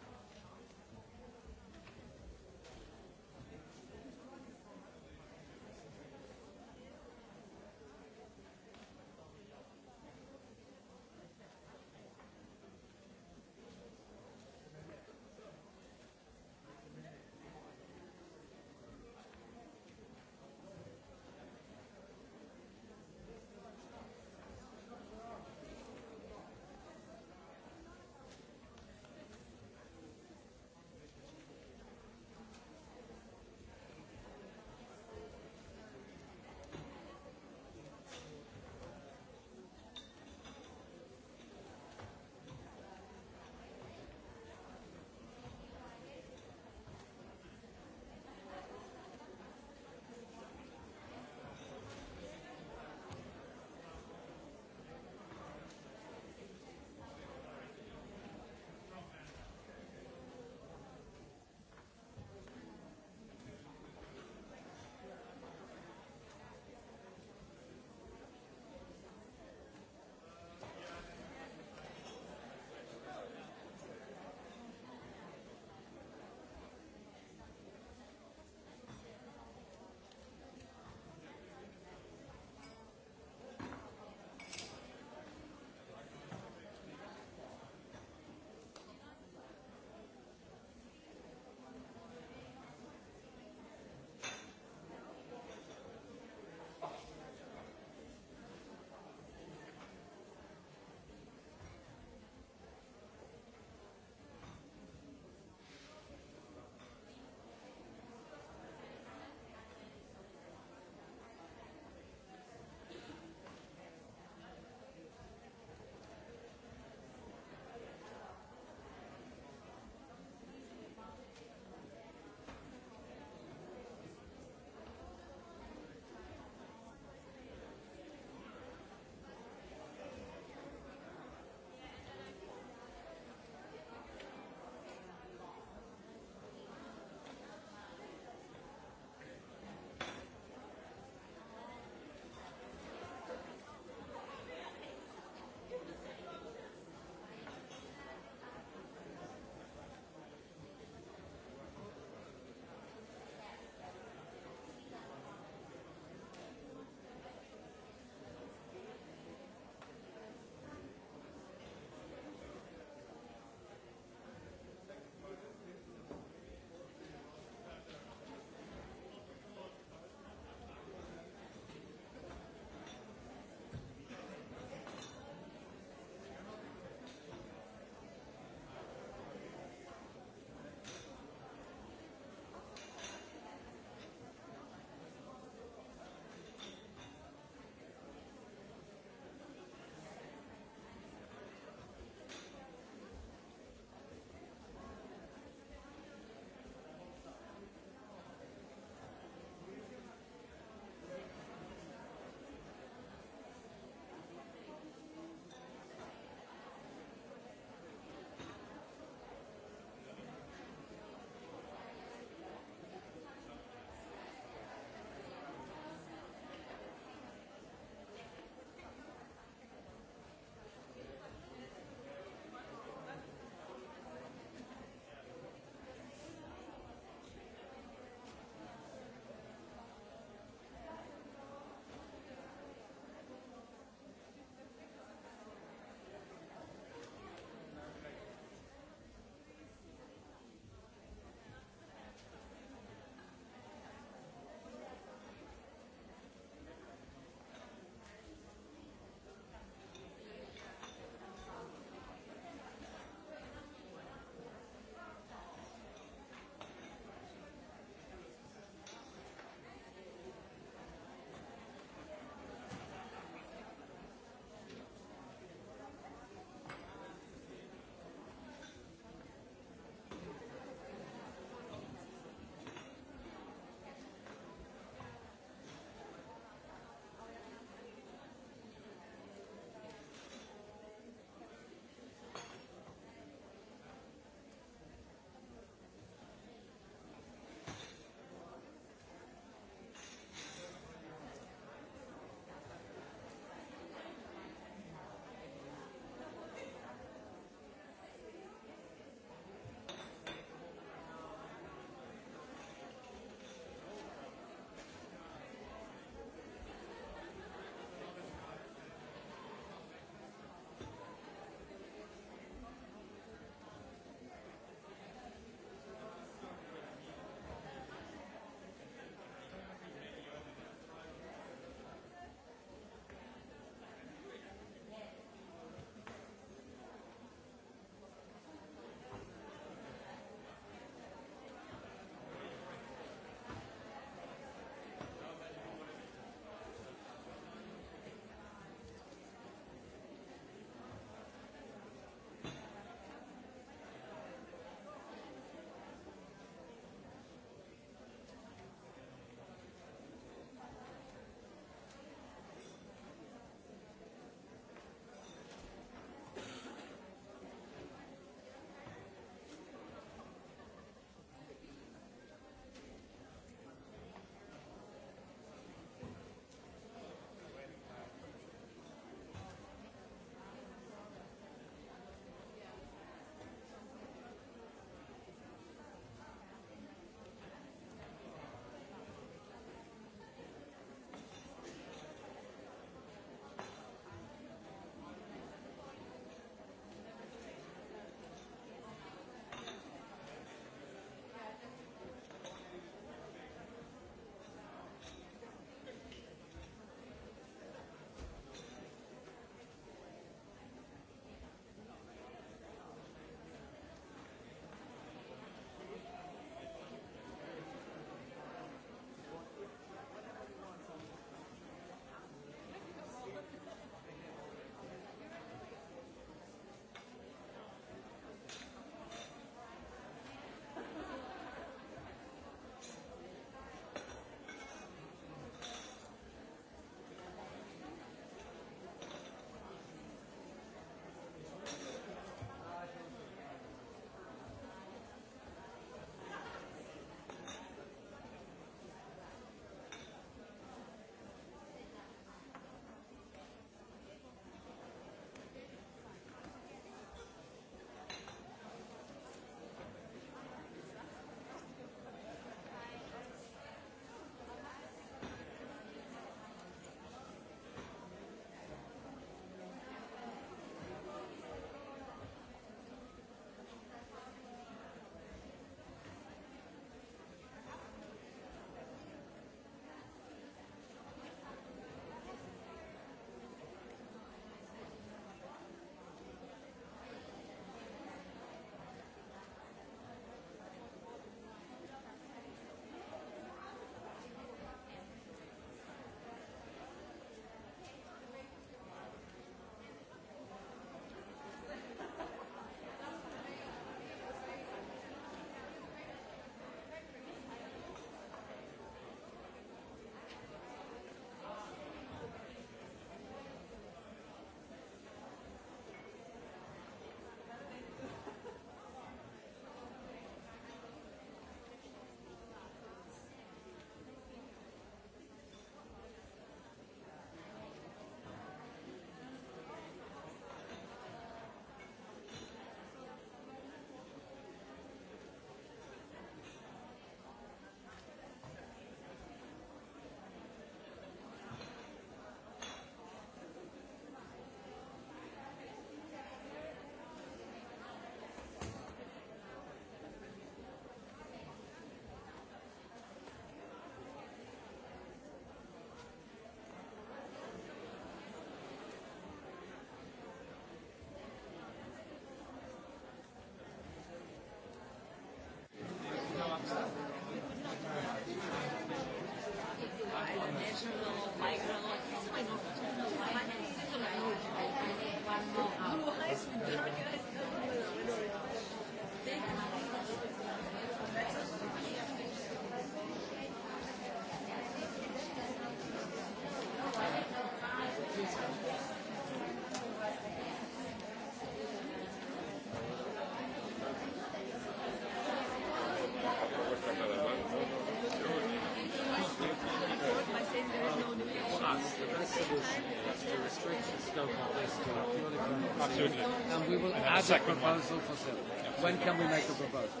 and we will and add a, proposal one. for sale. When can we make a proposal?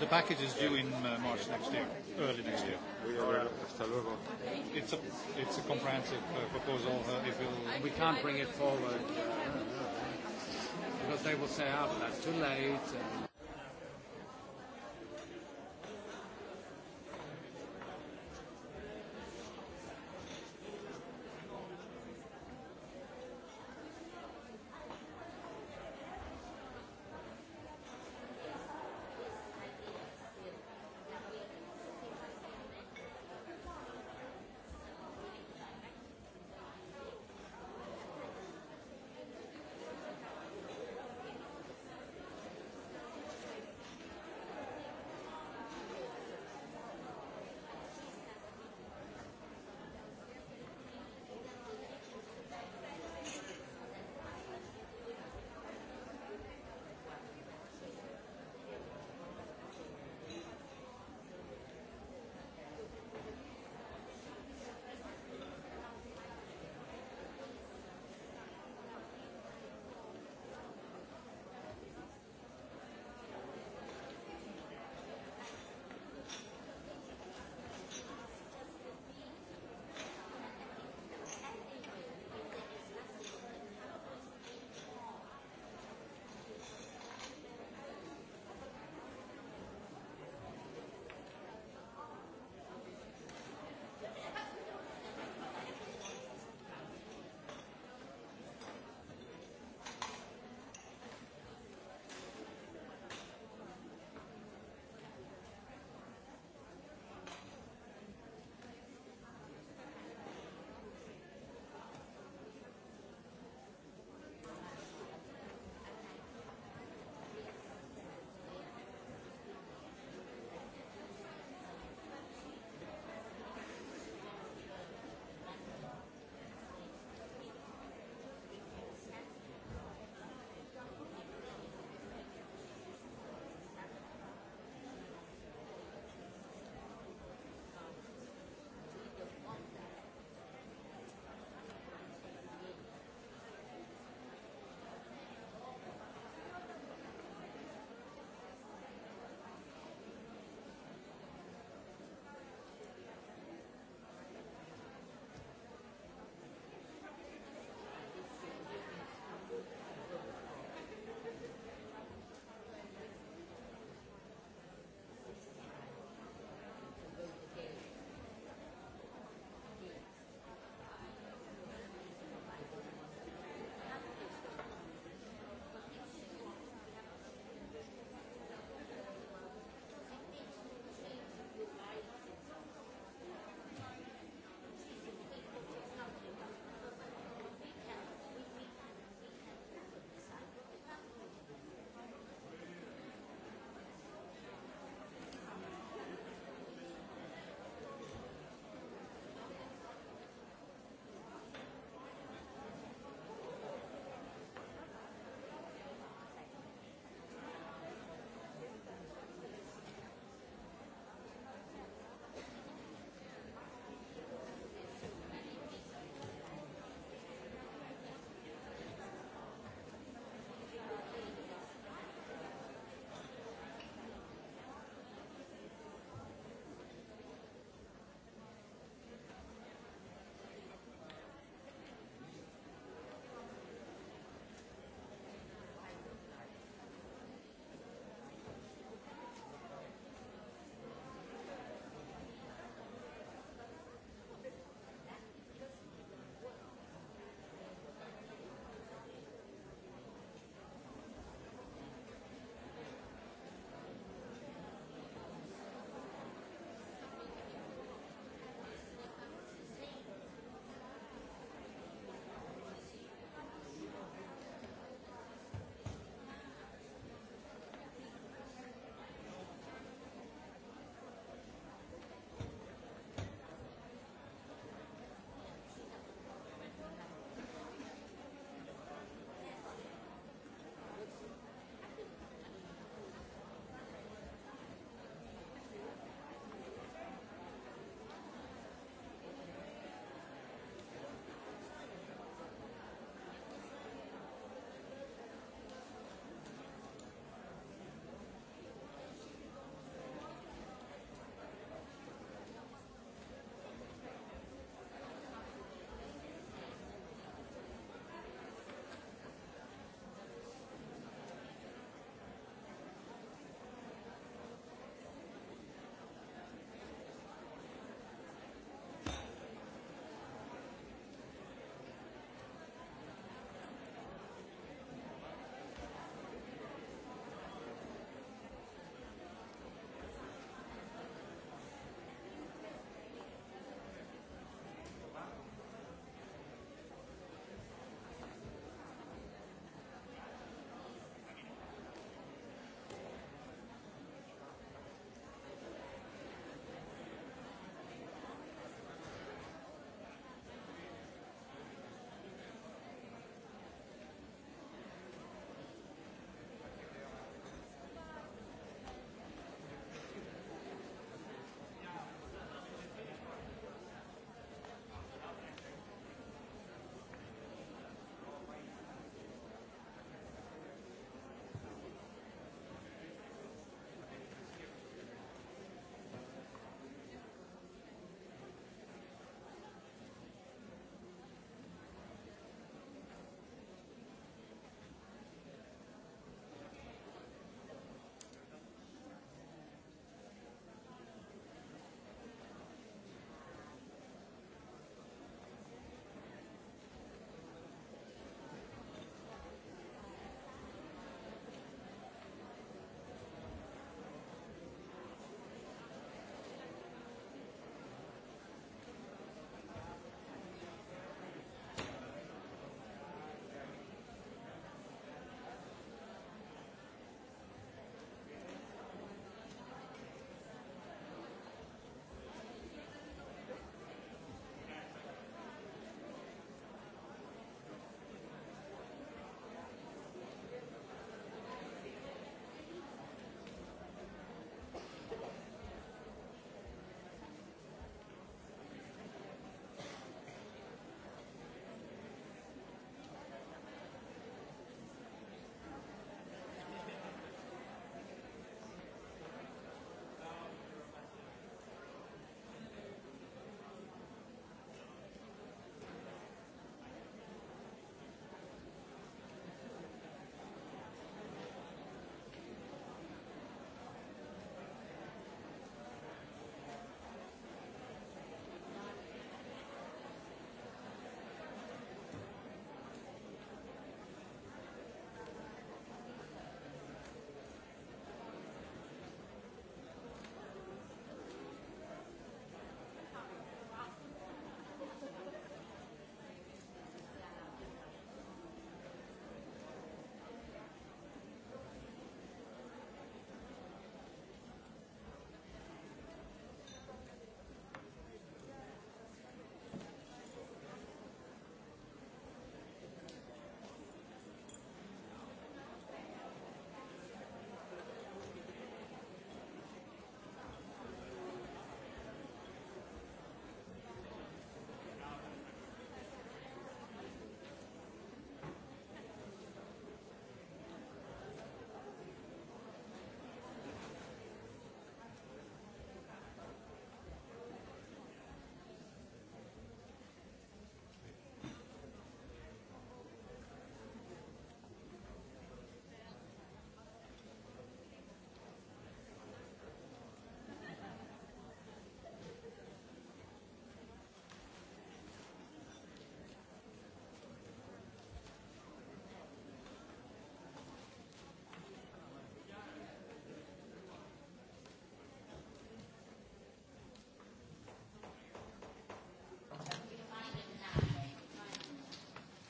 The package is due in uh, March next year, early next year. It's a, it's a comprehensive uh, proposal. Uh, if will we can't bring it forward uh, uh, uh because they will say, oh, that's too late. And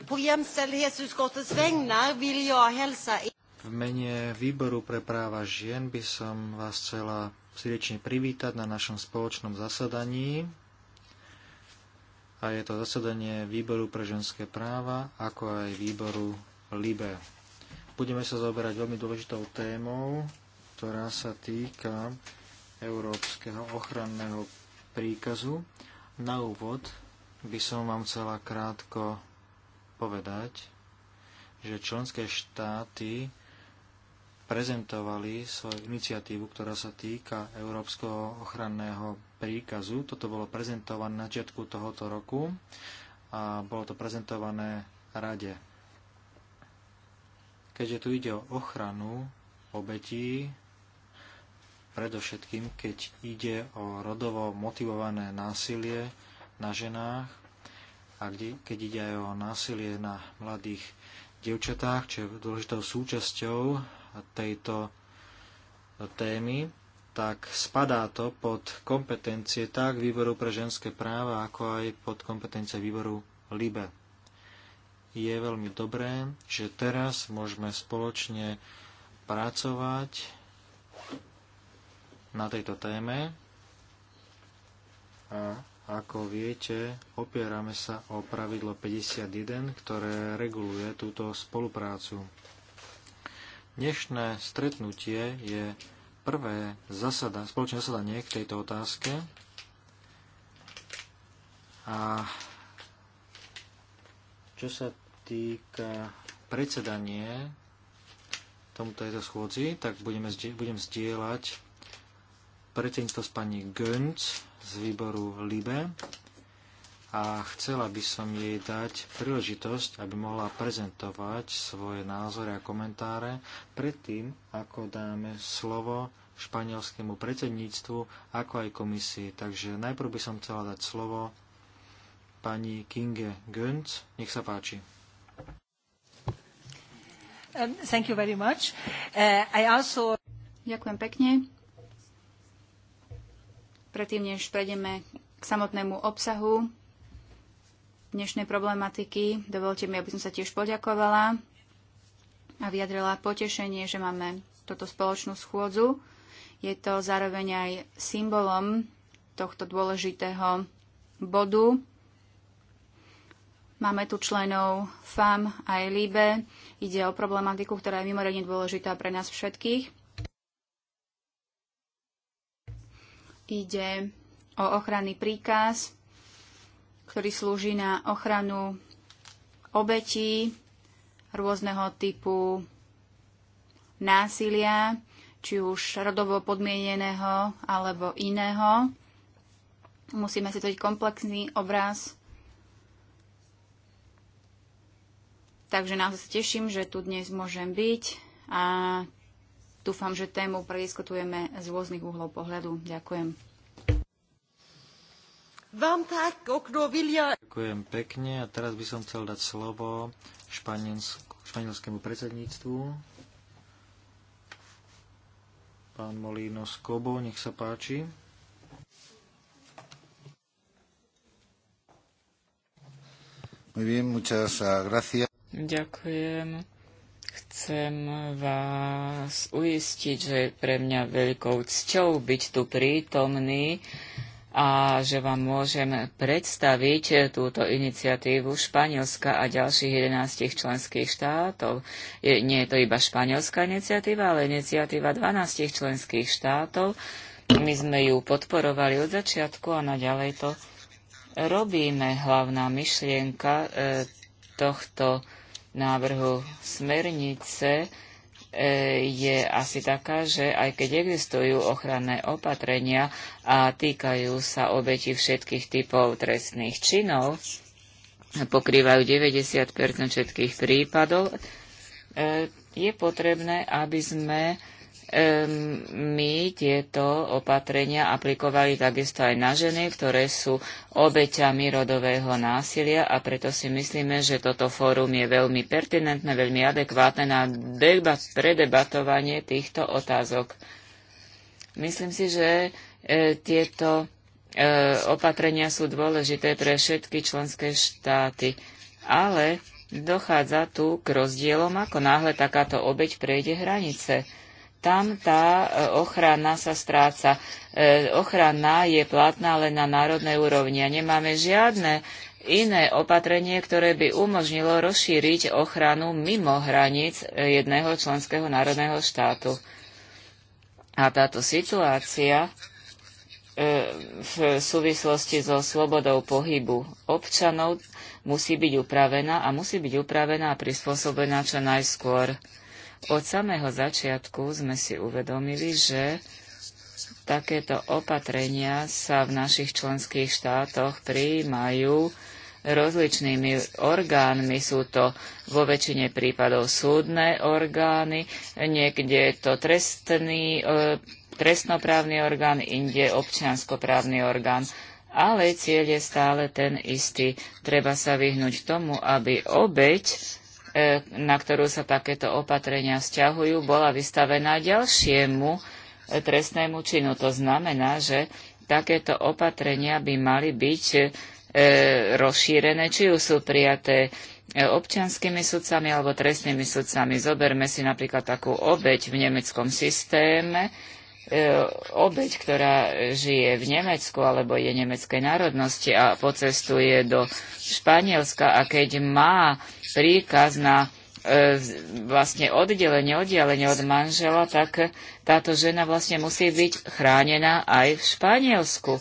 På jämställdhetsutskottets vägnar vill jag hälsa er- v mene výboru pre práva žien by som vás chcela srdečne privítať na našom spoločnom zasadaní. A je to zasadanie výboru pre ženské práva, ako aj výboru LIBE. Budeme sa zaoberať veľmi dôležitou témou, ktorá sa týka Európskeho ochranného príkazu. Na úvod by som vám chcela krátko povedať, že členské štáty prezentovali svoju iniciatívu, ktorá sa týka Európskeho ochranného príkazu. Toto bolo prezentované na začiatku tohoto roku a bolo to prezentované rade. Keďže tu ide o ochranu obetí, predovšetkým keď ide o rodovo motivované násilie na ženách, a kde, keď ide aj o násilie na mladých dievčatách, čo je dôležitou súčasťou tejto témy, tak spadá to pod kompetencie tak výboru pre ženské práva, ako aj pod kompetencie výboru LIBE. Je veľmi dobré, že teraz môžeme spoločne pracovať na tejto téme a ako viete, opierame sa o pravidlo 51, ktoré reguluje túto spoluprácu. Dnešné stretnutie je prvé zasada, spoločné zasadanie k tejto otázke. A čo sa týka predsedanie tomuto tejto schôdzi, tak budeme, budem zdieľať predsedníctvo s pani Gönc, z výboru LIBE a chcela by som jej dať príležitosť, aby mohla prezentovať svoje názory a komentáre predtým, ako dáme slovo španielskému predsedníctvu, ako aj komisii. Takže najprv by som chcela dať slovo pani Kinge Gönc. Nech sa páči. Um, thank you very much. Uh, I also... Ďakujem pekne. Predtým, než prejdeme k samotnému obsahu dnešnej problematiky, dovolte mi, aby som sa tiež poďakovala a vyjadrila potešenie, že máme toto spoločnú schôdzu. Je to zároveň aj symbolom tohto dôležitého bodu. Máme tu členov FAM a ELIBE. Ide o problematiku, ktorá je mimoriadne dôležitá pre nás všetkých. ide o ochranný príkaz, ktorý slúži na ochranu obetí rôzneho typu násilia, či už rodovo podmieneného alebo iného. Musíme si to komplexný obraz. Takže naozaj sa teším, že tu dnes môžem byť a Dúfam, že tému prediskutujeme z rôznych uhlov pohľadu. Ďakujem. Vám tak, okno Vilja. Ďakujem pekne a teraz by som chcel dať slovo španielskému predsedníctvu. Pán Molino Skobo, nech sa páči. Muy bien, muchas gracias. Ďakujem. Chcem vás uistiť, že je pre mňa veľkou cťou byť tu prítomný a že vám môžem predstaviť túto iniciatívu Španielska a ďalších 11 členských štátov. Je, nie je to iba španielská iniciatíva, ale iniciatíva 12 členských štátov. My sme ju podporovali od začiatku a naďalej to robíme. Hlavná myšlienka e, tohto návrhu smernice e, je asi taká, že aj keď existujú ochranné opatrenia a týkajú sa obeti všetkých typov trestných činov, pokrývajú 90 všetkých prípadov, e, je potrebné, aby sme my tieto opatrenia aplikovali takisto aj na ženy, ktoré sú obeťami rodového násilia a preto si myslíme, že toto fórum je veľmi pertinentné, veľmi adekvátne na debat, predebatovanie týchto otázok. Myslím si, že e, tieto e, opatrenia sú dôležité pre všetky členské štáty, ale dochádza tu k rozdielom, ako náhle takáto obeť prejde hranice tam tá e, ochrana sa stráca. E, ochrana je platná len na národnej úrovni a nemáme žiadne iné opatrenie, ktoré by umožnilo rozšíriť ochranu mimo hraníc jedného členského národného štátu. A táto situácia e, v súvislosti so slobodou pohybu občanov musí byť upravená a musí byť upravená a prispôsobená čo najskôr. Od samého začiatku sme si uvedomili, že takéto opatrenia sa v našich členských štátoch prijímajú rozličnými orgánmi. Sú to vo väčšine prípadov súdne orgány, niekde je to trestný, e, trestnoprávny orgán, inde občianskoprávny orgán. Ale cieľ je stále ten istý. Treba sa vyhnúť tomu, aby obeď E, na ktorú sa takéto opatrenia vzťahujú, bola vystavená ďalšiemu e, trestnému činu. To znamená, že takéto opatrenia by mali byť e, rozšírené, či už sú prijaté občianskými sudcami alebo trestnými sudcami. Zoberme si napríklad takú obeď v nemeckom systéme, E, obeď, ktorá žije v Nemecku alebo je nemeckej národnosti a pocestuje do Španielska a keď má príkaz na e, vlastne oddelenie, oddelenie od manžela, tak táto žena vlastne musí byť chránená aj v Španielsku.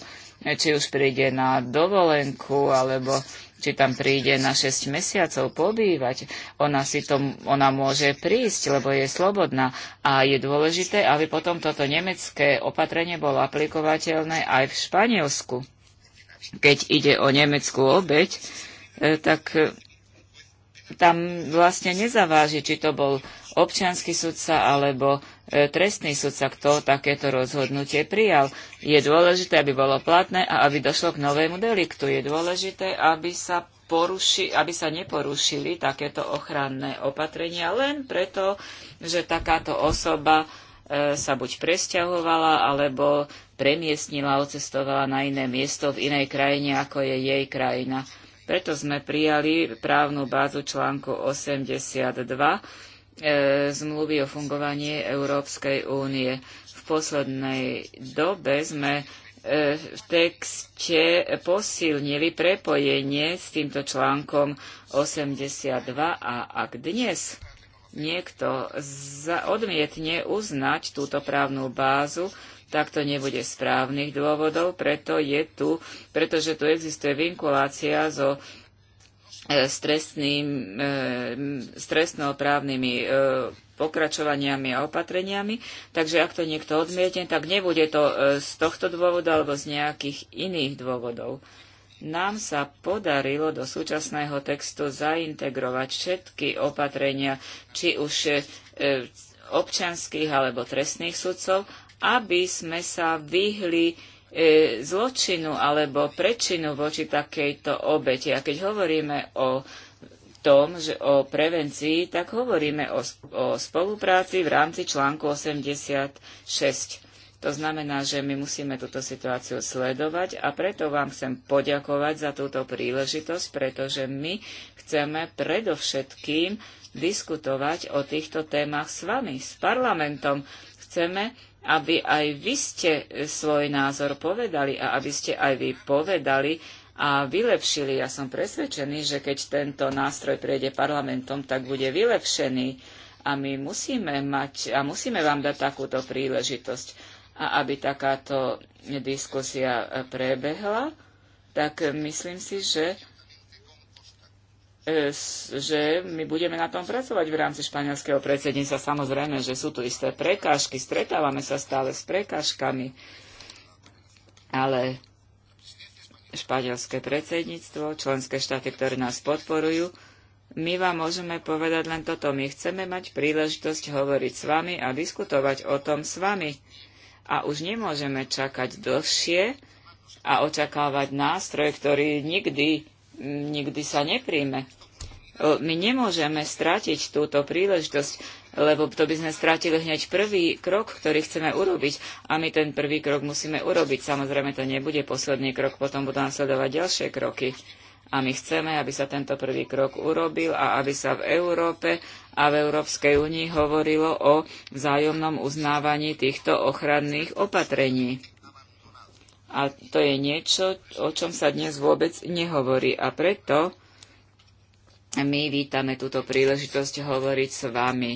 E, či už príde na dovolenku alebo či tam príde na 6 mesiacov pobývať. Ona, si to, ona môže prísť, lebo je slobodná. A je dôležité, aby potom toto nemecké opatrenie bolo aplikovateľné aj v Španielsku. Keď ide o nemeckú obeď, eh, tak eh, tam vlastne nezaváži, či to bol občiansky sudca alebo e, trestný sudca, kto takéto rozhodnutie prijal. Je dôležité, aby bolo platné a aby došlo k novému deliktu. Je dôležité, aby sa, poruši, aby sa neporušili takéto ochranné opatrenia len preto, že takáto osoba e, sa buď presťahovala alebo premiestnila, ocestovala na iné miesto v inej krajine, ako je jej krajina. Preto sme prijali právnu bázu článku 82 E, zmluvy o fungovaní Európskej únie. V poslednej dobe sme e, v texte posilnili prepojenie s týmto článkom 82 a ak dnes niekto odmietne uznať túto právnu bázu, tak to nebude správnych dôvodov, preto je tu, pretože tu existuje vinkulácia so E, stresným, e, stresnoprávnymi e, pokračovaniami a opatreniami. Takže ak to niekto odmietne, tak nebude to z tohto dôvodu alebo z nejakých iných dôvodov. Nám sa podarilo do súčasného textu zaintegrovať všetky opatrenia, či už občanských alebo trestných sudcov, aby sme sa vyhli E, zločinu alebo prečinu voči takejto obete A keď hovoríme o tom, že o prevencii, tak hovoríme o, o spolupráci v rámci článku 86. To znamená, že my musíme túto situáciu sledovať a preto vám chcem poďakovať za túto príležitosť, pretože my chceme predovšetkým diskutovať o týchto témach s vami, s parlamentom. Chceme aby aj vy ste e, svoj názor povedali a aby ste aj vy povedali a vylepšili. Ja som presvedčený, že keď tento nástroj prejde parlamentom, tak bude vylepšený a my musíme mať a musíme vám dať takúto príležitosť. A aby takáto diskusia e, prebehla, tak myslím si, že že my budeme na tom pracovať v rámci španielského predsedníctva. Samozrejme, že sú tu isté prekážky, stretávame sa stále s prekážkami, ale španielské predsedníctvo, členské štáty, ktoré nás podporujú, my vám môžeme povedať len toto. My chceme mať príležitosť hovoriť s vami a diskutovať o tom s vami. A už nemôžeme čakať dlhšie a očakávať nástroj, ktorý nikdy nikdy sa nepríjme. My nemôžeme stratiť túto príležitosť, lebo to by sme strátili hneď prvý krok, ktorý chceme urobiť. A my ten prvý krok musíme urobiť. Samozrejme, to nebude posledný krok, potom budú nasledovať ďalšie kroky. A my chceme, aby sa tento prvý krok urobil a aby sa v Európe a v Európskej únii hovorilo o vzájomnom uznávaní týchto ochranných opatrení. A to je niečo, o čom sa dnes vôbec nehovorí. A preto my vítame túto príležitosť hovoriť s vami.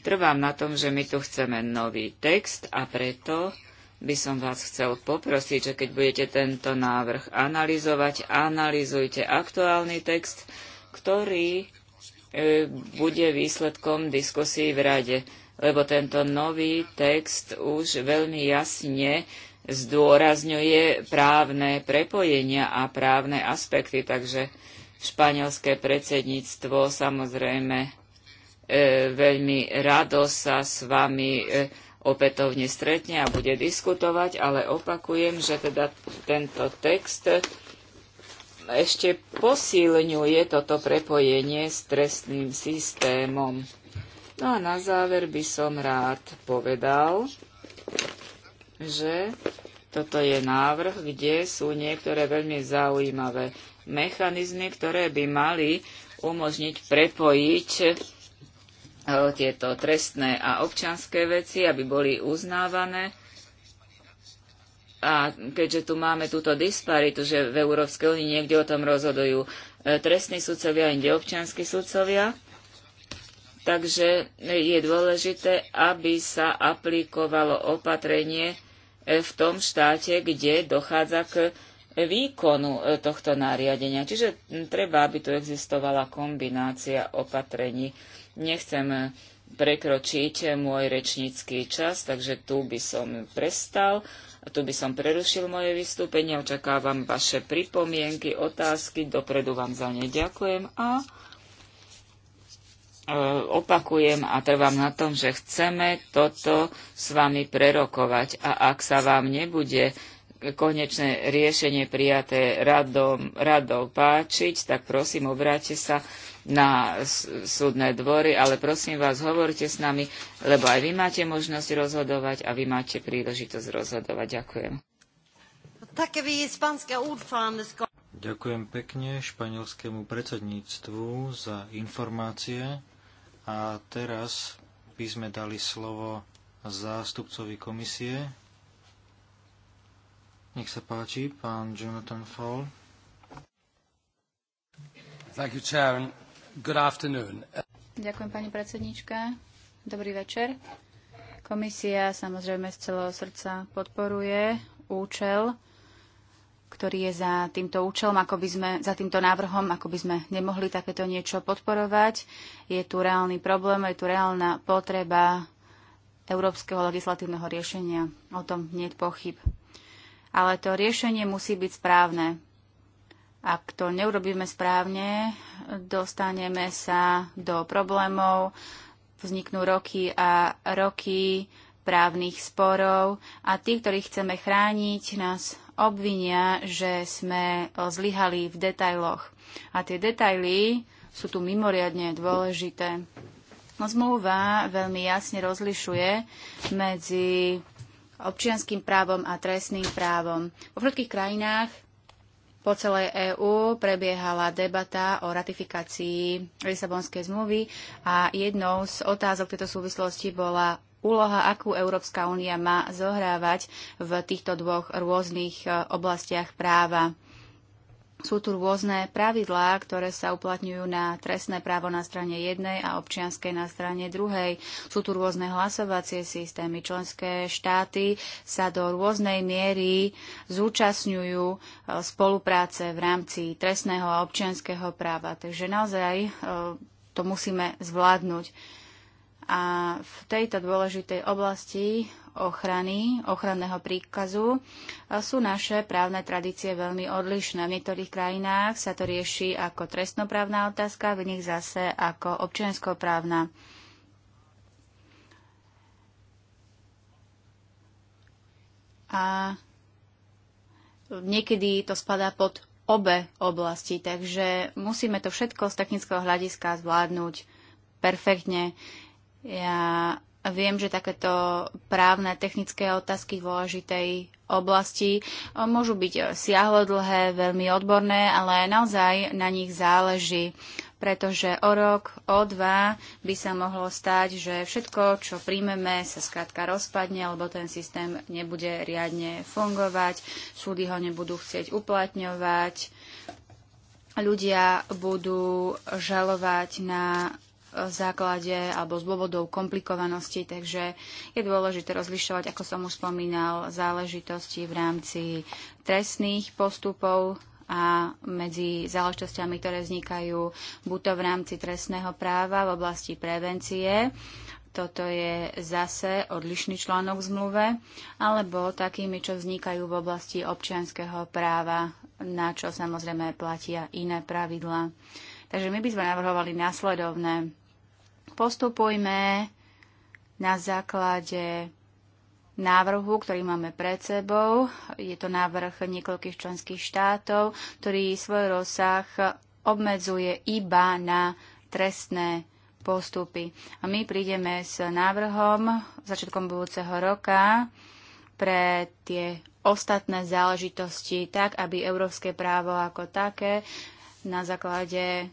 Trvám na tom, že my tu chceme nový text a preto by som vás chcel poprosiť, že keď budete tento návrh analyzovať, analyzujte aktuálny text, ktorý e, bude výsledkom diskusí v rade, lebo tento nový text už veľmi jasne zdôrazňuje právne prepojenia a právne aspekty, takže španielské predsedníctvo samozrejme e, veľmi rado sa s vami e, opätovne stretne a bude diskutovať, ale opakujem, že teda tento text ešte posilňuje toto prepojenie s trestným systémom. No a na záver by som rád povedal, že toto je návrh, kde sú niektoré veľmi zaujímavé mechanizmy, ktoré by mali umožniť prepojiť e, tieto trestné a občanské veci, aby boli uznávané. A keďže tu máme túto disparitu, že v Európskej únii niekde o tom rozhodujú e, trestní sudcovia, inde občianskí sudcovia, takže je dôležité, aby sa aplikovalo opatrenie, v tom štáte, kde dochádza k výkonu e, tohto nariadenia. Čiže treba, aby tu existovala kombinácia opatrení. Nechcem e, prekročiť e, môj rečnícky čas, takže tu by som prestal, tu by som prerušil moje vystúpenie, očakávam vaše pripomienky, otázky, dopredu vám za ne ďakujem a E, opakujem a trvám na tom, že chceme toto s vami prerokovať a ak sa vám nebude konečné riešenie prijaté radom, radou páčiť, tak prosím, obráte sa na súdne dvory, ale prosím vás, hovorte s nami, lebo aj vy máte možnosť rozhodovať a vy máte príležitosť rozhodovať. Ďakujem. Ďakujem pekne španielskému predsedníctvu za informácie. A teraz by sme dali slovo zástupcovi komisie. Nech sa páči, pán Jonathan Fall. Thank you, Chair. Good afternoon. Ďakujem, pani predsednička. Dobrý večer. Komisia samozrejme z celého srdca podporuje účel ktorý je za týmto účelom, ako by sme, za týmto návrhom, ako by sme nemohli takéto niečo podporovať. Je tu reálny problém, je tu reálna potreba európskeho legislatívneho riešenia. O tom nie je pochyb. Ale to riešenie musí byť správne. Ak to neurobíme správne, dostaneme sa do problémov, vzniknú roky a roky právnych sporov a tí, ktorých chceme chrániť, nás obvinia, že sme eh, zlyhali v detailoch. A tie detaily sú tu mimoriadne dôležité. No, zmluva veľmi jasne rozlišuje medzi občianským právom a trestným právom. Vo všetkých krajinách po celej EÚ prebiehala debata o ratifikácii Lisabonskej zmluvy a jednou z otázok tejto súvislosti bola úloha, akú Európska únia má zohrávať v týchto dvoch rôznych e, oblastiach práva. Sú tu rôzne pravidlá, ktoré sa uplatňujú na trestné právo na strane jednej a občianskej na strane druhej. Sú tu rôzne hlasovacie systémy. Členské štáty sa do rôznej miery zúčastňujú e, spolupráce v rámci trestného a občianského práva. Takže naozaj e, to musíme zvládnuť. A v tejto dôležitej oblasti ochrany, ochranného príkazu sú naše právne tradície veľmi odlišné. V niektorých krajinách sa to rieši ako trestnoprávna otázka, v nich zase ako občianskoprávna. A niekedy to spadá pod obe oblasti, takže musíme to všetko z technického hľadiska zvládnuť perfektne. Ja Viem, že takéto právne, technické otázky v dôležitej oblasti eh, môžu byť eh, siahlodlhé, veľmi odborné, ale naozaj na nich záleží, pretože o rok, o dva by sa mohlo stať, že všetko, čo príjmeme, sa skrátka rozpadne, lebo ten systém nebude riadne fungovať, súdy ho nebudú chcieť uplatňovať, ľudia budú žalovať na základe alebo z dôvodov komplikovanosti, takže je dôležité rozlišovať, ako som už spomínal, záležitosti v rámci trestných postupov a medzi záležitosťami, ktoré vznikajú buď to v rámci trestného práva v oblasti prevencie, toto je zase odlišný článok v zmluve, alebo takými, čo vznikajú v oblasti občianského práva, na čo samozrejme platia iné pravidlá. Takže my by sme navrhovali následovné. Postupujme na základe návrhu, ktorý máme pred sebou. Je to návrh niekoľkých členských štátov, ktorý svoj rozsah obmedzuje iba na trestné postupy. A my prídeme s návrhom začiatkom budúceho roka pre tie ostatné záležitosti tak, aby európske právo ako také na základe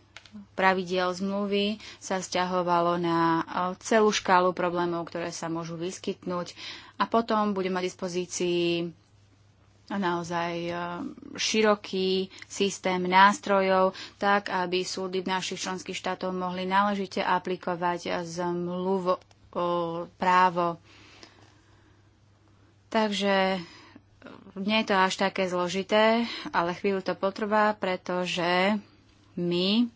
pravidiel zmluvy sa vzťahovalo na e, celú škálu problémov, ktoré sa môžu vyskytnúť. A potom bude mať dispozícii naozaj e, široký systém nástrojov, tak aby súdy v našich členských štátoch mohli náležite aplikovať e, zmluv právo. Takže nie je to až také zložité, ale chvíľu to potrvá, pretože my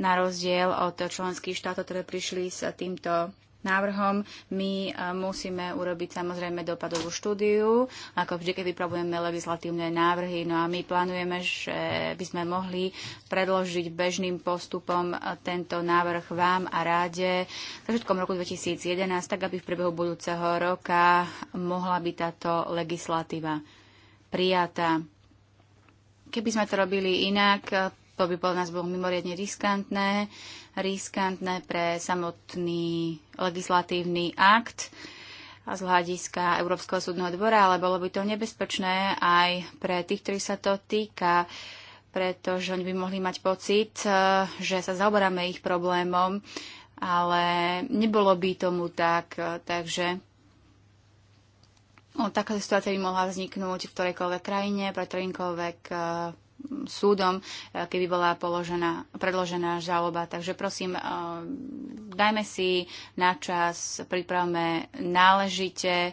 na rozdiel od členských štátov, ktoré prišli s týmto návrhom. My e, musíme urobiť samozrejme dopadovú štúdiu, ako vždy, keď vypravujeme legislatívne návrhy. No a my plánujeme, že by sme mohli predložiť bežným postupom e, tento návrh vám a ráde začiatkom roku 2011, tak aby v priebehu budúceho roka mohla byť táto legislatíva prijatá. Keby sme to robili inak, to by podľa nás bolo mimoriadne riskantné, riskantné pre samotný legislatívny akt a z hľadiska Európskeho súdneho dvora, ale bolo by to nebezpečné aj pre tých, ktorí sa to týka, pretože oni by mohli mať pocit, eh, že sa zaoberáme ich problémom, ale nebolo by tomu tak, eh, takže no, taká situácia by mohla vzniknúť v ktorejkoľvek krajine, pre ktorýmkoľvek eh, súdom, e, keby bola položená, predložená žaloba. Takže prosím, e, dajme si na čas, pripravme náležite e,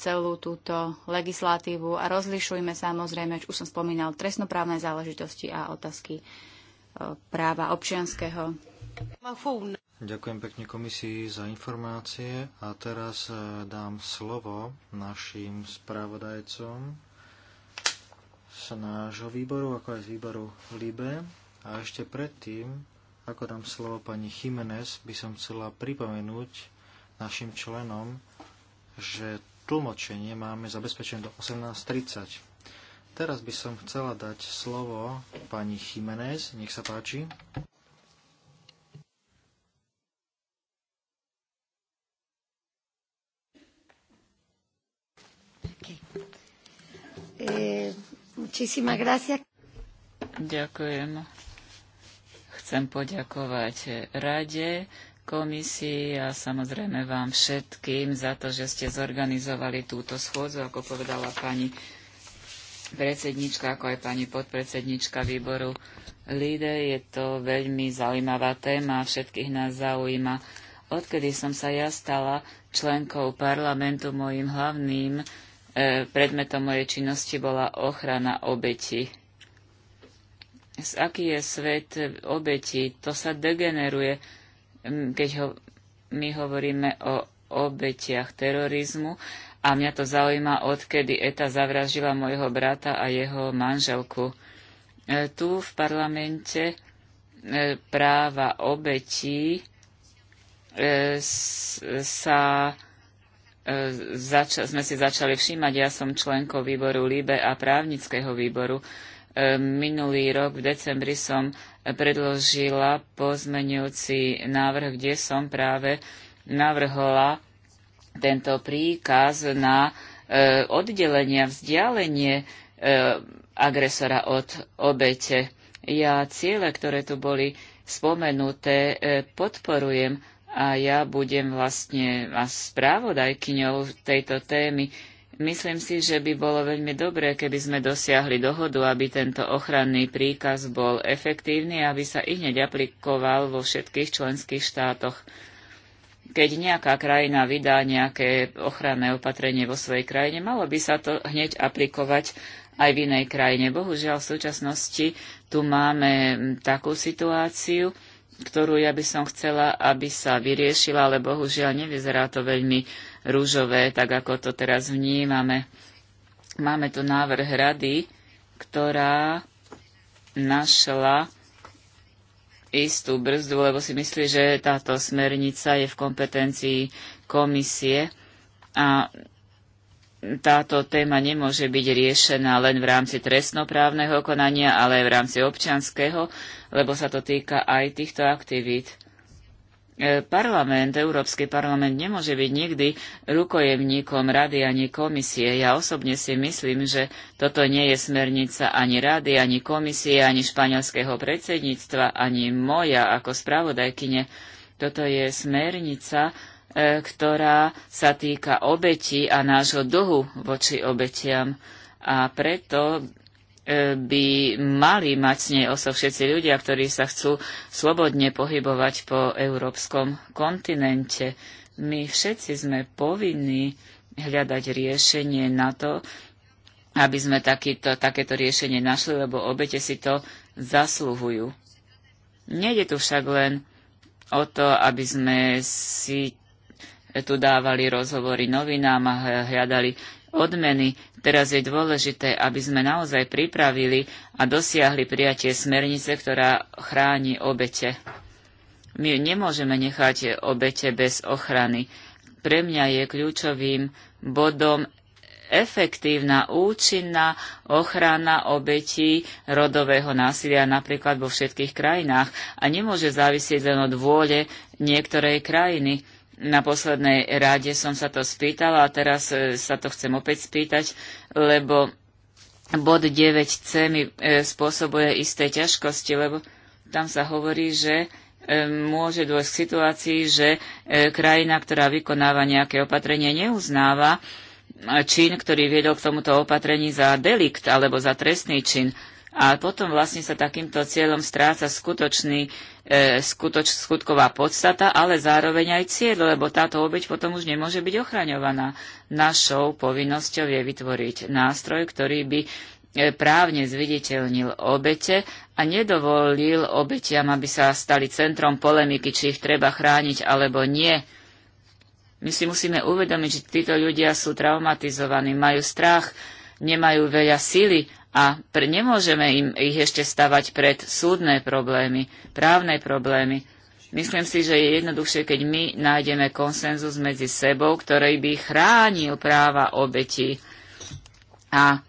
celú túto legislatívu a rozlišujme samozrejme, už som spomínal, trestnoprávne záležitosti a otázky práva občianského. Ďakujem pekne komisii za informácie a teraz dám slovo našim spravodajcom z nášho výboru, ako aj z výboru LIBE. A ešte predtým, ako dám slovo pani Jiménez, by som chcela pripomenúť našim členom, že tlmočenie máme zabezpečené do 18.30. Teraz by som chcela dať slovo pani Jiménez, nech sa páči. Eh, Ďakujem. Chcem poďakovať rade, komisii a samozrejme vám všetkým za to, že ste zorganizovali túto schôdzu, ako povedala pani predsednička, ako aj pani podpredsednička výboru LIDE. Je to veľmi zaujímavá téma a všetkých nás zaujíma. Odkedy som sa ja stala členkou parlamentu, môjim hlavným E, predmetom mojej činnosti bola ochrana obeti. Z aký je svet obeti? To sa degeneruje, keď ho, my hovoríme o obetiach terorizmu a mňa to zaujíma, odkedy ETA zavražila mojho brata a jeho manželku. E, tu v parlamente e, práva obetí sa E, zača- sme si začali všímať. Ja som členkou výboru LIBE a právnického výboru. E, minulý rok v decembri som predložila pozmenujúci návrh, kde som práve navrhla tento príkaz na e, oddelenie a vzdialenie agresora od obete. Ja ciele, ktoré tu boli spomenuté, podporujem a ja budem vlastne správodajkyňou tejto témy. Myslím si, že by bolo veľmi dobré, keby sme dosiahli dohodu, aby tento ochranný príkaz bol efektívny, aby sa i hneď aplikoval vo všetkých členských štátoch. Keď nejaká krajina vydá nejaké ochranné opatrenie vo svojej krajine, malo by sa to hneď aplikovať aj v inej krajine. Bohužiaľ v súčasnosti tu máme takú situáciu, ktorú ja by som chcela, aby sa vyriešila, ale bohužiaľ nevyzerá to veľmi rúžové, tak ako to teraz vnímame. Máme tu návrh rady, ktorá našla istú brzdu, lebo si myslí, že táto smernica je v kompetencii komisie a táto téma nemôže byť riešená len v rámci trestnoprávneho konania, ale aj v rámci občianského, lebo sa to týka aj týchto aktivít. E, parlament, Európsky parlament nemôže byť nikdy rukojemníkom rady ani komisie. Ja osobne si myslím, že toto nie je smernica ani rady, ani komisie, ani španielského predsedníctva, ani moja ako spravodajkyne. Toto je smernica, E, ktorá sa týka obetí a nášho dlhu voči obetiam. A preto e, by mali mať s nej oso všetci ľudia, ktorí sa chcú slobodne pohybovať po európskom kontinente. My všetci sme povinní hľadať riešenie na to, aby sme takýto, takéto riešenie našli, lebo obete si to zaslúhujú. Nejde tu však len o to, aby sme si tu dávali rozhovory novinám a hľadali odmeny. Teraz je dôležité, aby sme naozaj pripravili a dosiahli prijatie smernice, ktorá chráni obete. My nemôžeme nechať obete bez ochrany. Pre mňa je kľúčovým bodom efektívna, účinná ochrana obetí rodového násilia napríklad vo všetkých krajinách a nemôže závisieť len od vôle niektorej krajiny. Na poslednej ráde som sa to spýtala a teraz e, sa to chcem opäť spýtať, lebo bod 9c mi e, spôsobuje isté ťažkosti, lebo tam sa hovorí, že e, môže dôjsť k situácii, že krajina, ktorá vykonáva nejaké opatrenie, neuznáva čin, ktorý viedol k tomuto opatrení za delikt alebo za trestný čin. A potom vlastne sa takýmto cieľom stráca skutočný E, skutoč, skutková podstata, ale zároveň aj cieľ, lebo táto obeď potom už nemôže byť ochraňovaná. Našou povinnosťou je vytvoriť nástroj, ktorý by e, právne zviditeľnil obete a nedovolil obetiam, aby sa stali centrom polemiky, či ich treba chrániť alebo nie. My si musíme uvedomiť, že títo ľudia sú traumatizovaní, majú strach, nemajú veľa sily a pre, nemôžeme im ich ešte stavať pred súdne problémy, právne problémy. Myslím si, že je jednoduchšie, keď my nájdeme konsenzus medzi sebou, ktorý by chránil práva obetí. A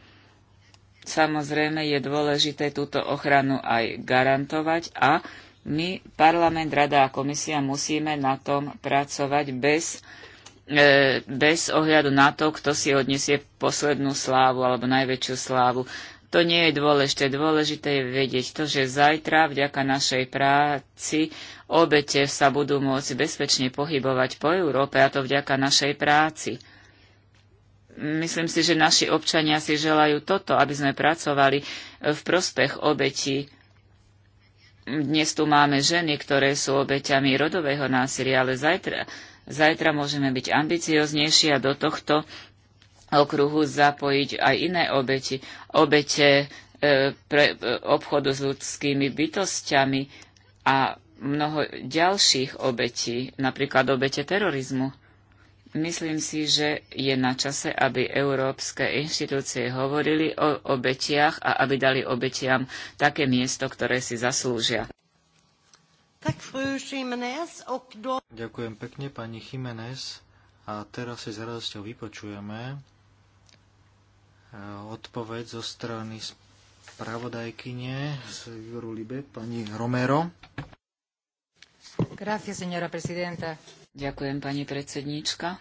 samozrejme je dôležité túto ochranu aj garantovať a my, parlament, rada a komisia musíme na tom pracovať bez e, bez ohľadu na to, kto si odniesie poslednú slávu alebo najväčšiu slávu. To nie je dôležité. Dôležité je vedieť to, že zajtra vďaka našej práci obete sa budú môcť bezpečne pohybovať po Európe a to vďaka našej práci. Myslím si, že naši občania si želajú toto, aby sme pracovali v prospech obetí. Dnes tu máme ženy, ktoré sú obeťami rodového násilia, ale zajtra, zajtra môžeme byť ambicioznejší a do tohto okruhu zapojiť aj iné obeti, obete e, pre, e, obchodu s ľudskými bytostiami a mnoho ďalších obetí, napríklad obete terorizmu. Myslím si, že je na čase, aby európske inštitúcie hovorili o obetiach a aby dali obetiam také miesto, ktoré si zaslúžia. Ďakujem pekne, pani Jiménez. A teraz si s radosťou vypočujeme odpoveď zo strany spravodajkyne z výboru Libe, pani Romero. presidenta. Ďakujem, pani predsedníčka.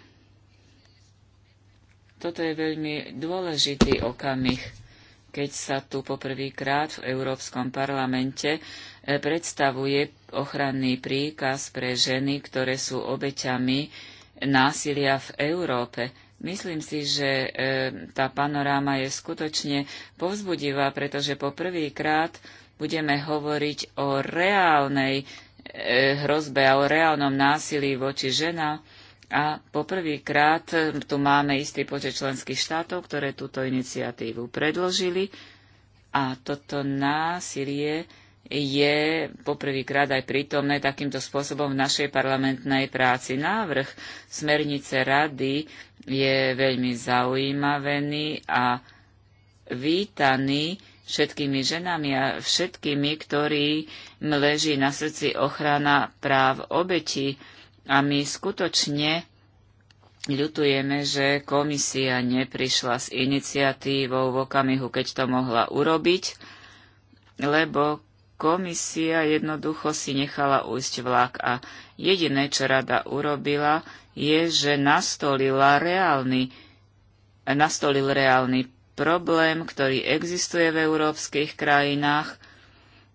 Toto je veľmi dôležitý okamih, keď sa tu poprvýkrát v Európskom parlamente e, predstavuje ochranný príkaz pre ženy, ktoré sú obeťami násilia v Európe. Myslím si, že e, tá panoráma je skutočne povzbudivá, pretože po prvýkrát budeme hovoriť o reálnej e, hrozbe a o reálnom násilí voči žena A poprvýkrát e, tu máme istý počet členských štátov, ktoré túto iniciatívu predložili a toto násilie je poprvýkrát aj prítomné takýmto spôsobom v našej parlamentnej práci. Návrh smernice rady je veľmi zaujímavený a vítaný všetkými ženami a všetkými, ktorí leží na srdci ochrana práv obetí. A my skutočne ľutujeme, že komisia neprišla s iniciatívou v okamihu, keď to mohla urobiť, lebo Komisia jednoducho si nechala ujsť vlak a jediné, čo rada urobila, je, že nastolila reálny, nastolil reálny problém, ktorý existuje v európskych krajinách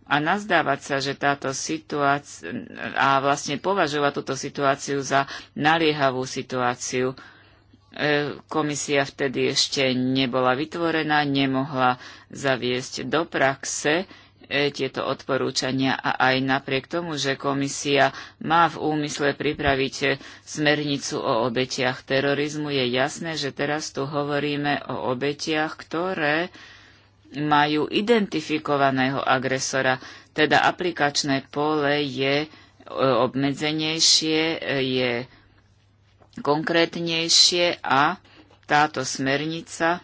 a nazdávať sa, že táto situácia a vlastne považovať túto situáciu za naliehavú situáciu. E, komisia vtedy ešte nebola vytvorená, nemohla zaviesť do praxe tieto odporúčania a aj napriek tomu, že komisia má v úmysle pripraviť smernicu o obetiach terorizmu, je jasné, že teraz tu hovoríme o obetiach, ktoré majú identifikovaného agresora, teda aplikačné pole je e, obmedzenejšie, e, je konkrétnejšie a táto smernica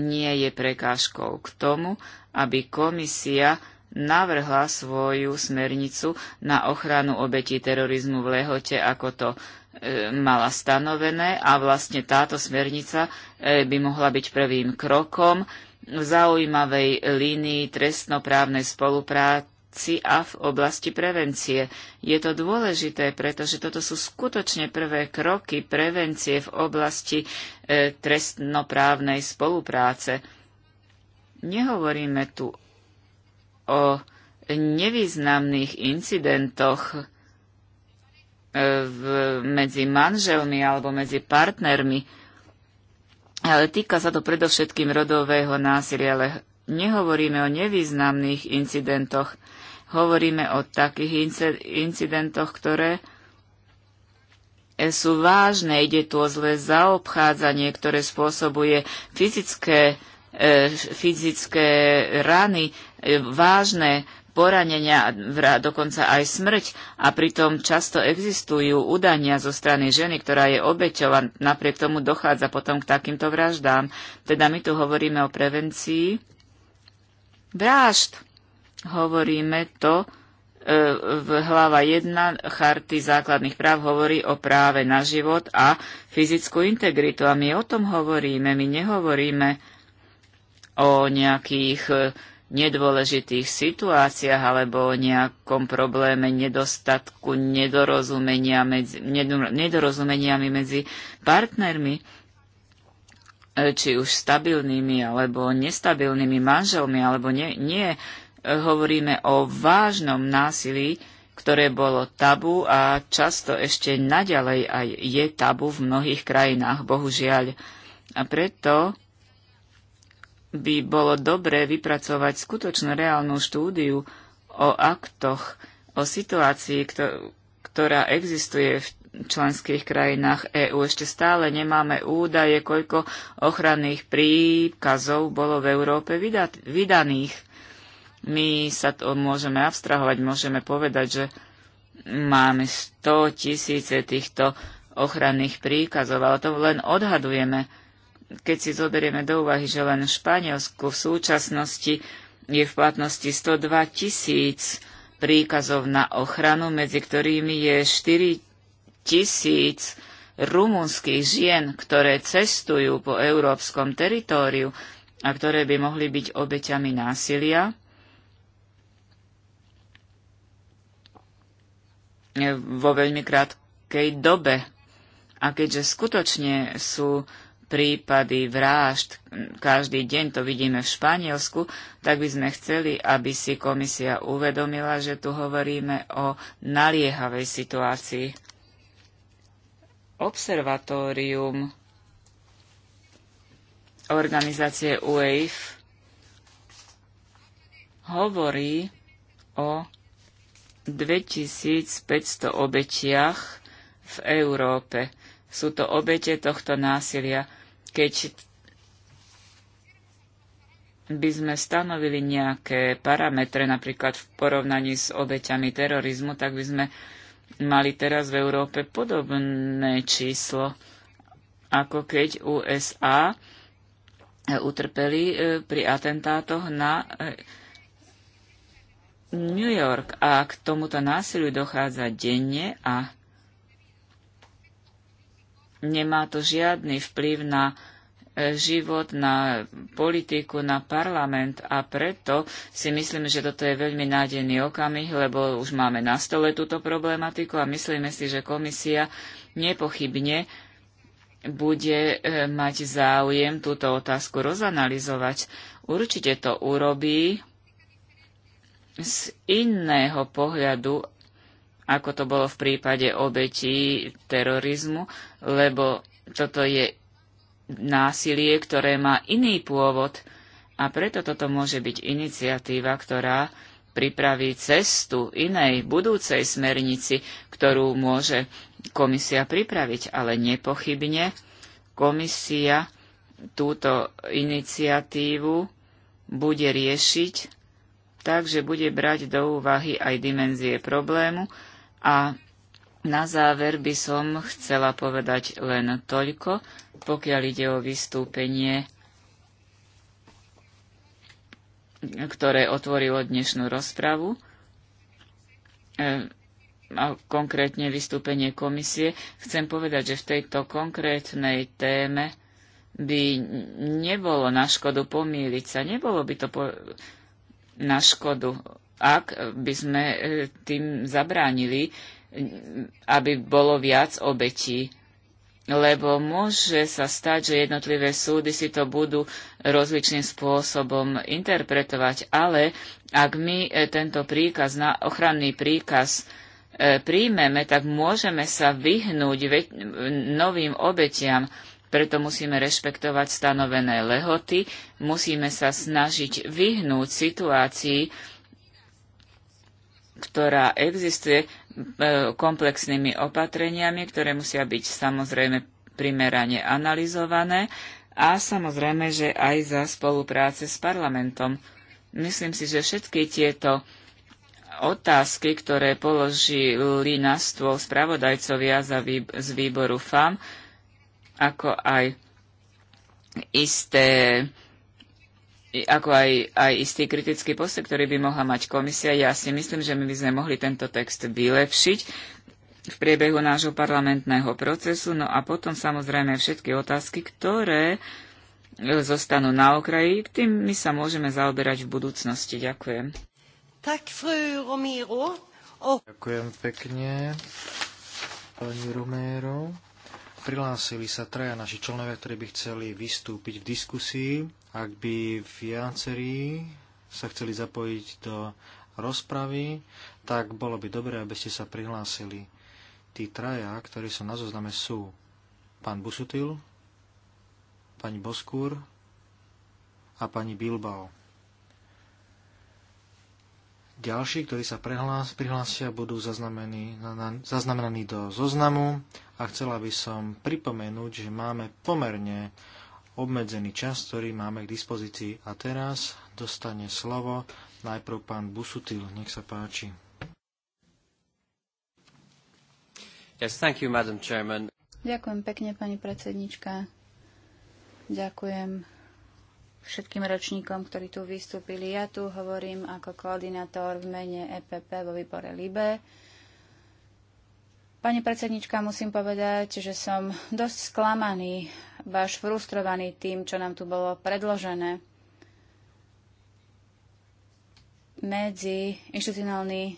nie je prekážkou k tomu, aby komisia navrhla svoju smernicu na ochranu obetí terorizmu v lehote, ako to e, mala stanovené a vlastne táto smernica e, by mohla byť prvým krokom v zaujímavej línii trestnoprávnej spolupráce práci a v oblasti prevencie. Je to dôležité, pretože toto sú skutočne prvé kroky prevencie v oblasti e, trestnoprávnej spolupráce. Nehovoríme tu o nevýznamných incidentoch e, v, medzi manželmi alebo medzi partnermi, ale týka sa to predovšetkým rodového násilia, ale nehovoríme o nevýznamných incidentoch. Hovoríme o takých incidentoch, ktoré sú vážne. Ide tu o zlé zaobchádzanie, ktoré spôsobuje fyzické, e, fyzické rany, e, vážne poranenia, dokonca aj smrť a pritom často existujú udania zo strany ženy, ktorá je obeťou a napriek tomu dochádza potom k takýmto vraždám. Teda my tu hovoríme o prevencii vražd hovoríme to, e, v hlava 1 Charty základných práv hovorí o práve na život a fyzickú integritu. A my o tom hovoríme, my nehovoríme o nejakých e, nedôležitých situáciách alebo o nejakom probléme nedostatku nedorozumenia medzi, nedorozumeniami medzi partnermi, e, či už stabilnými alebo nestabilnými manželmi, alebo nie, nie hovoríme o vážnom násilí, ktoré bolo tabu a často ešte naďalej aj je tabu v mnohých krajinách, bohužiaľ. A preto by bolo dobré vypracovať skutočnú reálnu štúdiu o aktoch, o situácii, ktorá existuje v členských krajinách EÚ. Ešte stále nemáme údaje, koľko ochranných príkazov bolo v Európe vydaných my sa to môžeme abstrahovať, môžeme povedať, že máme 100 tisíce týchto ochranných príkazov, ale to len odhadujeme. Keď si zoberieme do úvahy, že len v Španielsku v súčasnosti je v platnosti 102 tisíc príkazov na ochranu, medzi ktorými je 4 tisíc rumunských žien, ktoré cestujú po európskom teritóriu a ktoré by mohli byť obeťami násilia vo veľmi krátkej dobe. A keďže skutočne sú prípady vražd každý deň, to vidíme v Španielsku, tak by sme chceli, aby si komisia uvedomila, že tu hovoríme o naliehavej situácii. Observatórium organizácie UEIF hovorí o 2500 obetiach v Európe. Sú to obete tohto násilia. Keď by sme stanovili nejaké parametre, napríklad v porovnaní s obeťami terorizmu, tak by sme mali teraz v Európe podobné číslo, ako keď USA utrpeli e, pri atentátoch na e, New York a k tomuto násiliu dochádza denne a nemá to žiadny vplyv na e, život, na politiku, na parlament a preto si myslím, že toto je veľmi nádený okamih, lebo už máme na stole túto problematiku a myslíme si, že komisia nepochybne bude e, mať záujem túto otázku rozanalizovať. Určite to urobí z iného pohľadu, ako to bolo v prípade obetí terorizmu, lebo toto je násilie, ktoré má iný pôvod a preto toto môže byť iniciatíva, ktorá pripraví cestu inej budúcej smernici, ktorú môže komisia pripraviť, ale nepochybne komisia túto iniciatívu bude riešiť tak, že bude brať do úvahy aj dimenzie problému a na záver by som chcela povedať len toľko, pokiaľ ide o vystúpenie, ktoré otvorilo dnešnú rozpravu e, a konkrétne vystúpenie komisie, chcem povedať, že v tejto konkrétnej téme by nebolo na škodu pomýliť sa, nebolo by to po- na škodu, ak by sme e, tým zabránili, aby bolo viac obetí. Lebo môže sa stať, že jednotlivé súdy si to budú rozličným spôsobom interpretovať, ale ak my e, tento príkaz, ochranný príkaz, e, príjmeme, tak môžeme sa vyhnúť novým obetiam. Preto musíme rešpektovať stanovené lehoty, musíme sa snažiť vyhnúť situácii, ktorá existuje e, komplexnými opatreniami, ktoré musia byť samozrejme primerane analyzované a samozrejme, že aj za spolupráce s parlamentom. Myslím si, že všetky tieto otázky, ktoré položili na stôl spravodajcovia za výb- z výboru FAM, ako aj isté ako aj, aj istý kritický postoj, ktorý by mohla mať komisia. Ja si myslím, že my by sme mohli tento text vylepšiť v priebehu nášho parlamentného procesu. No a potom samozrejme všetky otázky, ktoré zostanú na okraji, tým my sa môžeme zaoberať v budúcnosti. Ďakujem. Tak, fru Romero. Oh. Ďakujem pekne, pani Romero prihlásili sa traja naši členovia, ktorí by chceli vystúpiť v diskusii. Ak by viacerí sa chceli zapojiť do rozpravy, tak bolo by dobré, aby ste sa prihlásili. Tí traja, ktorí sú na zozname, sú pán Busutil, pani Boskúr a pani Bilbao. Ďalší, ktorí sa prehlás, prihlásia, budú zaznamenaní do zoznamu a chcela by som pripomenúť, že máme pomerne obmedzený čas, ktorý máme k dispozícii. A teraz dostane slovo najprv pán Busutil. Nech sa páči. Yes, thank you, Madam Chairman. Ďakujem pekne, pani predsednička. Ďakujem všetkým ročníkom, ktorí tu vystúpili. Ja tu hovorím ako koordinátor v mene EPP vo výbore LIBE. Pani predsednička, musím povedať, že som dosť sklamaný, až frustrovaný tým, čo nám tu bolo predložené. Medzi inštitucionálny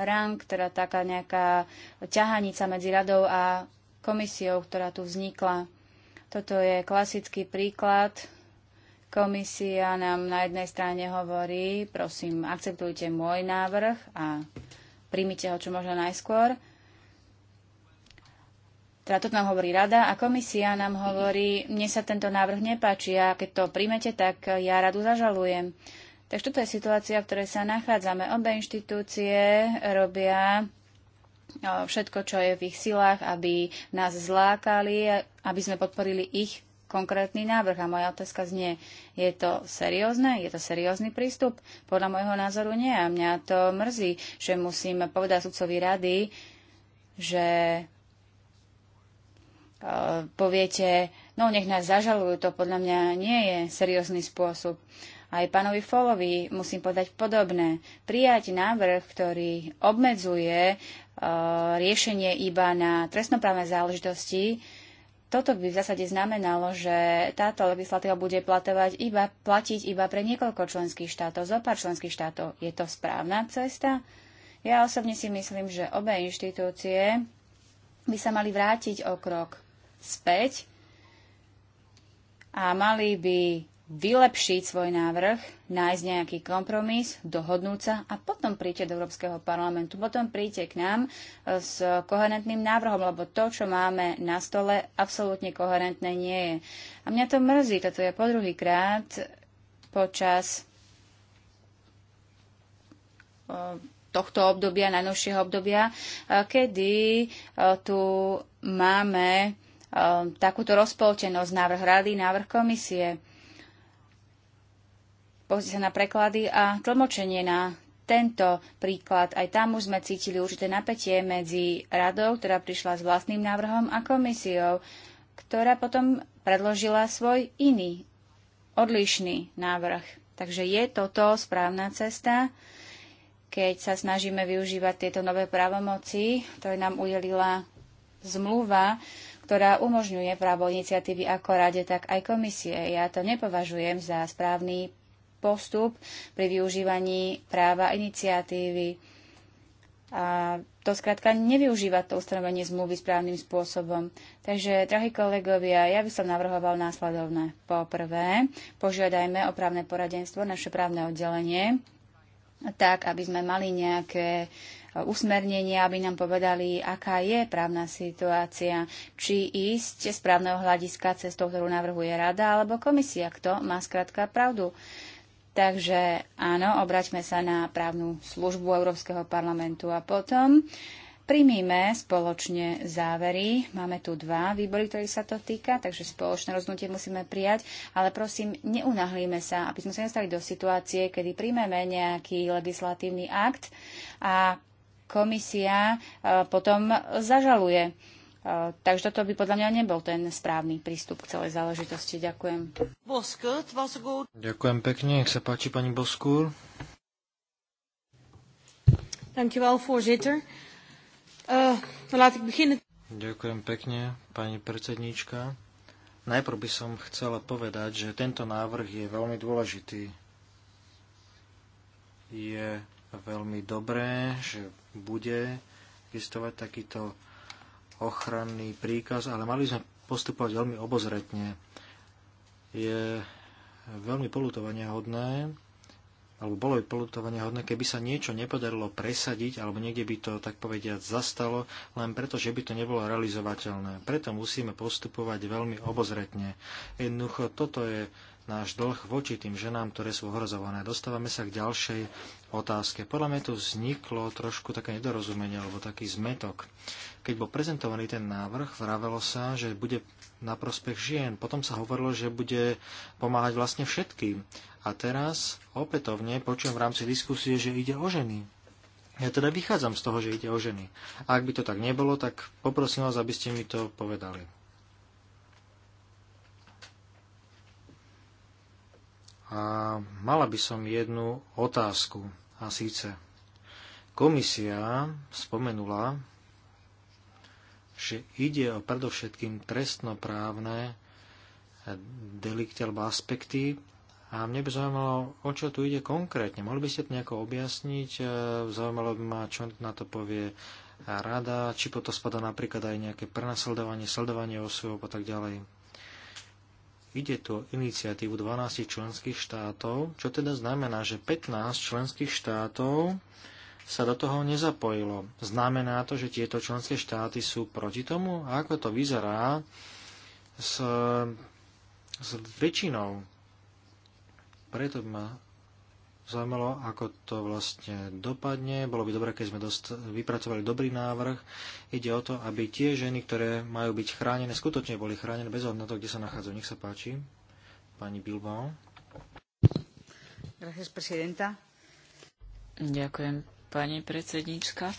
rang, teda taká nejaká ťahanica medzi radou a komisiou, ktorá tu vznikla. Toto je klasický príklad Komisia nám na jednej strane hovorí, prosím, akceptujte môj návrh a príjmite ho čo možno najskôr. Teda toto nám hovorí rada a komisia nám hovorí, mne sa tento návrh nepáči a keď to príjmete, tak ja radu zažalujem. Takže toto je situácia, v ktorej sa nachádzame. Obe inštitúcie robia všetko, čo je v ich silách, aby nás zlákali, aby sme podporili ich konkrétny návrh. A moja otázka znie, je to seriózne? Je to seriózny prístup? Podľa môjho názoru nie. A mňa to mrzí, že musím povedať sudcovi rady, že e, poviete, no nech nás zažalujú, to podľa mňa nie je seriózny spôsob. Aj pánovi Folovi musím povedať podobné. Prijať návrh, ktorý obmedzuje uh, riešenie iba na trestnoprávne záležitosti, toto by v zásade znamenalo, že táto legislatíva bude platovať iba, platiť iba pre niekoľko členských štátov, zo pár členských štátov. Je to správna cesta? Ja osobne si myslím, že obe inštitúcie by sa mali vrátiť o krok späť a mali by vylepšiť svoj návrh, nájsť nejaký kompromis, dohodnúť sa a potom príďte do Európskeho parlamentu. Potom príďte k nám e, s koherentným návrhom, lebo to, čo máme na stole, absolútne koherentné nie je. A mňa to mrzí, toto je po druhý krát počas e, tohto obdobia, najnovšieho obdobia, e, kedy tu máme takúto rozpoltenosť návrh rady, návrh komisie. Pozrite sa na preklady a tlmočenie na tento príklad. Aj tam už sme cítili určité napätie medzi radou, ktorá prišla s vlastným návrhom a komisiou, ktorá potom predložila svoj iný, odlišný návrh. Takže je toto správna cesta, keď sa snažíme využívať tieto nové právomoci, ktoré nám udelila zmluva, ktorá umožňuje právo iniciatívy ako rade, tak aj komisie. Ja to nepovažujem za správny postup pri využívaní práva iniciatívy. A to skrátka nevyužíva to ustanovenie zmluvy správnym spôsobom. Takže, drahí kolegovia, ja by som navrhoval následovné. Po prvé, požiadajme o právne poradenstvo naše právne oddelenie, tak, aby sme mali nejaké e, usmernenie, aby nám povedali, aká je právna situácia, či ísť z právneho hľadiska cestou, ktorú navrhuje rada alebo komisia. Kto má skrátka pravdu? Uh, Takže áno, obraťme sa na právnu službu Európskeho parlamentu a potom primíme spoločne závery. Máme tu dva výbory, ktorých sa to týka, takže spoločné rozhodnutie musíme prijať, ale prosím, neunahlíme sa, aby sme sa nestali do situácie, kedy príjmeme nejaký legislatívny akt a komisia e, potom zažaluje Takže toto by podľa mňa nebol ten správny prístup k celej záležitosti. Ďakujem. Ďakujem pekne, nech sa páči pani Boskúr. Eh, Ďakujem pekne, pani predsedníčka. Najprv by som chcela povedať, že tento návrh je veľmi dôležitý. Je veľmi dobré, že bude existovať takýto ochranný príkaz, ale mali sme postupovať veľmi obozretne. Je veľmi polutovania hodné, alebo bolo by polutovania hodné, keby sa niečo nepodarilo presadiť, alebo niekde by to, tak povediať, zastalo, len preto, že by to nebolo realizovateľné. Preto musíme postupovať veľmi obozretne. Jednoducho, toto je náš dlh voči tým ženám, ktoré sú ohrozované. Dostávame sa k ďalšej otázke. Podľa mňa tu vzniklo trošku také nedorozumenie alebo taký zmetok. Keď bol prezentovaný ten návrh, vravelo sa, že bude na prospech žien. Potom sa hovorilo, že bude pomáhať vlastne všetkým. A teraz opätovne počujem v rámci diskusie, že ide o ženy. Ja teda vychádzam z toho, že ide o ženy. A ak by to tak nebolo, tak poprosím vás, aby ste mi to povedali. a mala by som jednu otázku. A síce, komisia spomenula, že ide o predovšetkým trestnoprávne delikty alebo aspekty a mne by zaujímalo, o čo tu ide konkrétne. Mohli by ste to nejako objasniť? E, zaujímalo by ma, čo na to povie rada, či po to spada napríklad aj nejaké prenasledovanie, sledovanie osôb a tak ďalej. Ide tu o iniciatívu 12 členských štátov, čo teda znamená, že 15 členských štátov sa do toho nezapojilo. Znamená to, že tieto členské štáty sú proti tomu? A ako to vyzerá s, s väčšinou? Preto by ma zaujímalo, ako to vlastne dopadne. Bolo by dobré, keď sme dost, vypracovali dobrý návrh. Ide o to, aby tie ženy, ktoré majú byť chránené, skutočne boli chránené bez ohľadu na to, kde sa nachádzajú. Nech sa páči. Pani Bilbao. Gracias, presidenta. Ďakujem, pani predsednička.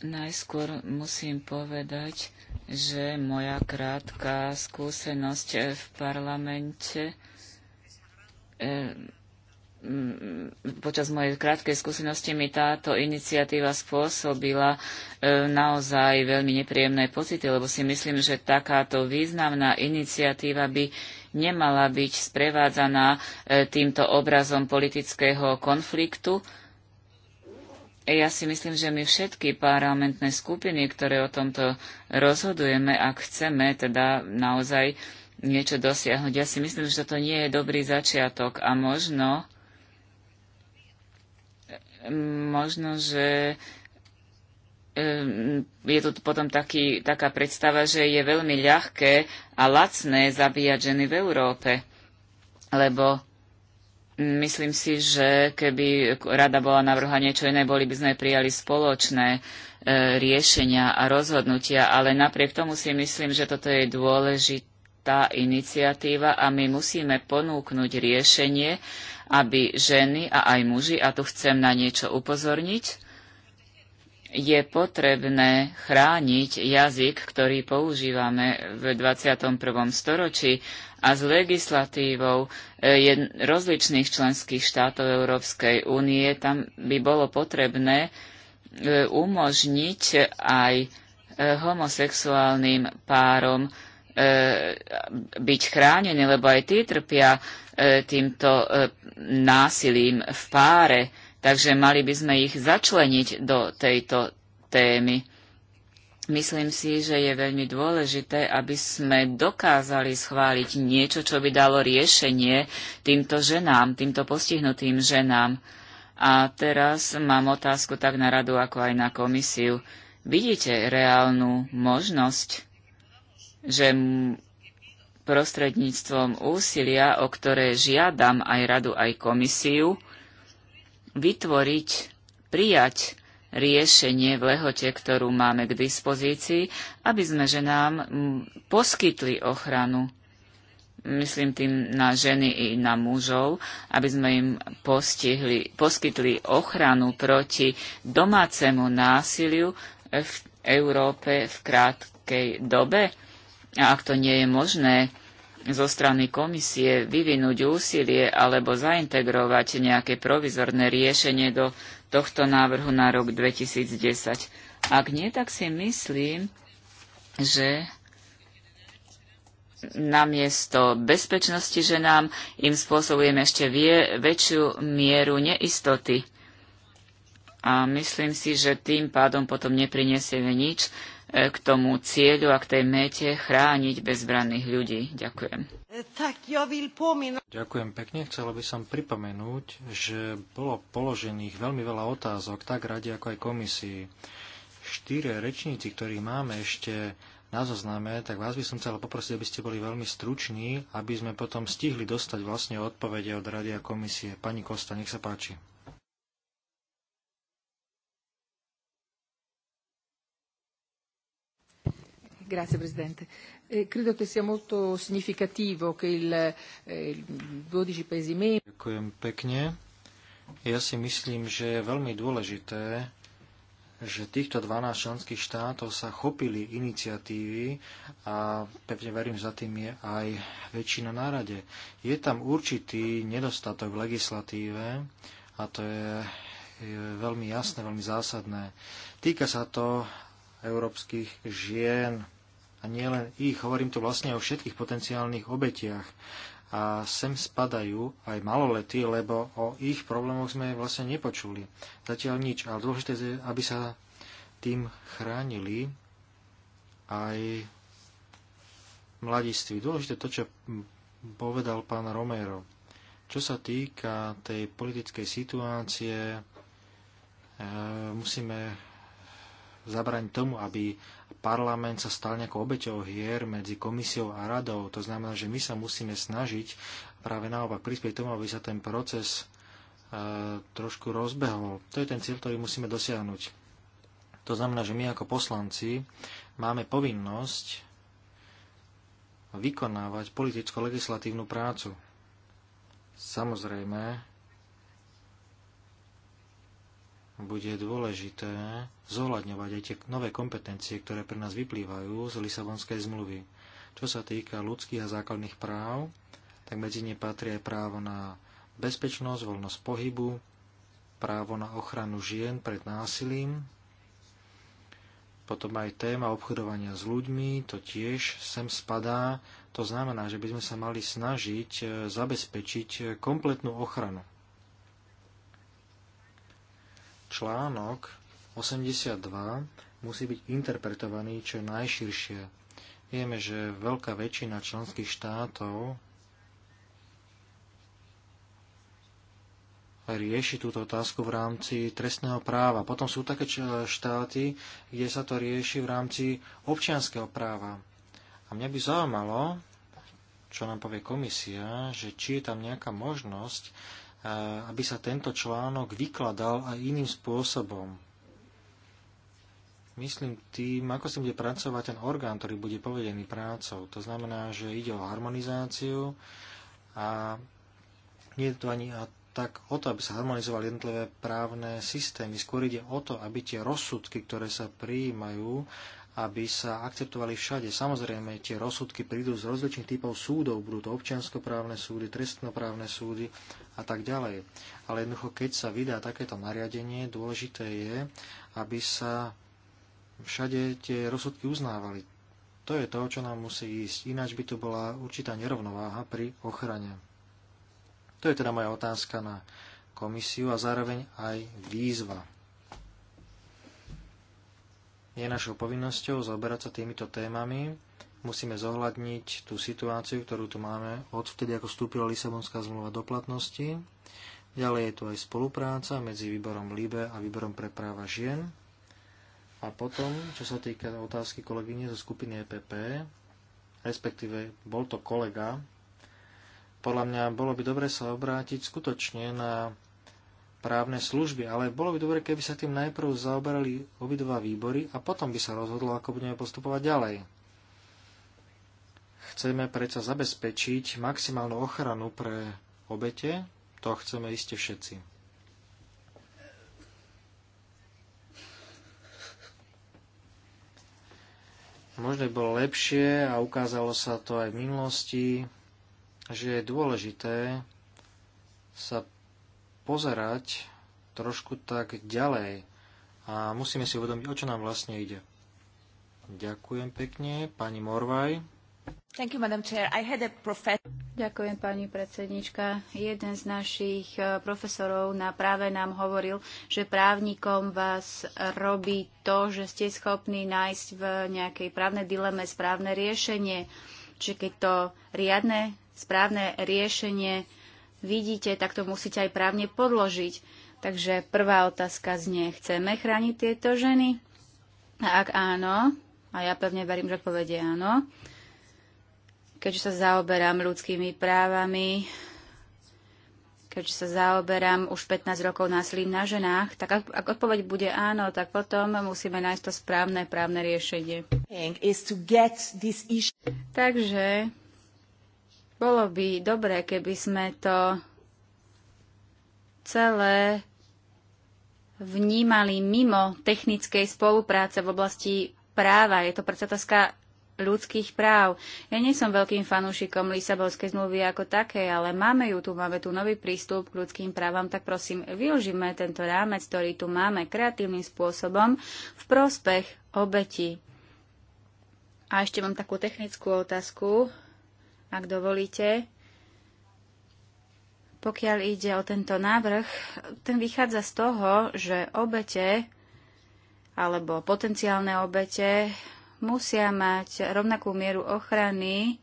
Najskôr musím povedať, že moja krátka skúsenosť v parlamente eh, Mm, počas mojej krátkej skúsenosti mi táto iniciatíva spôsobila e, naozaj veľmi nepríjemné pocity, lebo si myslím, že takáto významná iniciatíva by nemala byť sprevádzaná e, týmto obrazom politického konfliktu. E, ja si myslím, že my všetky parlamentné skupiny, ktoré o tomto rozhodujeme, ak chceme teda naozaj niečo dosiahnuť. Ja si myslím, že toto nie je dobrý začiatok a možno možno, že je tu potom taký, taká predstava, že je veľmi ľahké a lacné zabíjať ženy v Európe. Lebo myslím si, že keby rada bola navrha niečo iné, boli by sme prijali spoločné e, riešenia a rozhodnutia, ale napriek tomu si myslím, že toto je dôležitá iniciatíva a my musíme ponúknuť riešenie aby ženy a aj muži, a tu chcem na niečo upozorniť, je potrebné chrániť jazyk, ktorý používame v 21. storočí a s legislatívou eh, rozličných členských štátov Európskej únie. Tam by bolo potrebné eh, umožniť aj eh, homosexuálnym párom E, byť chránené, lebo aj tí trpia e, týmto e, násilím v páre. Takže mali by sme ich začleniť do tejto témy. Myslím si, že je veľmi dôležité, aby sme dokázali schváliť niečo, čo by dalo riešenie týmto ženám, týmto postihnutým ženám. A teraz mám otázku tak na radu, ako aj na komisiu. Vidíte reálnu možnosť že prostredníctvom úsilia, o ktoré žiadam aj radu, aj komisiu, vytvoriť, prijať riešenie v lehote, ktorú máme k dispozícii, aby sme ženám poskytli ochranu. Myslím tým na ženy i na mužov, aby sme im postihli, poskytli ochranu proti domácemu násiliu v Európe v krátkej dobe a ak to nie je možné zo strany komisie vyvinúť úsilie alebo zaintegrovať nejaké provizorné riešenie do tohto návrhu na rok 2010. Ak nie, tak si myslím, že namiesto bezpečnosti ženám im spôsobujeme ešte vie, väčšiu mieru neistoty. A myslím si, že tým pádom potom neprinesieme nič E, k tomu cieľu a k tej mete chrániť bezbranných ľudí. Ďakujem. Ďakujem pekne. Chcela by som pripomenúť, že bolo položených veľmi veľa otázok, tak radi ako aj komisii. Štyri rečníci, ktorých máme ešte na zozname, tak vás by som chcela poprosiť, aby ste boli veľmi struční, aby sme potom stihli dostať vlastne odpovede od Radia komisie. Pani Kosta, nech sa páči. Grazie Presidente. Eh, credo che sia molto significativo che i eh, 12 paesi membri... Ďakujem pekne. Ja si myslím, že je veľmi dôležité, že týchto 12 členských štátov sa chopili iniciatívy a pevne verím, za tým je aj väčšina na rade. Je tam určitý nedostatok v legislatíve a to je veľmi jasné, veľmi zásadné. Týka sa to európskych žien a nielen ich, hovorím tu vlastne o všetkých potenciálnych obetiach. A sem spadajú aj malolety, lebo o ich problémoch sme vlastne nepočuli. Zatiaľ nič, ale dôležité je, aby sa tým chránili aj mladiství. Dôležité to, čo povedal pán Romero. Čo sa týka tej politickej situácie, e, musíme zabrániť tomu, aby parlament sa stal nejakou obeťou hier medzi komisiou a radou. To znamená, že my sa musíme snažiť práve naopak prispieť tomu, aby sa ten proces e, trošku rozbehol. To je ten cieľ, ktorý musíme dosiahnuť. To znamená, že my ako poslanci máme povinnosť vykonávať politicko-legislatívnu prácu. Samozrejme, bude dôležité zohľadňovať aj tie nové kompetencie, ktoré pre nás vyplývajú z Lisabonskej zmluvy. Čo sa týka ľudských a základných práv, tak medzi ne patrí aj právo na bezpečnosť, voľnosť pohybu, právo na ochranu žien pred násilím, potom aj téma obchodovania s ľuďmi, to tiež sem spadá. To znamená, že by sme sa mali snažiť eh, zabezpečiť eh, kompletnú ochranu článok 82 musí byť interpretovaný čo najširšie. Vieme, že veľká väčšina členských štátov rieši túto otázku v rámci trestného práva. Potom sú také štáty, kde sa to rieši v rámci občianského práva. A mňa by zaujímalo, čo nám povie komisia, že či je tam nejaká možnosť aby sa tento článok vykladal aj iným spôsobom. Myslím tým, ako si bude pracovať ten orgán, ktorý bude povedený prácou. To znamená, že ide o harmonizáciu a nie je to ani tak o to, aby sa harmonizovali jednotlivé právne systémy. Skôr ide o to, aby tie rozsudky, ktoré sa prijímajú, aby sa akceptovali všade. Samozrejme, tie rozsudky prídu z rozličných typov súdov, budú to občianskoprávne súdy, trestnoprávne súdy a tak ďalej. Ale jednoducho, keď sa vydá takéto nariadenie, dôležité je, aby sa všade tie rozsudky uznávali. To je to, čo nám musí ísť. Ináč by tu bola určitá nerovnováha pri ochrane. To je teda moja otázka na komisiu a zároveň aj výzva je našou povinnosťou zaoberať sa týmito témami. Musíme zohľadniť tú situáciu, ktorú tu máme od vtedy ako vstúpila Lisabonská zmluva do platnosti. Ďalej je tu aj spolupráca medzi výborom LIBE a výborom pre práva žien. A potom, čo sa týka otázky kolegyne zo skupiny EPP, respektíve bol to kolega, podľa mňa bolo by dobre sa obrátiť skutočne na právne služby, ale bolo by dobre, keby sa tým najprv zaoberali obidva výbory a potom by sa rozhodlo, ako budeme postupovať ďalej. Chceme predsa zabezpečiť maximálnu ochranu pre obete, to chceme iste všetci. Možno by bolo lepšie a ukázalo sa to aj v minulosti, že je dôležité sa pozerať trošku tak ďalej a musíme si uvedomiť, o čo nám vlastne ide. Ďakujem pekne. Pani Morvaj. Thank you, Madam Chair. I had a Ďakujem, pani predsednička. Jeden z našich eh, profesorov na práve nám hovoril, že právnikom vás robí to, že ste schopní nájsť v nejakej právnej dileme správne riešenie. Čiže keď to riadne, správne riešenie vidíte, tak to musíte aj právne podložiť. Takže prvá otázka znie, chceme chrániť tieto ženy? A ak áno, a ja pevne verím, že povedie áno, keďže sa zaoberám ľudskými právami, keďže sa zaoberám už 15 rokov násilím na ženách, tak ak, ak odpoveď bude áno, tak potom musíme nájsť to správne právne riešenie. Takže bolo by dobré, keby sme to celé vnímali mimo technickej spolupráce v oblasti práva. Je to predsa otázka ľudských práv. Ja nie som veľkým fanúšikom Lisabonskej zmluvy ako také, ale máme ju tu, máme tu nový prístup k ľudským právam, tak prosím, využíme tento rámec, ktorý tu máme kreatívnym spôsobom v prospech obeti. A ešte mám takú technickú otázku ak dovolíte. Pokiaľ ide o tento návrh, ten vychádza z toho, že obete alebo potenciálne obete musia mať rovnakú mieru ochrany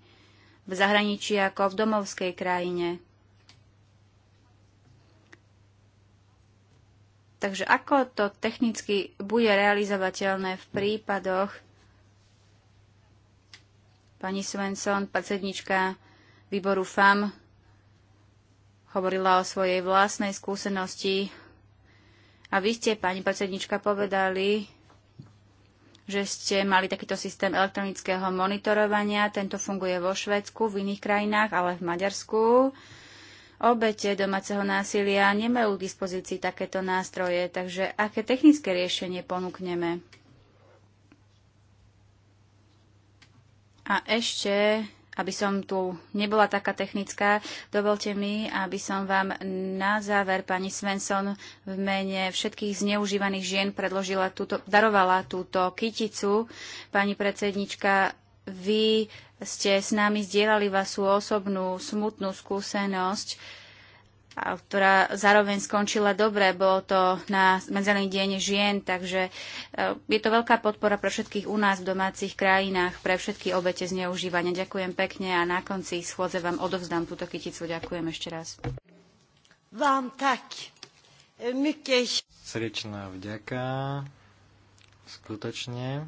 v zahraničí ako v domovskej krajine. Takže ako to technicky bude realizovateľné v prípadoch, Pani Svensson, predsednička výboru FAM, hovorila o svojej vlastnej skúsenosti a vy ste, pani predsednička, povedali, že ste mali takýto systém elektronického monitorovania. Tento funguje vo Švedsku, v iných krajinách, ale v Maďarsku. Obete domáceho násilia nemajú k dispozícii takéto nástroje, takže aké technické riešenie ponúkneme? A ešte, aby som tu nebola taká technická, dovolte mi, aby som vám na záver, pani Svensson, v mene všetkých zneužívaných žien predložila túto, darovala túto kyticu. Pani predsednička, vy ste s nami zdieľali vašu osobnú smutnú skúsenosť ktorá zároveň skončila dobre. Bolo to na Medzený deň žien, takže e, je to veľká podpora pre všetkých u nás v domácich krajinách, pre všetky obete zneužívania. Ďakujem pekne a na konci schôdze vám odovzdám túto kyticu. Ďakujem ešte raz. Vám tak. E, Mykeš. Srdečná vďaka. Skutočne.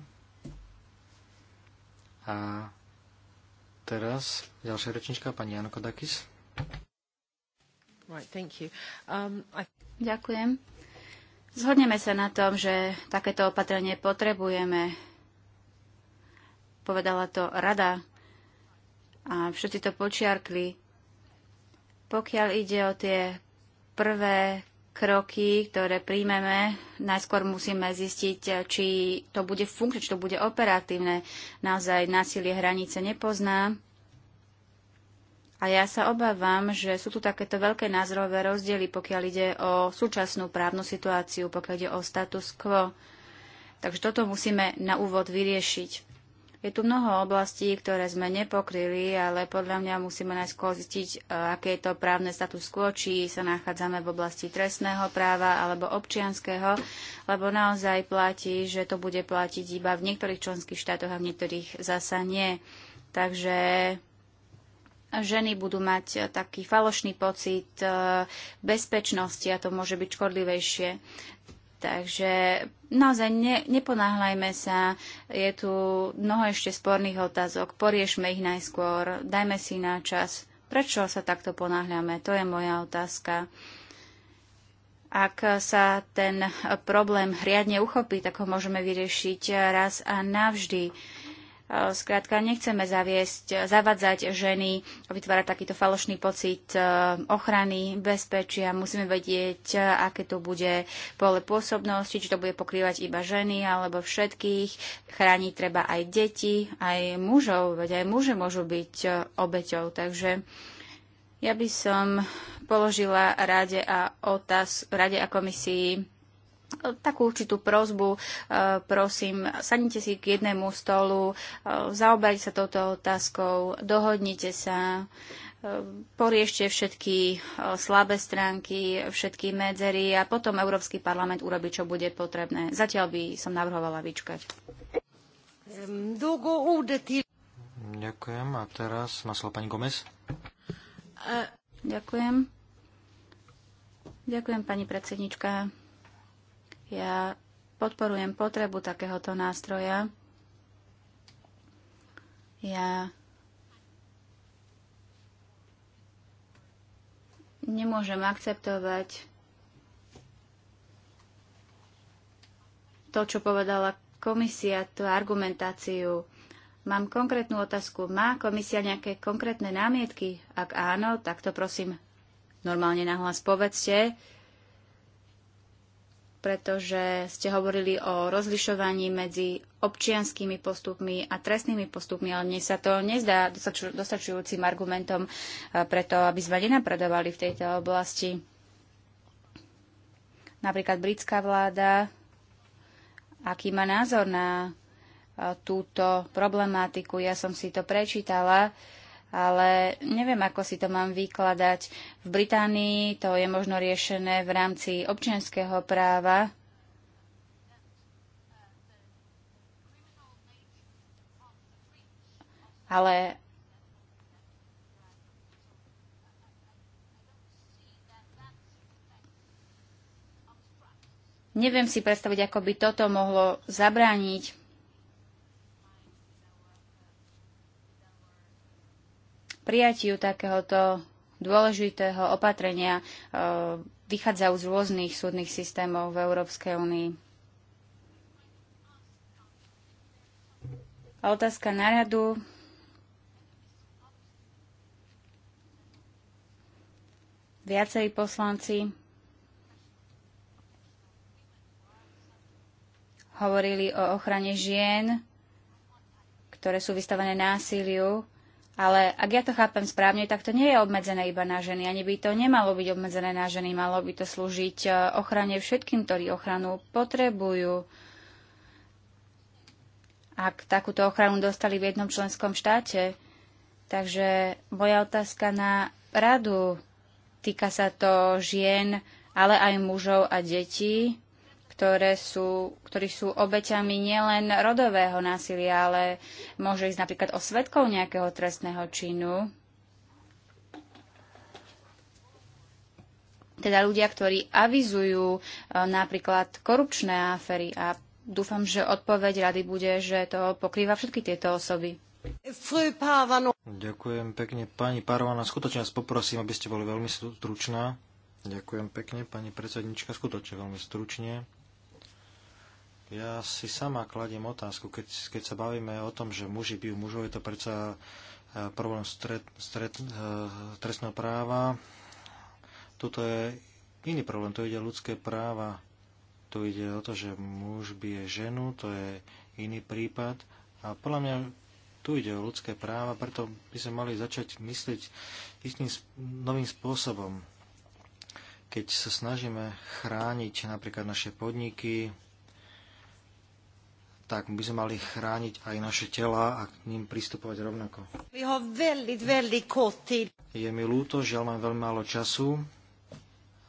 A teraz ďalšia rečnička, pani Janko Dakis. Um, Ďakujem. Zhodneme sa na tom, že takéto opatrenie potrebujeme. Povedala to rada a všetci to počiarkli. Pokiaľ ide o tie prvé kroky, ktoré príjmeme, najskôr musíme zistiť, či to bude funkčné, či to bude operatívne. Naozaj násilie hranice nepozná a ja sa obávam, že sú tu takéto veľké názorové rozdiely, pokiaľ ide o súčasnú právnu situáciu, pokiaľ ide o status quo. Takže toto musíme na úvod vyriešiť. Je tu mnoho oblastí, ktoré sme nepokryli, ale podľa mňa musíme najskôr zistiť, e, aké je to právne status quo, či sa nachádzame v oblasti trestného práva alebo občianského, lebo naozaj platí, že to bude platiť iba v niektorých členských štátoch a v niektorých zasa nie. Takže ženy budú mať e, taký falošný pocit e, bezpečnosti a to môže byť škodlivejšie. Takže naozaj ne, neponáhľajme sa, je tu mnoho ešte sporných otázok, poriešme ich najskôr, dajme si na čas. Prečo sa takto ponáhľame? To je moja otázka. Ak sa ten problém riadne uchopí, tak ho môžeme vyriešiť raz a navždy Eh, Skrátka, nechceme zaviesť, zavadzať ženy, vytvárať takýto falošný pocit eh, ochrany, bezpečia. Musíme vedieť, eh, aké to bude pole pôsobnosti, či to bude pokrývať iba ženy alebo všetkých. Chrániť treba aj deti, aj mužov, veď aj muže môžu byť obeťou. Takže ja by som položila rade a, otáz, rade a komisii takú určitú prozbu, e, prosím, sadnite si k jednému stolu, e, zaoberte sa touto otázkou, dohodnite sa, e, poriešte všetky slabé stránky, všetky medzery a potom Európsky parlament urobí, čo bude potrebné. Zatiaľ by som navrhovala vyčkať. Ďakujem. A teraz má slovo pani Gomez. Ďakujem. Ďakujem, pani predsednička. Ja podporujem potrebu takéhoto nástroja. Ja nemôžem akceptovať to, čo povedala komisia, tú argumentáciu. Mám konkrétnu otázku. Má komisia nejaké konkrétne námietky? Ak áno, tak to prosím normálne nahlas povedzte pretože ste hovorili o rozlišovaní medzi občianskými postupmi a trestnými postupmi, ale mne sa to nezdá dostačujúcim argumentom e, preto, aby sme nenapredovali v tejto oblasti. Napríklad britská vláda, aký má názor na e, túto problematiku. Ja som si to prečítala ale neviem, ako si to mám vykladať. V Británii to je možno riešené v rámci občianského práva, ale neviem si predstaviť, ako by toto mohlo zabrániť prijatiu takéhoto dôležitého opatrenia e, vychádzajú z rôznych súdnych systémov v Európskej únii. A otázka na radu. Viacerí poslanci hovorili o ochrane žien, ktoré sú vystavené násiliu ale ak ja to chápem správne, tak to nie je obmedzené iba na ženy. Ani by to nemalo byť obmedzené na ženy. Malo by to slúžiť e, ochrane všetkým, ktorí ochranu potrebujú. Ak takúto ochranu dostali v jednom členskom štáte. Takže moja otázka na radu. Týka sa to žien, ale aj mužov a detí ktoré sú, ktorí sú obeťami nielen rodového násilia, ale môže ísť napríklad o svetkov nejakého trestného činu. Teda ľudia, ktorí avizujú e, napríklad korupčné afery a dúfam, že odpoveď rady bude, že to pokrýva všetky tieto osoby. Ďakujem pekne. Pani Parvana, skutočne vás poprosím, aby ste boli veľmi stručná. Ďakujem pekne, pani predsednička, skutočne veľmi stručne. Ja si sama kladiem otázku, keď, keď sa bavíme o tom, že muži bijú mužov, je to predsa e, problém stret, stret, e, trestného práva. Tuto je iný problém, tu ide ľudské práva. Tu ide o to, že muž bije ženu, to je iný prípad. A podľa mňa tu ide o ľudské práva, preto by sme mali začať myslieť istým novým spôsobom. Keď sa snažíme chrániť napríklad naše podniky, tak by sme mali chrániť aj naše tela a k ním pristupovať rovnako. Je mi ľúto, žiaľ mám veľmi málo času,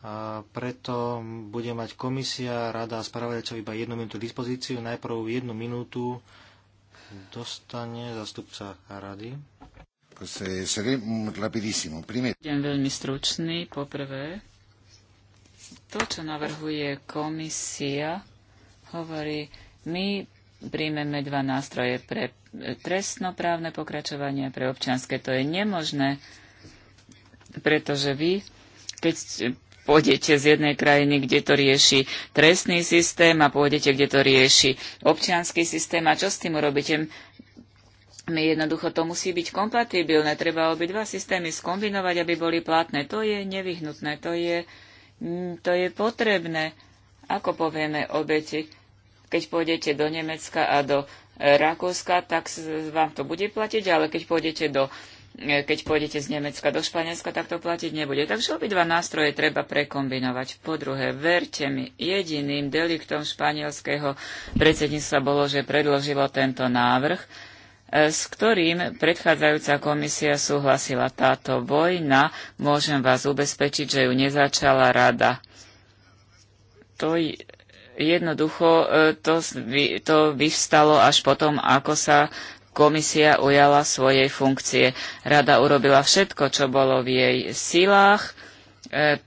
a preto bude mať komisia, rada a spravodajcov iba jednu minútu dispozíciu. Najprv jednu minútu dostane zastupca rady. Eh, Budem veľmi stručný. Poprvé, to, čo navrhuje komisia, hovorí, my príjmeme dva nástroje pre trestnoprávne pokračovanie a pre občianske. To je nemožné, pretože vy, keď pôjdete z jednej krajiny, kde to rieši trestný systém a pôjdete, kde to rieši občianský systém a čo s tým urobíte? My jednoducho to musí byť kompatibilné. Treba dva systémy skombinovať, aby boli platné. To je nevyhnutné, to je, to je potrebné. Ako povieme obeti? Keď pôjdete do Nemecka a do e, Rakúska, tak vám to bude platiť, ale keď pôjdete do e, keď pôjdete z Nemecka do Španielska, tak to platiť nebude. Takže obidva nástroje treba prekombinovať. Po druhé, verte mi, jediným deliktom španielského predsedníctva bolo, že predložilo tento návrh, e, s ktorým predchádzajúca komisia súhlasila. Táto vojna, môžem vás ubezpečiť, že ju nezačala rada. To jednoducho e, to, to vyvstalo až potom, ako sa komisia ujala svojej funkcie. Rada urobila všetko, čo bolo v jej silách, e,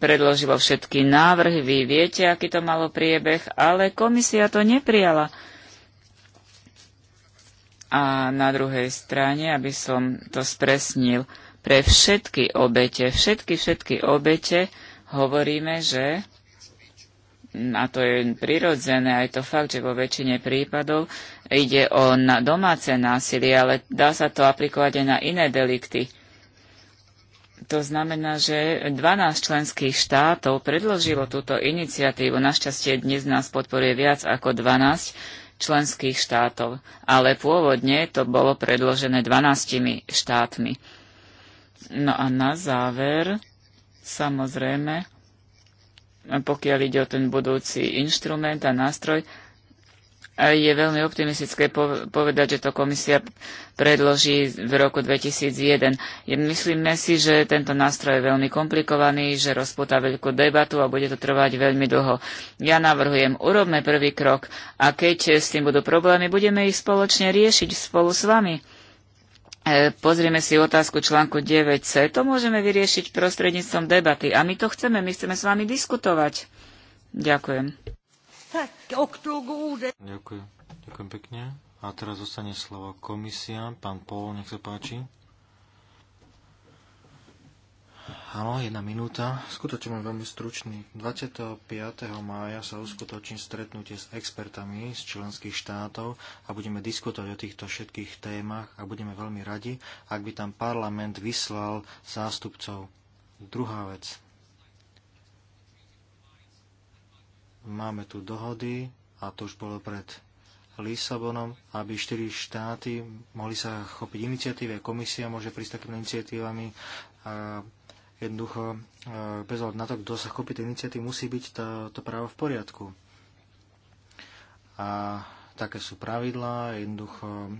predložilo všetky návrhy, vy viete, aký to malo priebeh, ale komisia to neprijala. A na druhej strane, aby som to spresnil, pre všetky obete, všetky, všetky obete hovoríme, že a to je prirodzené, aj to fakt, že vo väčšine prípadov ide o na domáce násilie, ale dá sa to aplikovať aj na iné delikty. To znamená, že 12 členských štátov predložilo túto iniciatívu. Našťastie dnes nás podporuje viac ako 12 členských štátov, ale pôvodne to bolo predložené 12 štátmi. No a na záver, samozrejme, pokiaľ ide o ten budúci inštrument a nástroj, je veľmi optimistické povedať, že to komisia predloží v roku 2001. Myslíme si, že tento nástroj je veľmi komplikovaný, že rozpúta veľkú debatu a bude to trvať veľmi dlho. Ja navrhujem, urobme prvý krok a keď s tým budú problémy, budeme ich spoločne riešiť spolu s vami E, pozrieme si otázku článku 9c, to môžeme vyriešiť prostredníctvom debaty. A my to chceme, my chceme s vami diskutovať. Ďakujem. Ďakujem. Ďakujem pekne. A teraz zostane slovo komisia. Pán Pol, nech sa páči. Áno, jedna minúta. Skutočne mám veľmi stručný. 25. mája sa uskutoční stretnutie s expertami z členských štátov a budeme diskutovať o týchto všetkých témach a budeme veľmi radi, ak by tam parlament vyslal zástupcov. Druhá vec. Máme tu dohody a to už bolo pred Lisabonom, aby štyri štáty mohli sa chopiť iniciatívy, komisia môže prísť takými iniciatívami a Jednoducho, e, bez ohľadu na to, kto sa chopí tej iniciatívy, musí byť to, to právo v poriadku. A také sú pravidlá, jednoducho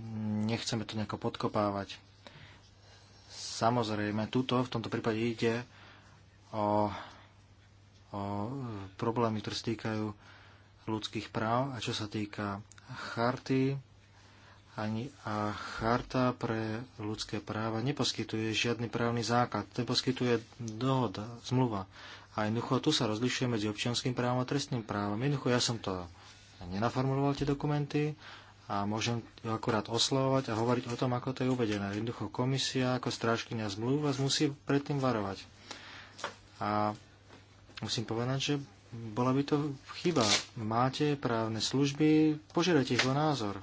nechceme to nejako podkopávať. Samozrejme, tuto v tomto prípade ide o, o problémy, ktoré sa týkajú ľudských práv a čo sa týka charty, ani a charta pre ľudské práva neposkytuje žiadny právny základ. To poskytuje dohoda, zmluva. A jednoducho tu sa rozlišuje medzi občianským právom a trestným právom. Jednoducho ja som to nenaformuloval tie dokumenty a môžem ju akurát oslovovať a hovoriť o tom, ako to je uvedené. Jednoducho komisia ako strážkynia zmluv vás musí predtým varovať. A musím povedať, že bola by to chyba. Máte právne služby, požiadajte ich o názor.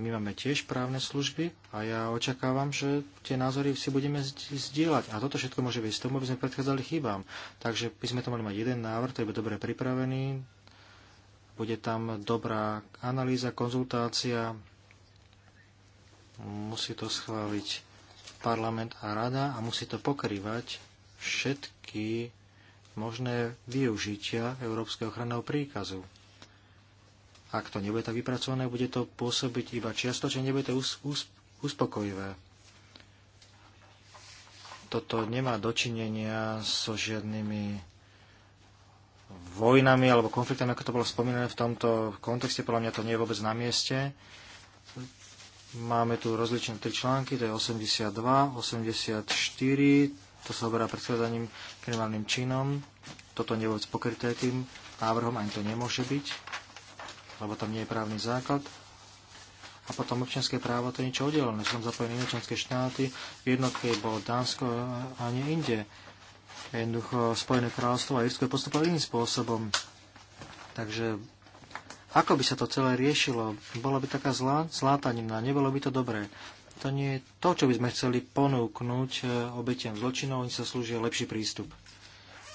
My máme tiež právne služby a ja očakávam, že tie názory si budeme zdieľať. A toto všetko môže byť z tomu, aby sme predchádzali chybám. Takže by sme to mali mať jeden návrh, ktorý bude dobre pripravený. Bude tam dobrá analýza, konzultácia. Musí to schváliť parlament a rada a musí to pokrývať všetky možné využitia Európskeho ochranného príkazu. Ak to nebude tak vypracované, bude to pôsobiť iba čiastočne, nebude to uspokojivé. Toto nemá dočinenia so žiadnymi vojnami alebo konfliktami, ako to bolo spomínané v tomto kontexte, podľa mňa to nie je vôbec na mieste. Máme tu rozličné tri články, to je 82, 84, to sa oberá predkladaním kriminálnym činom, toto nie je vôbec pokryté tým návrhom, ani to nemôže byť lebo tam nie je právny základ. A potom občianské právo to je niečo oddelené. Som zapojené iné členské štáty. V jednotke bolo Dánsko a nie inde. Jednoducho Spojené kráľovstvo a Irsko postupovali iným spôsobom. Takže ako by sa to celé riešilo? Bola by taká zlá, zlátanina, nebolo by to dobré. To nie je to, čo by sme chceli ponúknuť eh, obetiam zločinov, oni sa slúžia lepší prístup.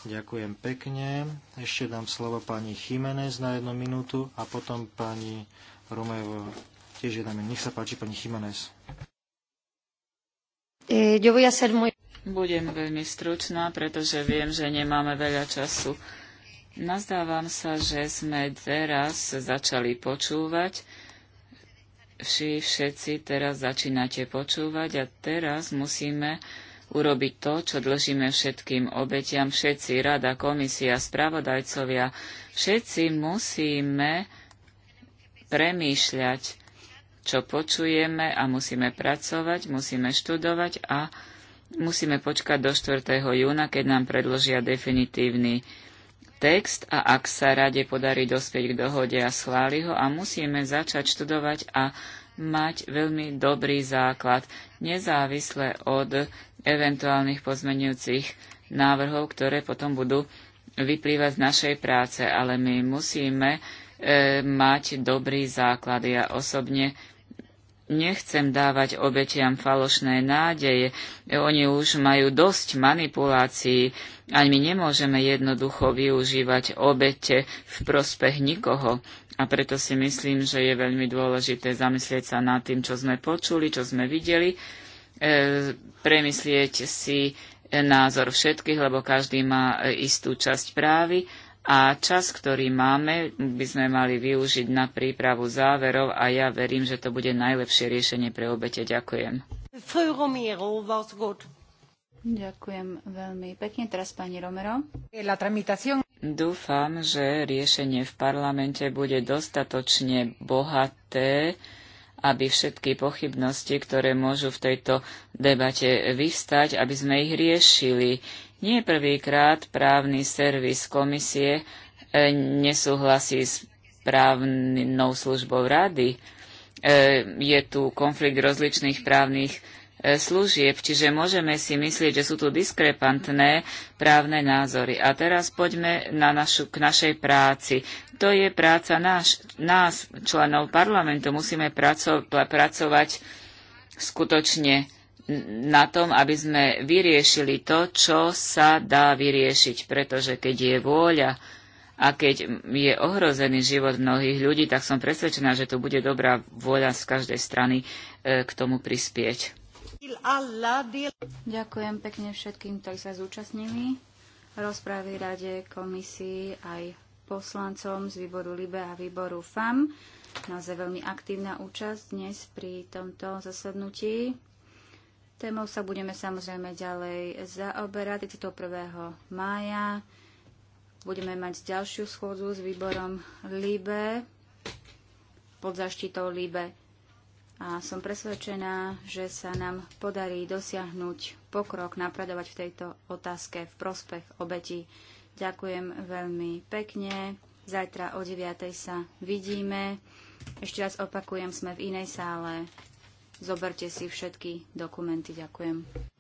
Ďakujem pekne. Ešte dám slovo pani Chimenez na jednu minútu a potom pani Romevo tiež jedna minúta. Nech sa páči, pani Chimenez. E, Budem veľmi stručná, pretože viem, že nemáme veľa času. Nazdávam sa, že sme teraz začali počúvať. Vši všetci teraz začínate počúvať a teraz musíme urobiť to, čo dlžíme všetkým obetiam, všetci, rada, komisia, spravodajcovia, všetci musíme premýšľať, čo počujeme a musíme pracovať, musíme študovať a musíme počkať do 4. júna, keď nám predložia definitívny text a ak sa rade podarí dospieť k dohode a schváli ho a musíme začať študovať a mať veľmi dobrý základ, nezávisle od eventuálnych pozmenujúcich návrhov, ktoré potom budú vyplývať z našej práce, ale my musíme e, mať dobrý základ. Ja osobne nechcem dávať obetiam falošné nádeje. E, oni už majú dosť manipulácií a my nemôžeme jednoducho využívať obete v prospech nikoho. A preto si myslím, že je veľmi dôležité zamyslieť sa nad tým, čo sme počuli, čo sme videli, e, premyslieť si názor všetkých, lebo každý má e, istú časť právy a čas, ktorý máme, by sme mali využiť na prípravu záverov a ja verím, že to bude najlepšie riešenie pre obete. Ďakujem. Ďakujem veľmi pekne. Teraz pani Romero. Dúfam, že riešenie v parlamente bude dostatočne bohaté, aby všetky pochybnosti, ktoré môžu v tejto debate vyvstať, aby sme ich riešili. Nie prvýkrát právny servis komisie e, nesúhlasí s právnou službou rady. E, je tu konflikt rozličných právnych E, služieb, čiže môžeme si myslieť, že sú tu diskrepantné právne názory. A teraz poďme na našu, k našej práci. To je práca náš, nás, členov parlamentu. Musíme praco, pracovať skutočne na tom, aby sme vyriešili to, čo sa dá vyriešiť, pretože keď je vôľa a keď je ohrozený život mnohých ľudí, tak som presvedčená, že tu bude dobrá vôľa z každej strany e, k tomu prispieť. Ďakujem pekne všetkým, ktorí sa zúčastnili rozprávy Rade, komisii aj poslancom z výboru LIBE a výboru FAM. Naozaj veľmi aktívna účasť dnes pri tomto zasadnutí. Témou sa budeme samozrejme ďalej zaoberať 31. mája. Budeme mať ďalšiu schôdzu s výborom LIBE pod zaštitou LIBE a som presvedčená, že sa nám podarí dosiahnuť pokrok, napredovať v tejto otázke v prospech Obeti. Ďakujem veľmi pekne. Zajtra o 9. sa vidíme. Ešte raz opakujem, sme v inej sále. Zoberte si všetky dokumenty. Ďakujem.